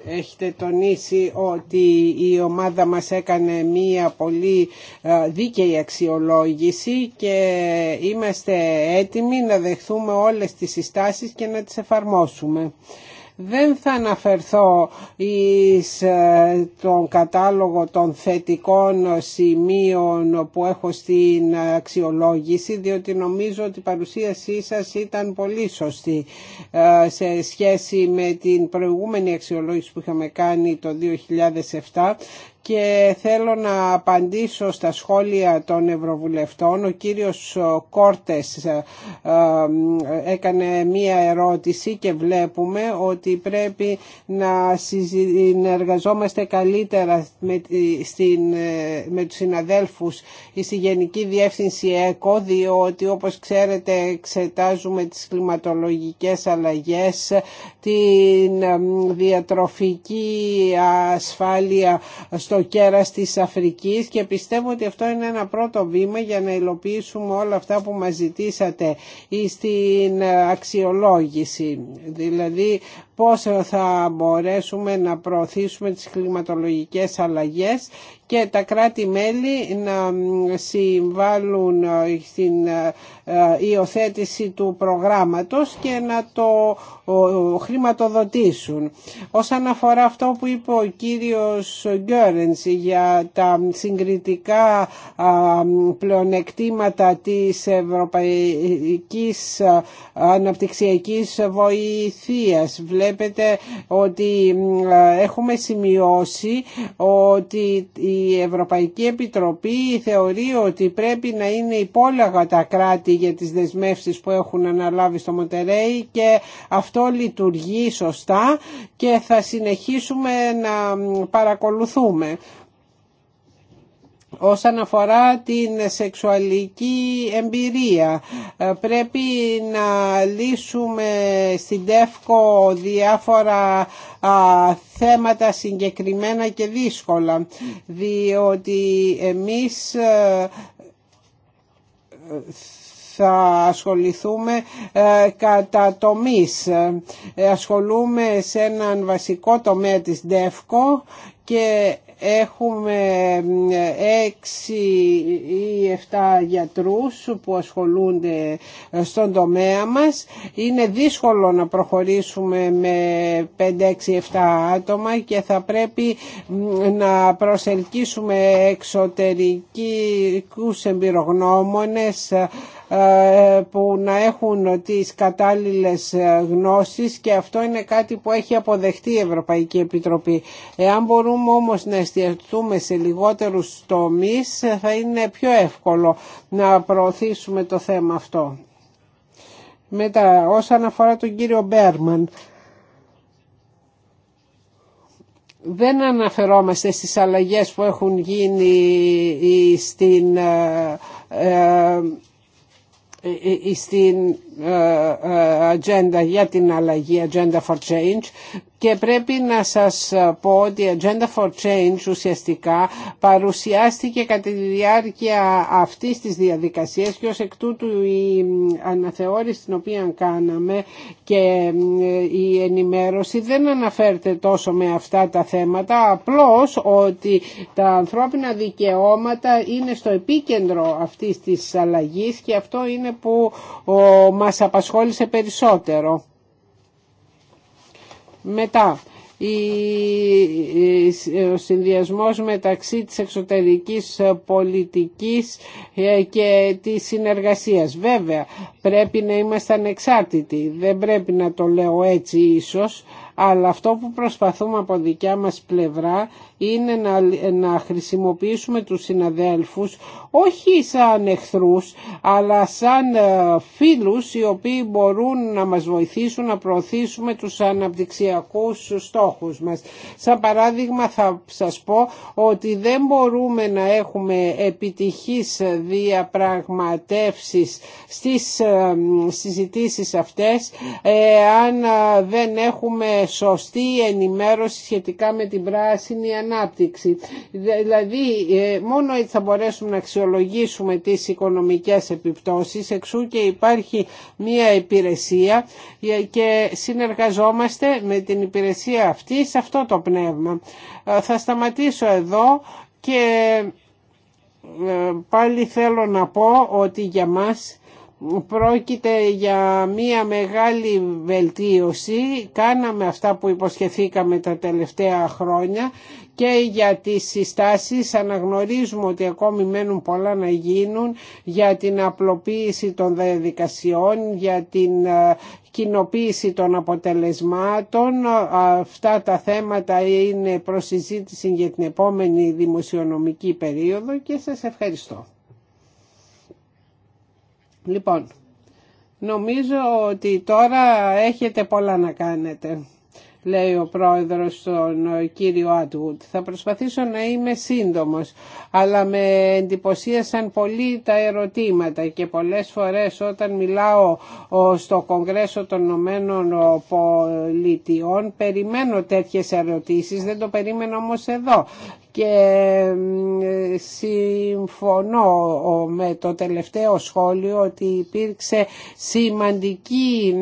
έχετε τονίσει ότι η ομάδα μας έκανε μία πολύ δίκαιη αξιολόγηση και είμαστε έτοιμοι να δεχθούμε όλες τις συστάσεις και να τις εφαρμόσουμε. Δεν θα αναφερθώ εις ε, τον κατάλογο των θετικών σημείων που έχω στην αξιολόγηση διότι νομίζω ότι η παρουσίασή σας ήταν πολύ σωστή ε, σε σχέση με την προηγούμενη αξιολόγηση που είχαμε κάνει το 2007 και θέλω να απαντήσω στα σχόλια των Ευρωβουλευτών. Ο κύριος Κόρτες ε, ε, έκανε μία ερώτηση και βλέπουμε ότι πρέπει να συνεργαζόμαστε καλύτερα με, στην, ε, με τους συναδέλφους στη Γενική Διεύθυνση ΕΚΟ διότι όπως ξέρετε εξετάζουμε τις κλιματολογικές αλλαγές, την διατροφική ασφάλεια στο στο κέρας της Αφρικής και πιστεύω ότι αυτό είναι ένα πρώτο βήμα για να υλοποιήσουμε όλα αυτά που μας ζητήσατε στην αξιολόγηση. Δηλαδή πώς θα μπορέσουμε να προωθήσουμε τις κλιματολογικές αλλαγές και τα κράτη-μέλη να συμβάλλουν ε, στην ε, ε, υιοθέτηση του προγράμματος και να το χρηματοδοτήσουν. Όσον αφορά αυτό που είπε ο κύριος Γκέρενς για τα συγκριτικά πλεονεκτήματα της Ευρωπαϊκής Αναπτυξιακής Βοηθείας, βλέπετε ότι ε, έχουμε σημειώσει ότι η Ευρωπαϊκή Επιτροπή θεωρεί ότι πρέπει να είναι υπόλαγα τα κράτη για τις δεσμεύσεις που έχουν αναλάβει στο Μοντερέι και αυτό λειτουργεί σωστά και θα συνεχίσουμε να παρακολουθούμε όσον αφορά την σεξουαλική εμπειρία. Ε, πρέπει να λύσουμε στην ΤΕΦΚΟ διάφορα θέματα συγκεκριμένα και δύσκολα, διότι εμείς ε, θα ασχοληθούμε ε, κατά τομείς. ασχολούμε σε έναν βασικό τομέα της ΔΕΦΚΟ και Έχουμε ε, έξι ή εφτά γιατρούς που ασχολούνται ε, στον τομέα μας. Είναι δύσκολο να προχωρήσουμε με 5, 6, 7 άτομα και θα πρέπει να προσελκύσουμε εξωτερικούς εμπειρογνώμονες ε, που να έχουν τις κατάλληλες ε, γνώσεις και αυτό είναι κάτι που έχει αποδεχτεί η Ευρωπαϊκή Επιτροπή. Εάν μπορούμε όμως να εστιαστούμε σε λιγότερους τομείς θα είναι πιο εύκολο να προωθήσουμε το θέμα αυτό. Μετά, όσον αφορά τον κύριο Μπέρμαν, δεν αναφερόμαστε στις αλλαγές που έχουν γίνει στην ε, ε, ε, ε, στην ε, ε, ατζέντα για την αλλαγή, Agenda for Change και πρέπει να σας πω ότι η Agenda for Change ουσιαστικά παρουσιάστηκε κατά τη διάρκεια αυτής της διαδικασίας και ως εκ τούτου η αναθεώρηση την οποία κάναμε και ε, η ενημέρωση δεν αναφέρεται τόσο με αυτά τα θέματα απλώς ότι τα ανθρώπινα δικαιώματα είναι στο επίκεντρο αυτής της αλλαγής και αυτό είναι που ο, μας απασχόλησε περισσότερο. Μετά, ο συνδυασμός μεταξύ της εξωτερικής πολιτικής ε, και της συνεργασίας. Βέβαια, πρέπει να είμαστε ανεξάρτητοι, δεν πρέπει να το λέω έτσι ίσως, αλλά αυτό που προσπαθούμε από δικιά μας πλευρά είναι να, χρησιμοποιήσουμε τους συναδέλφους όχι σαν εχθρούς αλλά σαν ε, φίλους οι οποίοι μπορούν να μας βοηθήσουν να προωθήσουμε τους αναπτυξιακούς στόχους μας. Σαν παράδειγμα θα σας πω ότι δεν μπορούμε να έχουμε επιτυχής διαπραγματεύσεις στις ε, συζητήσεις αυτές αν ε, δεν έχουμε σωστή ενημέρωση σχετικά με την πράσινη ανάπτυξη. Δηλαδή ε, μόνο έτσι θα μπορέσουμε να αξιολογήσουμε τις οικονομικές επιπτώσεις εξού και υπάρχει μία υπηρεσία ε, και συνεργαζόμαστε με την υπηρεσία αυτή σε αυτό το πνεύμα. Ε, θα σταματήσω εδώ και πάλι θέλω να πω ότι για μας πρόκειται για μία μεγάλη βελτίωση. Κάναμε αυτά που υποσχεθήκαμε τα τελευταία χρόνια και για τις συστάσεις αναγνωρίζουμε ότι ακόμη μένουν πολλά να γίνουν για την απλοποίηση των διαδικασιών, για την ε, κοινοποίηση των αποτελεσμάτων. Αυτά τα θέματα είναι προσυζήτηση για την επόμενη δημοσιονομική περίοδο και σας ευχαριστώ. Λοιπόν, νομίζω ότι τώρα έχετε πολλά να κάνετε, λέει ο πρόεδρος τον ε, κύριο Άτγουτ. Θα προσπαθήσω να είμαι σύντομος, αλλά με εντυπωσίασαν πολύ τα ερωτήματα και πολλές φορές όταν μιλάω στο Κογκρέσο των Ηνωμένων Πολιτειών περιμένω τέτοιες ερωτήσεις, δεν το περίμενα όμως εδώ και συμφωνώ με το τελευταίο σχόλιο ότι υπήρξε σημαντική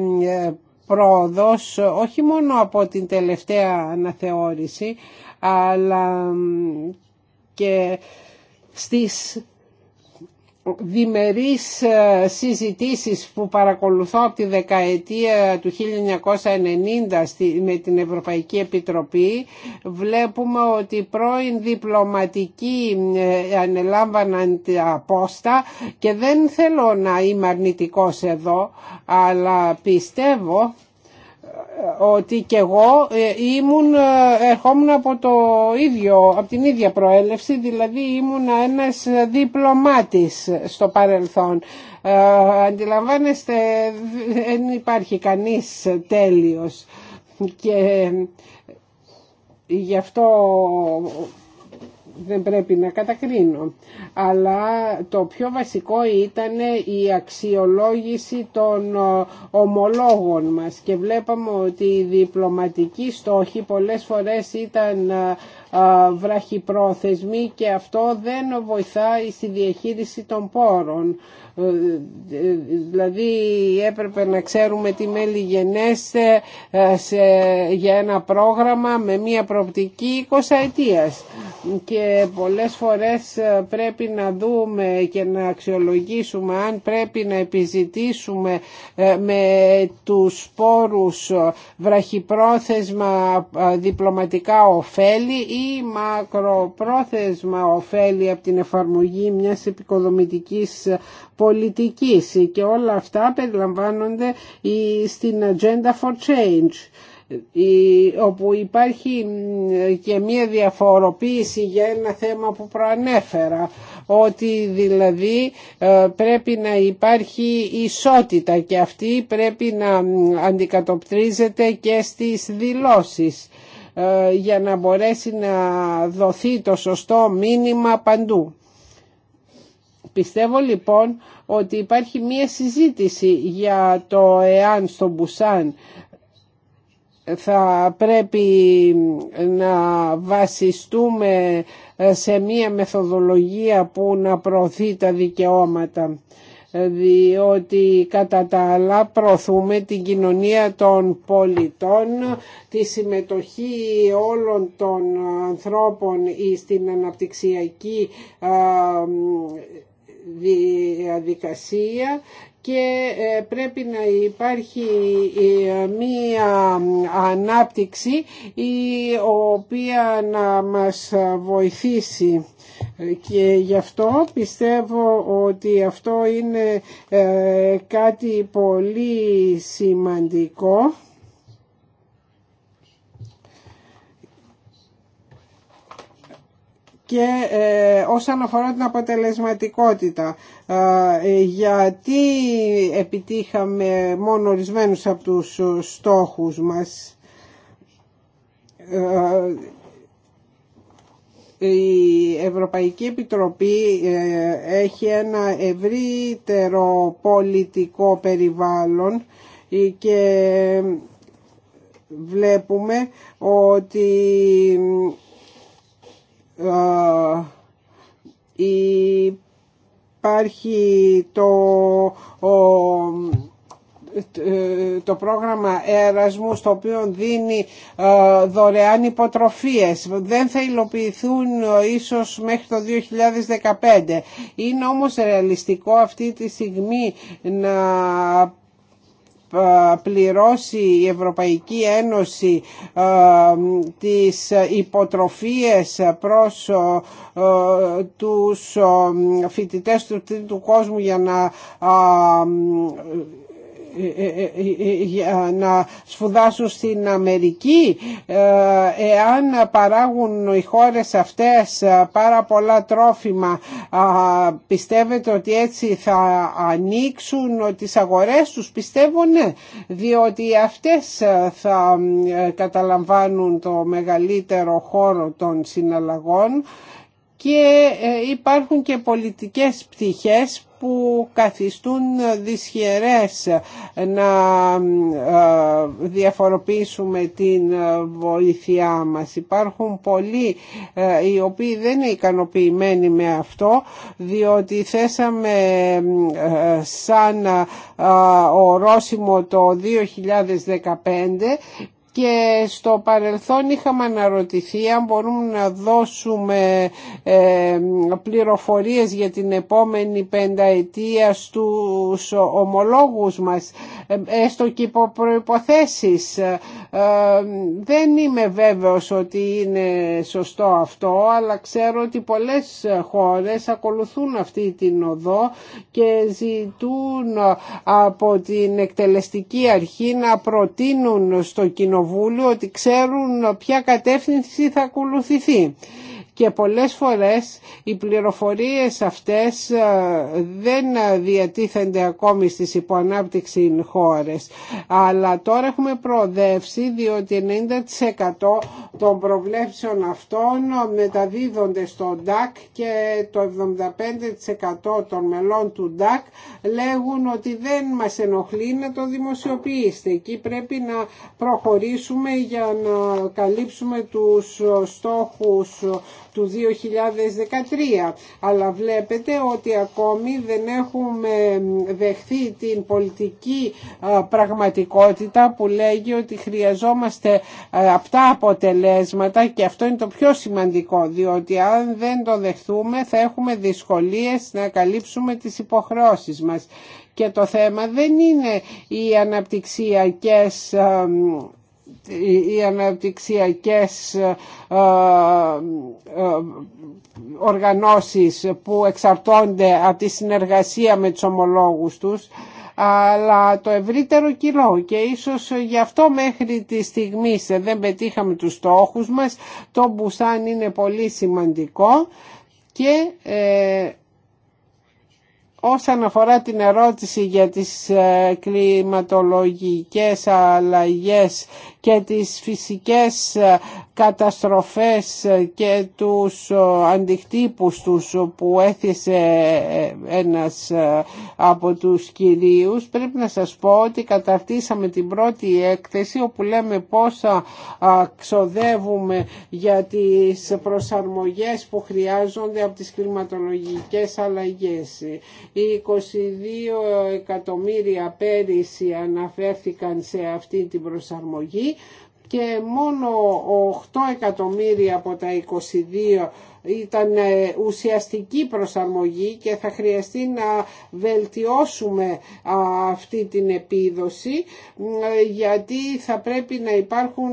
πρόοδος όχι μόνο από την τελευταία αναθεώρηση αλλά και στις διμερείς ε, συζητήσεις που παρακολουθώ από τη δεκαετία του 1990 με την Ευρωπαϊκή Επιτροπή βλέπουμε ότι οι πρώην διπλωματικοί ε, ανελάμβαναν την απόστα και δεν θέλω να είμαι αρνητικός εδώ αλλά πιστεύω ότι και εγώ ε, ήμουν, ε, ερχόμουν από το ίδιο, από την ίδια προέλευση, δηλαδή ήμουν ένας διπλωμάτης στο παρελθόν. Ε, αντιλαμβάνεστε, δεν υπάρχει κανείς τέλειος και γι' αυτό δεν πρέπει να κατακρίνω. Αλλά το πιο βασικό ήταν η αξιολόγηση των ε, ομολόγων μας και βλέπαμε ότι οι διπλωματικοί στόχοι πολλές φορές ήταν ε, ε, βραχυπρόθεσμοι και αυτό δεν βοηθάει στη διαχείριση των πόρων. Ε, ε, δηλαδή έπρεπε να ξέρουμε τι μέλη γενέστε ε, σε, για ένα πρόγραμμα με μια προοπτική 20 ετίας και πολλές φορές πρέπει να δούμε και να αξιολογήσουμε αν πρέπει να επιζητήσουμε με τους πόρους βραχυπρόθεσμα διπλωματικά ωφέλη ή μακροπρόθεσμα ωφέλη από την εφαρμογή μιας επικοδομητικής πολιτικής και όλα αυτά περιλαμβάνονται στην Agenda for Change όπου υπάρχει και μία διαφοροποίηση για ένα θέμα που προανέφερα ότι δηλαδή ε, πρέπει να υπάρχει ισότητα και αυτή πρέπει να αντικατοπτρίζεται και στις δηλώσεις ε, για να μπορέσει να δοθεί το σωστό μήνυμα παντού. Πιστεύω λοιπόν ότι υπάρχει μία συζήτηση για το εάν στο Μπουσάν θα πρέπει να βασιστούμε σε μία μεθοδολογία που να προωθεί τα δικαιώματα διότι κατά τα άλλα προωθούμε την κοινωνία των πολιτών, τη συμμετοχή όλων των ανθρώπων στην αναπτυξιακή διαδικασία και ε, πρέπει να υπάρχει ε, μία ανάπτυξη η οποία να μας βοηθήσει και γι' αυτό πιστεύω ότι αυτό είναι ε, κάτι πολύ σημαντικό και ε, όσον αφορά την αποτελεσματικότητα ε, γιατί επιτύχαμε μόνο ορισμένους από τους ε, στόχους μας η Ευρωπαϊκή Επιτροπή έχει ένα ευρύτερο πολιτικό περιβάλλον και βλέπουμε ότι υπάρχει το το πρόγραμμα Erasmus το οποίο δίνει δωρεάν υποτροφίες δεν θα υλοποιηθούν ίσως μέχρι το 2015 είναι όμως ρεαλιστικό αυτή τη στιγμή να πληρώσει η Ευρωπαϊκή Ένωση τις υποτροφίες προς τους φοιτητές του τρίτου κόσμου για να ε, ε, ε, για να σπουδάσουν στην Αμερική εάν παράγουν οι χώρες αυτές πάρα πολλά τρόφιμα πιστεύετε ότι έτσι θα ανοίξουν τις αγορές τους πιστεύω ναι διότι αυτές θα καταλαμβάνουν το μεγαλύτερο χώρο των συναλλαγών και υπάρχουν και πολιτικές πτυχές που καθιστούν δυσχερές να ε, διαφοροποιήσουμε την ε, βοήθειά μας. Υπάρχουν πολλοί ε, οι οποίοι δεν είναι ικανοποιημένοι με αυτό διότι θέσαμε σαν ορόσημο το 2015 και στο παρελθόν είχαμε αναρωτηθεί αν μπορούμε να δώσουμε ε, πληροφορίες για την επόμενη πενταετία στους ομολόγους μας ε, έστω και υπό προϋποθέσεις. Ε, δεν είμαι βέβαιος ότι είναι σωστό αυτό, αλλά ξέρω ότι πολλές χώρες ακολουθούν αυτή την οδό και ζητούν από την εκτελεστική αρχή να προτείνουν στο Κοινοβούλιο ότι ξέρουν ποια κατεύθυνση θα ακολουθηθεί και πολλές φορές οι πληροφορίες αυτές ε, δεν διατίθενται ακόμη στις υποανάπτυξη χώρες. Αλλά τώρα έχουμε προοδεύσει διότι 90% των προβλέψεων αυτών μεταδίδονται στο DAC και το 75% των μελών του DAC λέγουν ότι δεν μας ενοχλεί να το δημοσιοποιήσετε. Εκεί πρέπει να προχωρήσουμε για να καλύψουμε τους στόχους του 2013 αλλά βλέπετε ότι ακόμη δεν έχουμε δεχθεί την πολιτική πραγματικότητα που λέγει ότι χρειαζόμαστε αυτά αποτελέσματα και αυτό είναι το πιο σημαντικό διότι αν δεν το δεχθούμε θα έχουμε δυσκολίες να καλύψουμε τις υποχρεώσεις μας και το θέμα δεν είναι οι αναπτυξιακές οι αναπτυξιακές ε, ε, ε, οργανώσεις που εξαρτώνται από τη συνεργασία με τους ομολόγους τους αλλά το ευρύτερο κοινό και ίσως γι' αυτό μέχρι τη στιγμή δεν πετύχαμε τους στόχους μας το Μπουσάν είναι πολύ σημαντικό και ε, όσον αφορά την ερώτηση για τις κλιματολογικές αλλαγές και τις φυσικές ε, καταστροφές ε, και τους ε, αντιχτύπους τους που έθισε ένας από τους κυρίους πρέπει να σας πω ότι καταρτήσαμε την πρώτη έκθεση όπου λέμε πόσα ξοδεύουμε για τις προσαρμογές που χρειάζονται από τις κλιματολογικές αλλαγές. Οι 22 εκατομμύρια πέρυσι αναφέρθηκαν σε αυτή την προσαρμογή και μόνο 8 εκατομμύρια από τα 22 ήταν ε, ουσιαστική προσαρμογή και θα χρειαστεί να βελτιώσουμε αυτή την επίδοση γιατί θα πρέπει να υπάρχουν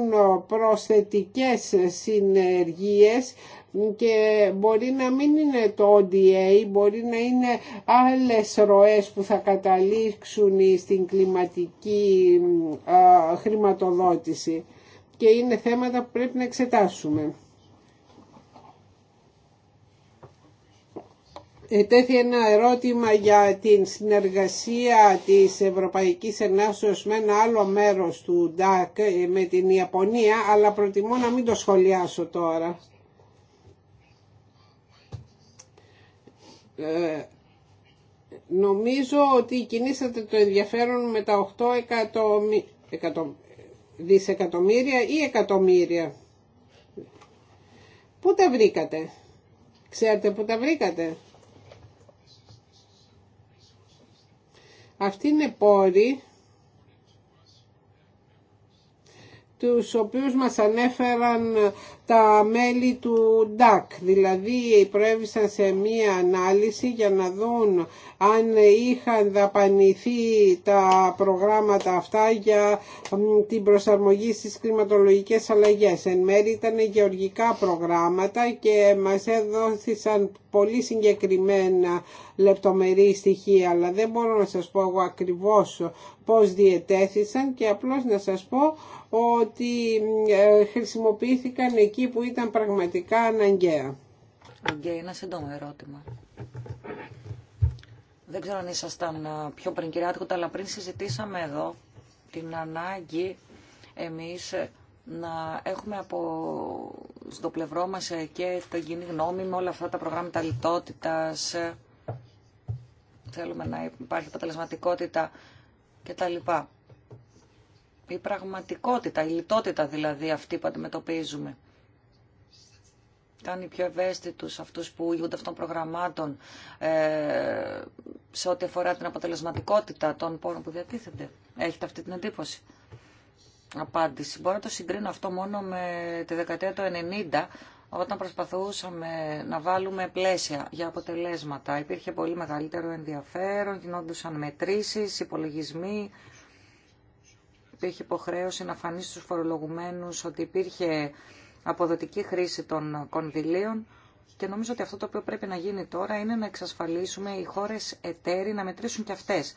προσθετικές συνεργίες και μπορεί να μην είναι το ODA, μπορεί να είναι άλλες ροές που θα καταλήξουν στην κλιματική χρηματοδότηση και είναι θέματα που πρέπει να εξετάσουμε. Ετέθη ένα ερώτημα για την συνεργασία της Ευρωπαϊκής Ενάσεως με ένα άλλο μέρος του ΝΤΑΚ ε, με την Ιαπωνία, αλλά προτιμώ να μην το σχολιάσω τώρα. Ε, νομίζω ότι κινήσατε το ενδιαφέρον με τα 8 δισεκατομμύρια ή εκατομμύρια. Πού τα βρήκατε. Ξέρετε πού τα βρήκατε. Αυτή είναι πόρη τους οποίους μας ανέφεραν τα μέλη του ΝΤΑΚ. Δηλαδή προέβησαν σε μία ανάλυση για να δουν αν είχαν δαπανηθεί τα προγράμματα αυτά για την προσαρμογή στις κλιματολογικές αλλαγές. Εν μέρει ήταν γεωργικά προγράμματα και μας έδωσαν πολύ συγκεκριμένα λεπτομερή στοιχεία, αλλά δεν μπορώ να σας πω εγώ ακριβώς πώς διετέθησαν και απλώς να σας πω ότι ε, χρησιμοποιήθηκαν εκεί που ήταν πραγματικά αναγκαία. Αναγκαία, okay, ένα σύντομο ερώτημα. Δεν ξέρω αν ήσασταν ε, πιο πριν κυρία αλλά πριν συζητήσαμε εδώ την ανάγκη εμείς ε, να έχουμε από στο πλευρό μας και την κοινή γνώμη με όλα αυτά τα προγράμματα λιτότητας, θέλουμε να υπάρχει αποτελεσματικότητα κτλ. Η πραγματικότητα, η λιτότητα δηλαδή αυτή που αντιμετωπίζουμε. Κάνει πιο ευαίσθητους αυτούς που ηγούνται αυτών προγραμμάτων ε, σε ό,τι αφορά την αποτελεσματικότητα των πόρων που διατίθενται. Έχετε αυτή την εντύπωση. Απάντηση. Μπορώ να το συγκρίνω αυτό μόνο με τη δεκαετία του 90 όταν προσπαθούσαμε να βάλουμε πλαίσια για αποτελέσματα. Υπήρχε πολύ μεγαλύτερο ενδιαφέρον, γινόντουσαν μετρήσεις, υπολογισμοί. Υπήρχε υποχρέωση να φανεί στους φορολογουμένους ότι υπήρχε αποδοτική χρήση των κονδυλίων. Και νομίζω ότι αυτό το οποίο πρέπει να γίνει τώρα είναι να εξασφαλίσουμε οι χώρες εταίροι να μετρήσουν και αυτές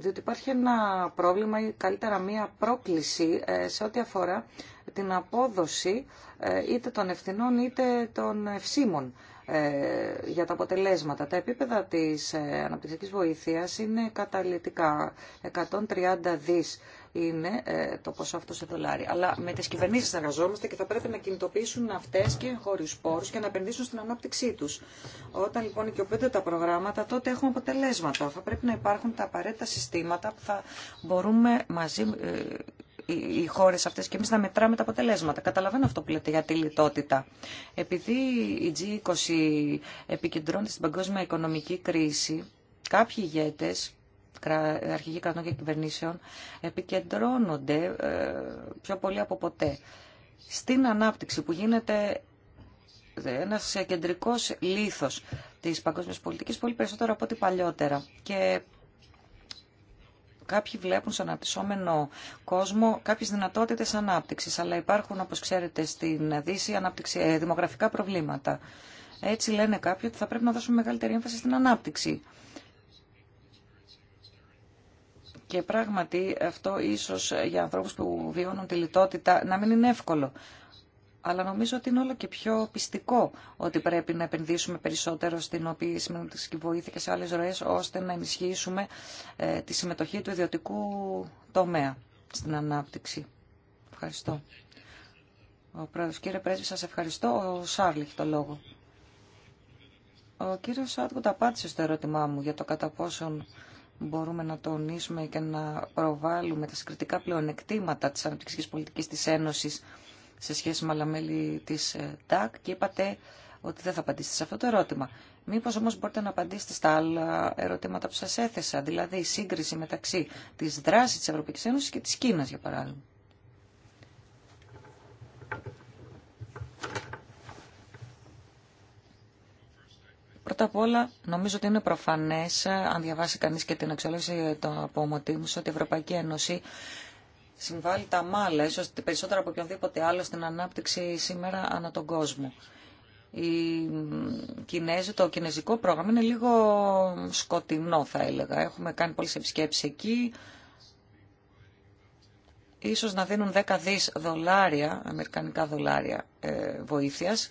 διότι υπάρχει ένα πρόβλημα ή καλύτερα μία πρόκληση ε, σε ό,τι αφορά την απόδοση ε, είτε των ευθυνών είτε των ευσύμων ε, για τα αποτελέσματα. Τα επίπεδα της ε, αναπτυξιακής βοήθειας είναι καταλητικά. 130 δις είναι ε, το ποσό αυτό σε δολάρια. Αλλά με τις κυβερνήσεις εργαζόμαστε και θα πρέπει να κινητοποιήσουν αυτές και χωρίς πόρους και να επενδύσουν στην ανάπτυξή τους. Όταν λοιπόν οικειοποιούνται τα προγράμματα, τότε έχουμε αποτελέσματα. Θα πρέπει να υπάρχουν τα απαραίτητα συστήματα που θα μπορούμε μαζί οι χώρε αυτέ και εμεί να μετράμε τα αποτελέσματα. Καταλαβαίνω αυτό που λέτε για τη λιτότητα. Επειδή η G20 επικεντρώνεται στην παγκόσμια οικονομική κρίση, κάποιοι ηγέτε, αρχηγοί κρατών και κυβερνήσεων επικεντρώνονται ε, πιο πολύ από ποτέ στην ανάπτυξη που γίνεται ένα κεντρικό λίθος τη παγκόσμια πολιτική πολύ περισσότερο από ό,τι παλιότερα. Και Κάποιοι βλέπουν σαν αναπτυσσόμενο κόσμο κάποιε δυνατότητε ανάπτυξη, αλλά υπάρχουν, όπω ξέρετε, στην Δύση ανάπτυξη, ε, δημογραφικά προβλήματα. Έτσι λένε κάποιοι ότι θα πρέπει να δώσουμε μεγαλύτερη έμφαση στην ανάπτυξη. Και πράγματι αυτό ίσως για ανθρώπους που βιώνουν τη λιτότητα να μην είναι εύκολο αλλά νομίζω ότι είναι όλο και πιο πιστικό ότι πρέπει να επενδύσουμε περισσότερο στην οποία τη βοήθεια και σε άλλες ροές, ώστε να ενισχύσουμε ε, τη συμμετοχή του ιδιωτικού τομέα στην ανάπτυξη. Ευχαριστώ. Ο πρόεδρος, κύριε Πρέσβη, σας ευχαριστώ. Ο Σάρλ έχει το λόγο. Ο κύριος Σάρλ απάντησε στο ερώτημά μου για το κατά πόσον μπορούμε να τονίσουμε και να προβάλλουμε τα συγκριτικά πλεονεκτήματα της αναπτυξικής πολιτικής της Ένωσης σε σχέση με άλλα μέλη της ε, ΤΑΚ και είπατε ότι δεν θα απαντήσετε σε αυτό το ερώτημα. Μήπως όμως μπορείτε να απαντήσετε στα άλλα ερωτήματα που σας έθεσα, δηλαδή η σύγκριση μεταξύ της δράσης της Ευρωπαϊκής Ένωσης και της Κίνα, για παράδειγμα. Πρώτα απ' όλα, νομίζω ότι είναι προφανές, αν διαβάσει κανείς και την αξιολόγηση των απομοτήμου, ότι η Ευρωπαϊκή Ένωση συμβάλλει τα μάλα, ίσως περισσότερο από οποιονδήποτε άλλο στην ανάπτυξη σήμερα ανά τον κόσμο. Η Κινέζη, το κινέζικο πρόγραμμα είναι λίγο σκοτεινό θα έλεγα. Έχουμε κάνει πολλές επισκέψεις εκεί. Ίσως να δίνουν 10 δις δολάρια, αμερικανικά δολάρια ε, βοήθειας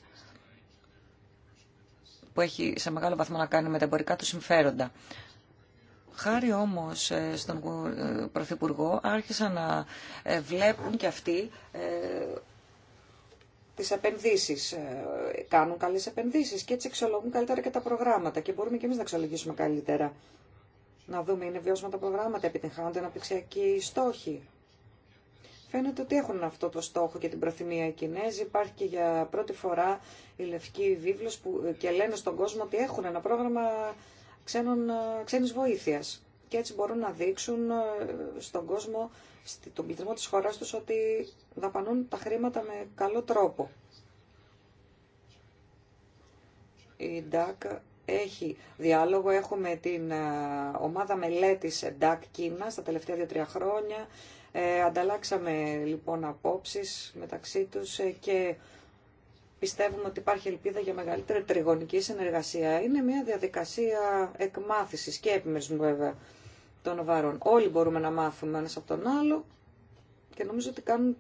που έχει σε μεγάλο βαθμό να κάνει με τα εμπορικά του συμφέροντα. Χάρη όμως ε, στον ε, Πρωθυπουργό άρχισαν να ε, βλέπουν και αυτοί τις επενδύσεις. Κάνουν καλές επενδύσεις και έτσι εξολογούν καλύτερα και τα προγράμματα και μπορούμε και εμείς να εξολογήσουμε καλύτερα. Να δούμε, είναι βιώσιμα τα προγράμματα, επιτυγχάνονται αναπτυξιακοί στόχοι. Φαίνεται ότι έχουν αυτό το στόχο και την προθυμία οι Κινέζοι. Υπάρχει και για πρώτη φορά η Λευκή Βίβλος που και λένε στον κόσμο ότι έχουν ένα πρόγραμμα ξένων, ε, ξένης βοήθειας. Και έτσι μπορούν να δείξουν ε, στον κόσμο, στον πληθυσμό της χώρας τους, ότι δαπανούν τα χρήματα με καλό τρόπο. Η ΝΤΑΚ έχει διάλογο, έχουμε την ε, ομάδα μελέτης ΝΤΑΚ Κίνα στα τελευταία δύο-τρία χρόνια. Ε, ανταλλάξαμε λοιπόν απόψεις μεταξύ τους και πιστεύουμε ότι υπάρχει ελπίδα για μεγαλύτερη τριγωνική συνεργασία. Είναι μια διαδικασία εκμάθησης και επιμερισμού βέβαια των βαρών. Όλοι μπορούμε να μάθουμε ένας από τον άλλο και νομίζω ότι κάνουν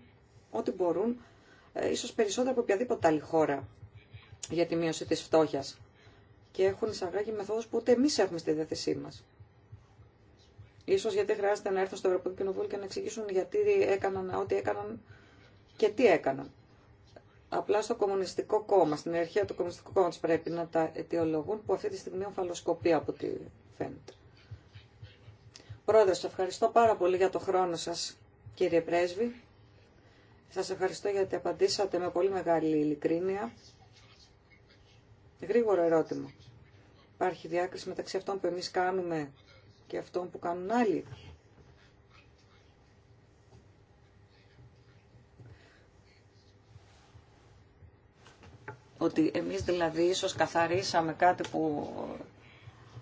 ό,τι μπορούν, ε, ίσως περισσότερο από οποιαδήποτε άλλη χώρα για τη μείωση της φτώχειας. Και έχουν εισαγράγει μεθόδους που ούτε εμείς έχουμε στη διάθεσή μας. Ίσως γιατί χρειάζεται να έρθουν στο Ευρωπαϊκό Κοινοβούλιο και να εξηγήσουν γιατί έκαναν ό,τι έκαναν και τι έκαναν απλά στο Κομμουνιστικό Κόμμα, στην αρχαία του Κομμουνιστικού Κόμματο πρέπει να τα αιτιολογούν, που αυτή τη στιγμή ομφαλοσκοπεί από ό,τι φαίνεται. Πρόεδρε, σας ευχαριστώ πάρα πολύ για το χρόνο σας, κύριε Πρέσβη. Σας ευχαριστώ γιατί απαντήσατε με πολύ μεγάλη ειλικρίνεια. Γρήγορο ερώτημα. Υπάρχει διάκριση μεταξύ αυτών που εμεί κάνουμε και αυτών που κάνουν άλλοι. Ότι εμείς δηλαδή ίσως καθαρίσαμε κάτι που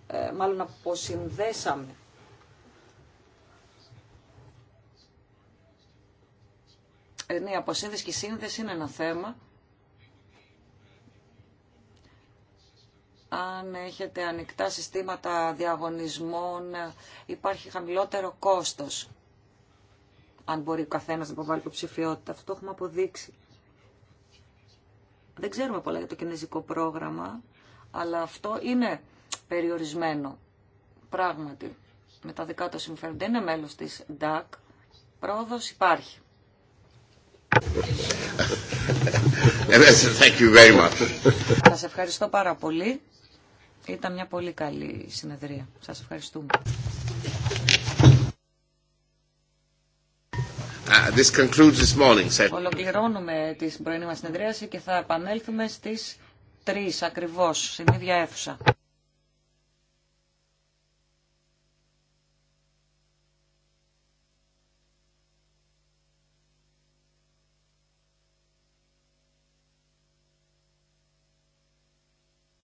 ε, μάλλον αποσυνδέσαμε. Ε, ναι, η αποσύνδεση και η σύνδεση είναι ένα θέμα. αν έχετε ανοιχτά συστήματα διαγωνισμών, υπάρχει χαμηλότερο κόστος. Αν μπορεί ο καθένας να υποβάλει υποψηφιότητα, αυτό έχουμε αποδείξει. Δεν ξέρουμε πολλά για το κινέζικο πρόγραμμα, αλλά αυτό είναι περιορισμένο. Πράγματι, με τα δικά του συμφέροντα. είναι μέλος της DAC. Πρόοδος υπάρχει. Thank Σας ευχαριστώ πάρα πολύ. Ήταν μια πολύ καλή συνεδρία. Σας ευχαριστούμε. Ah, Ολοκληρώνουμε την πρωινή μας συνεδρίαση και θα επανέλθουμε στις 3 ακριβώς, στην ίδια αίθουσα.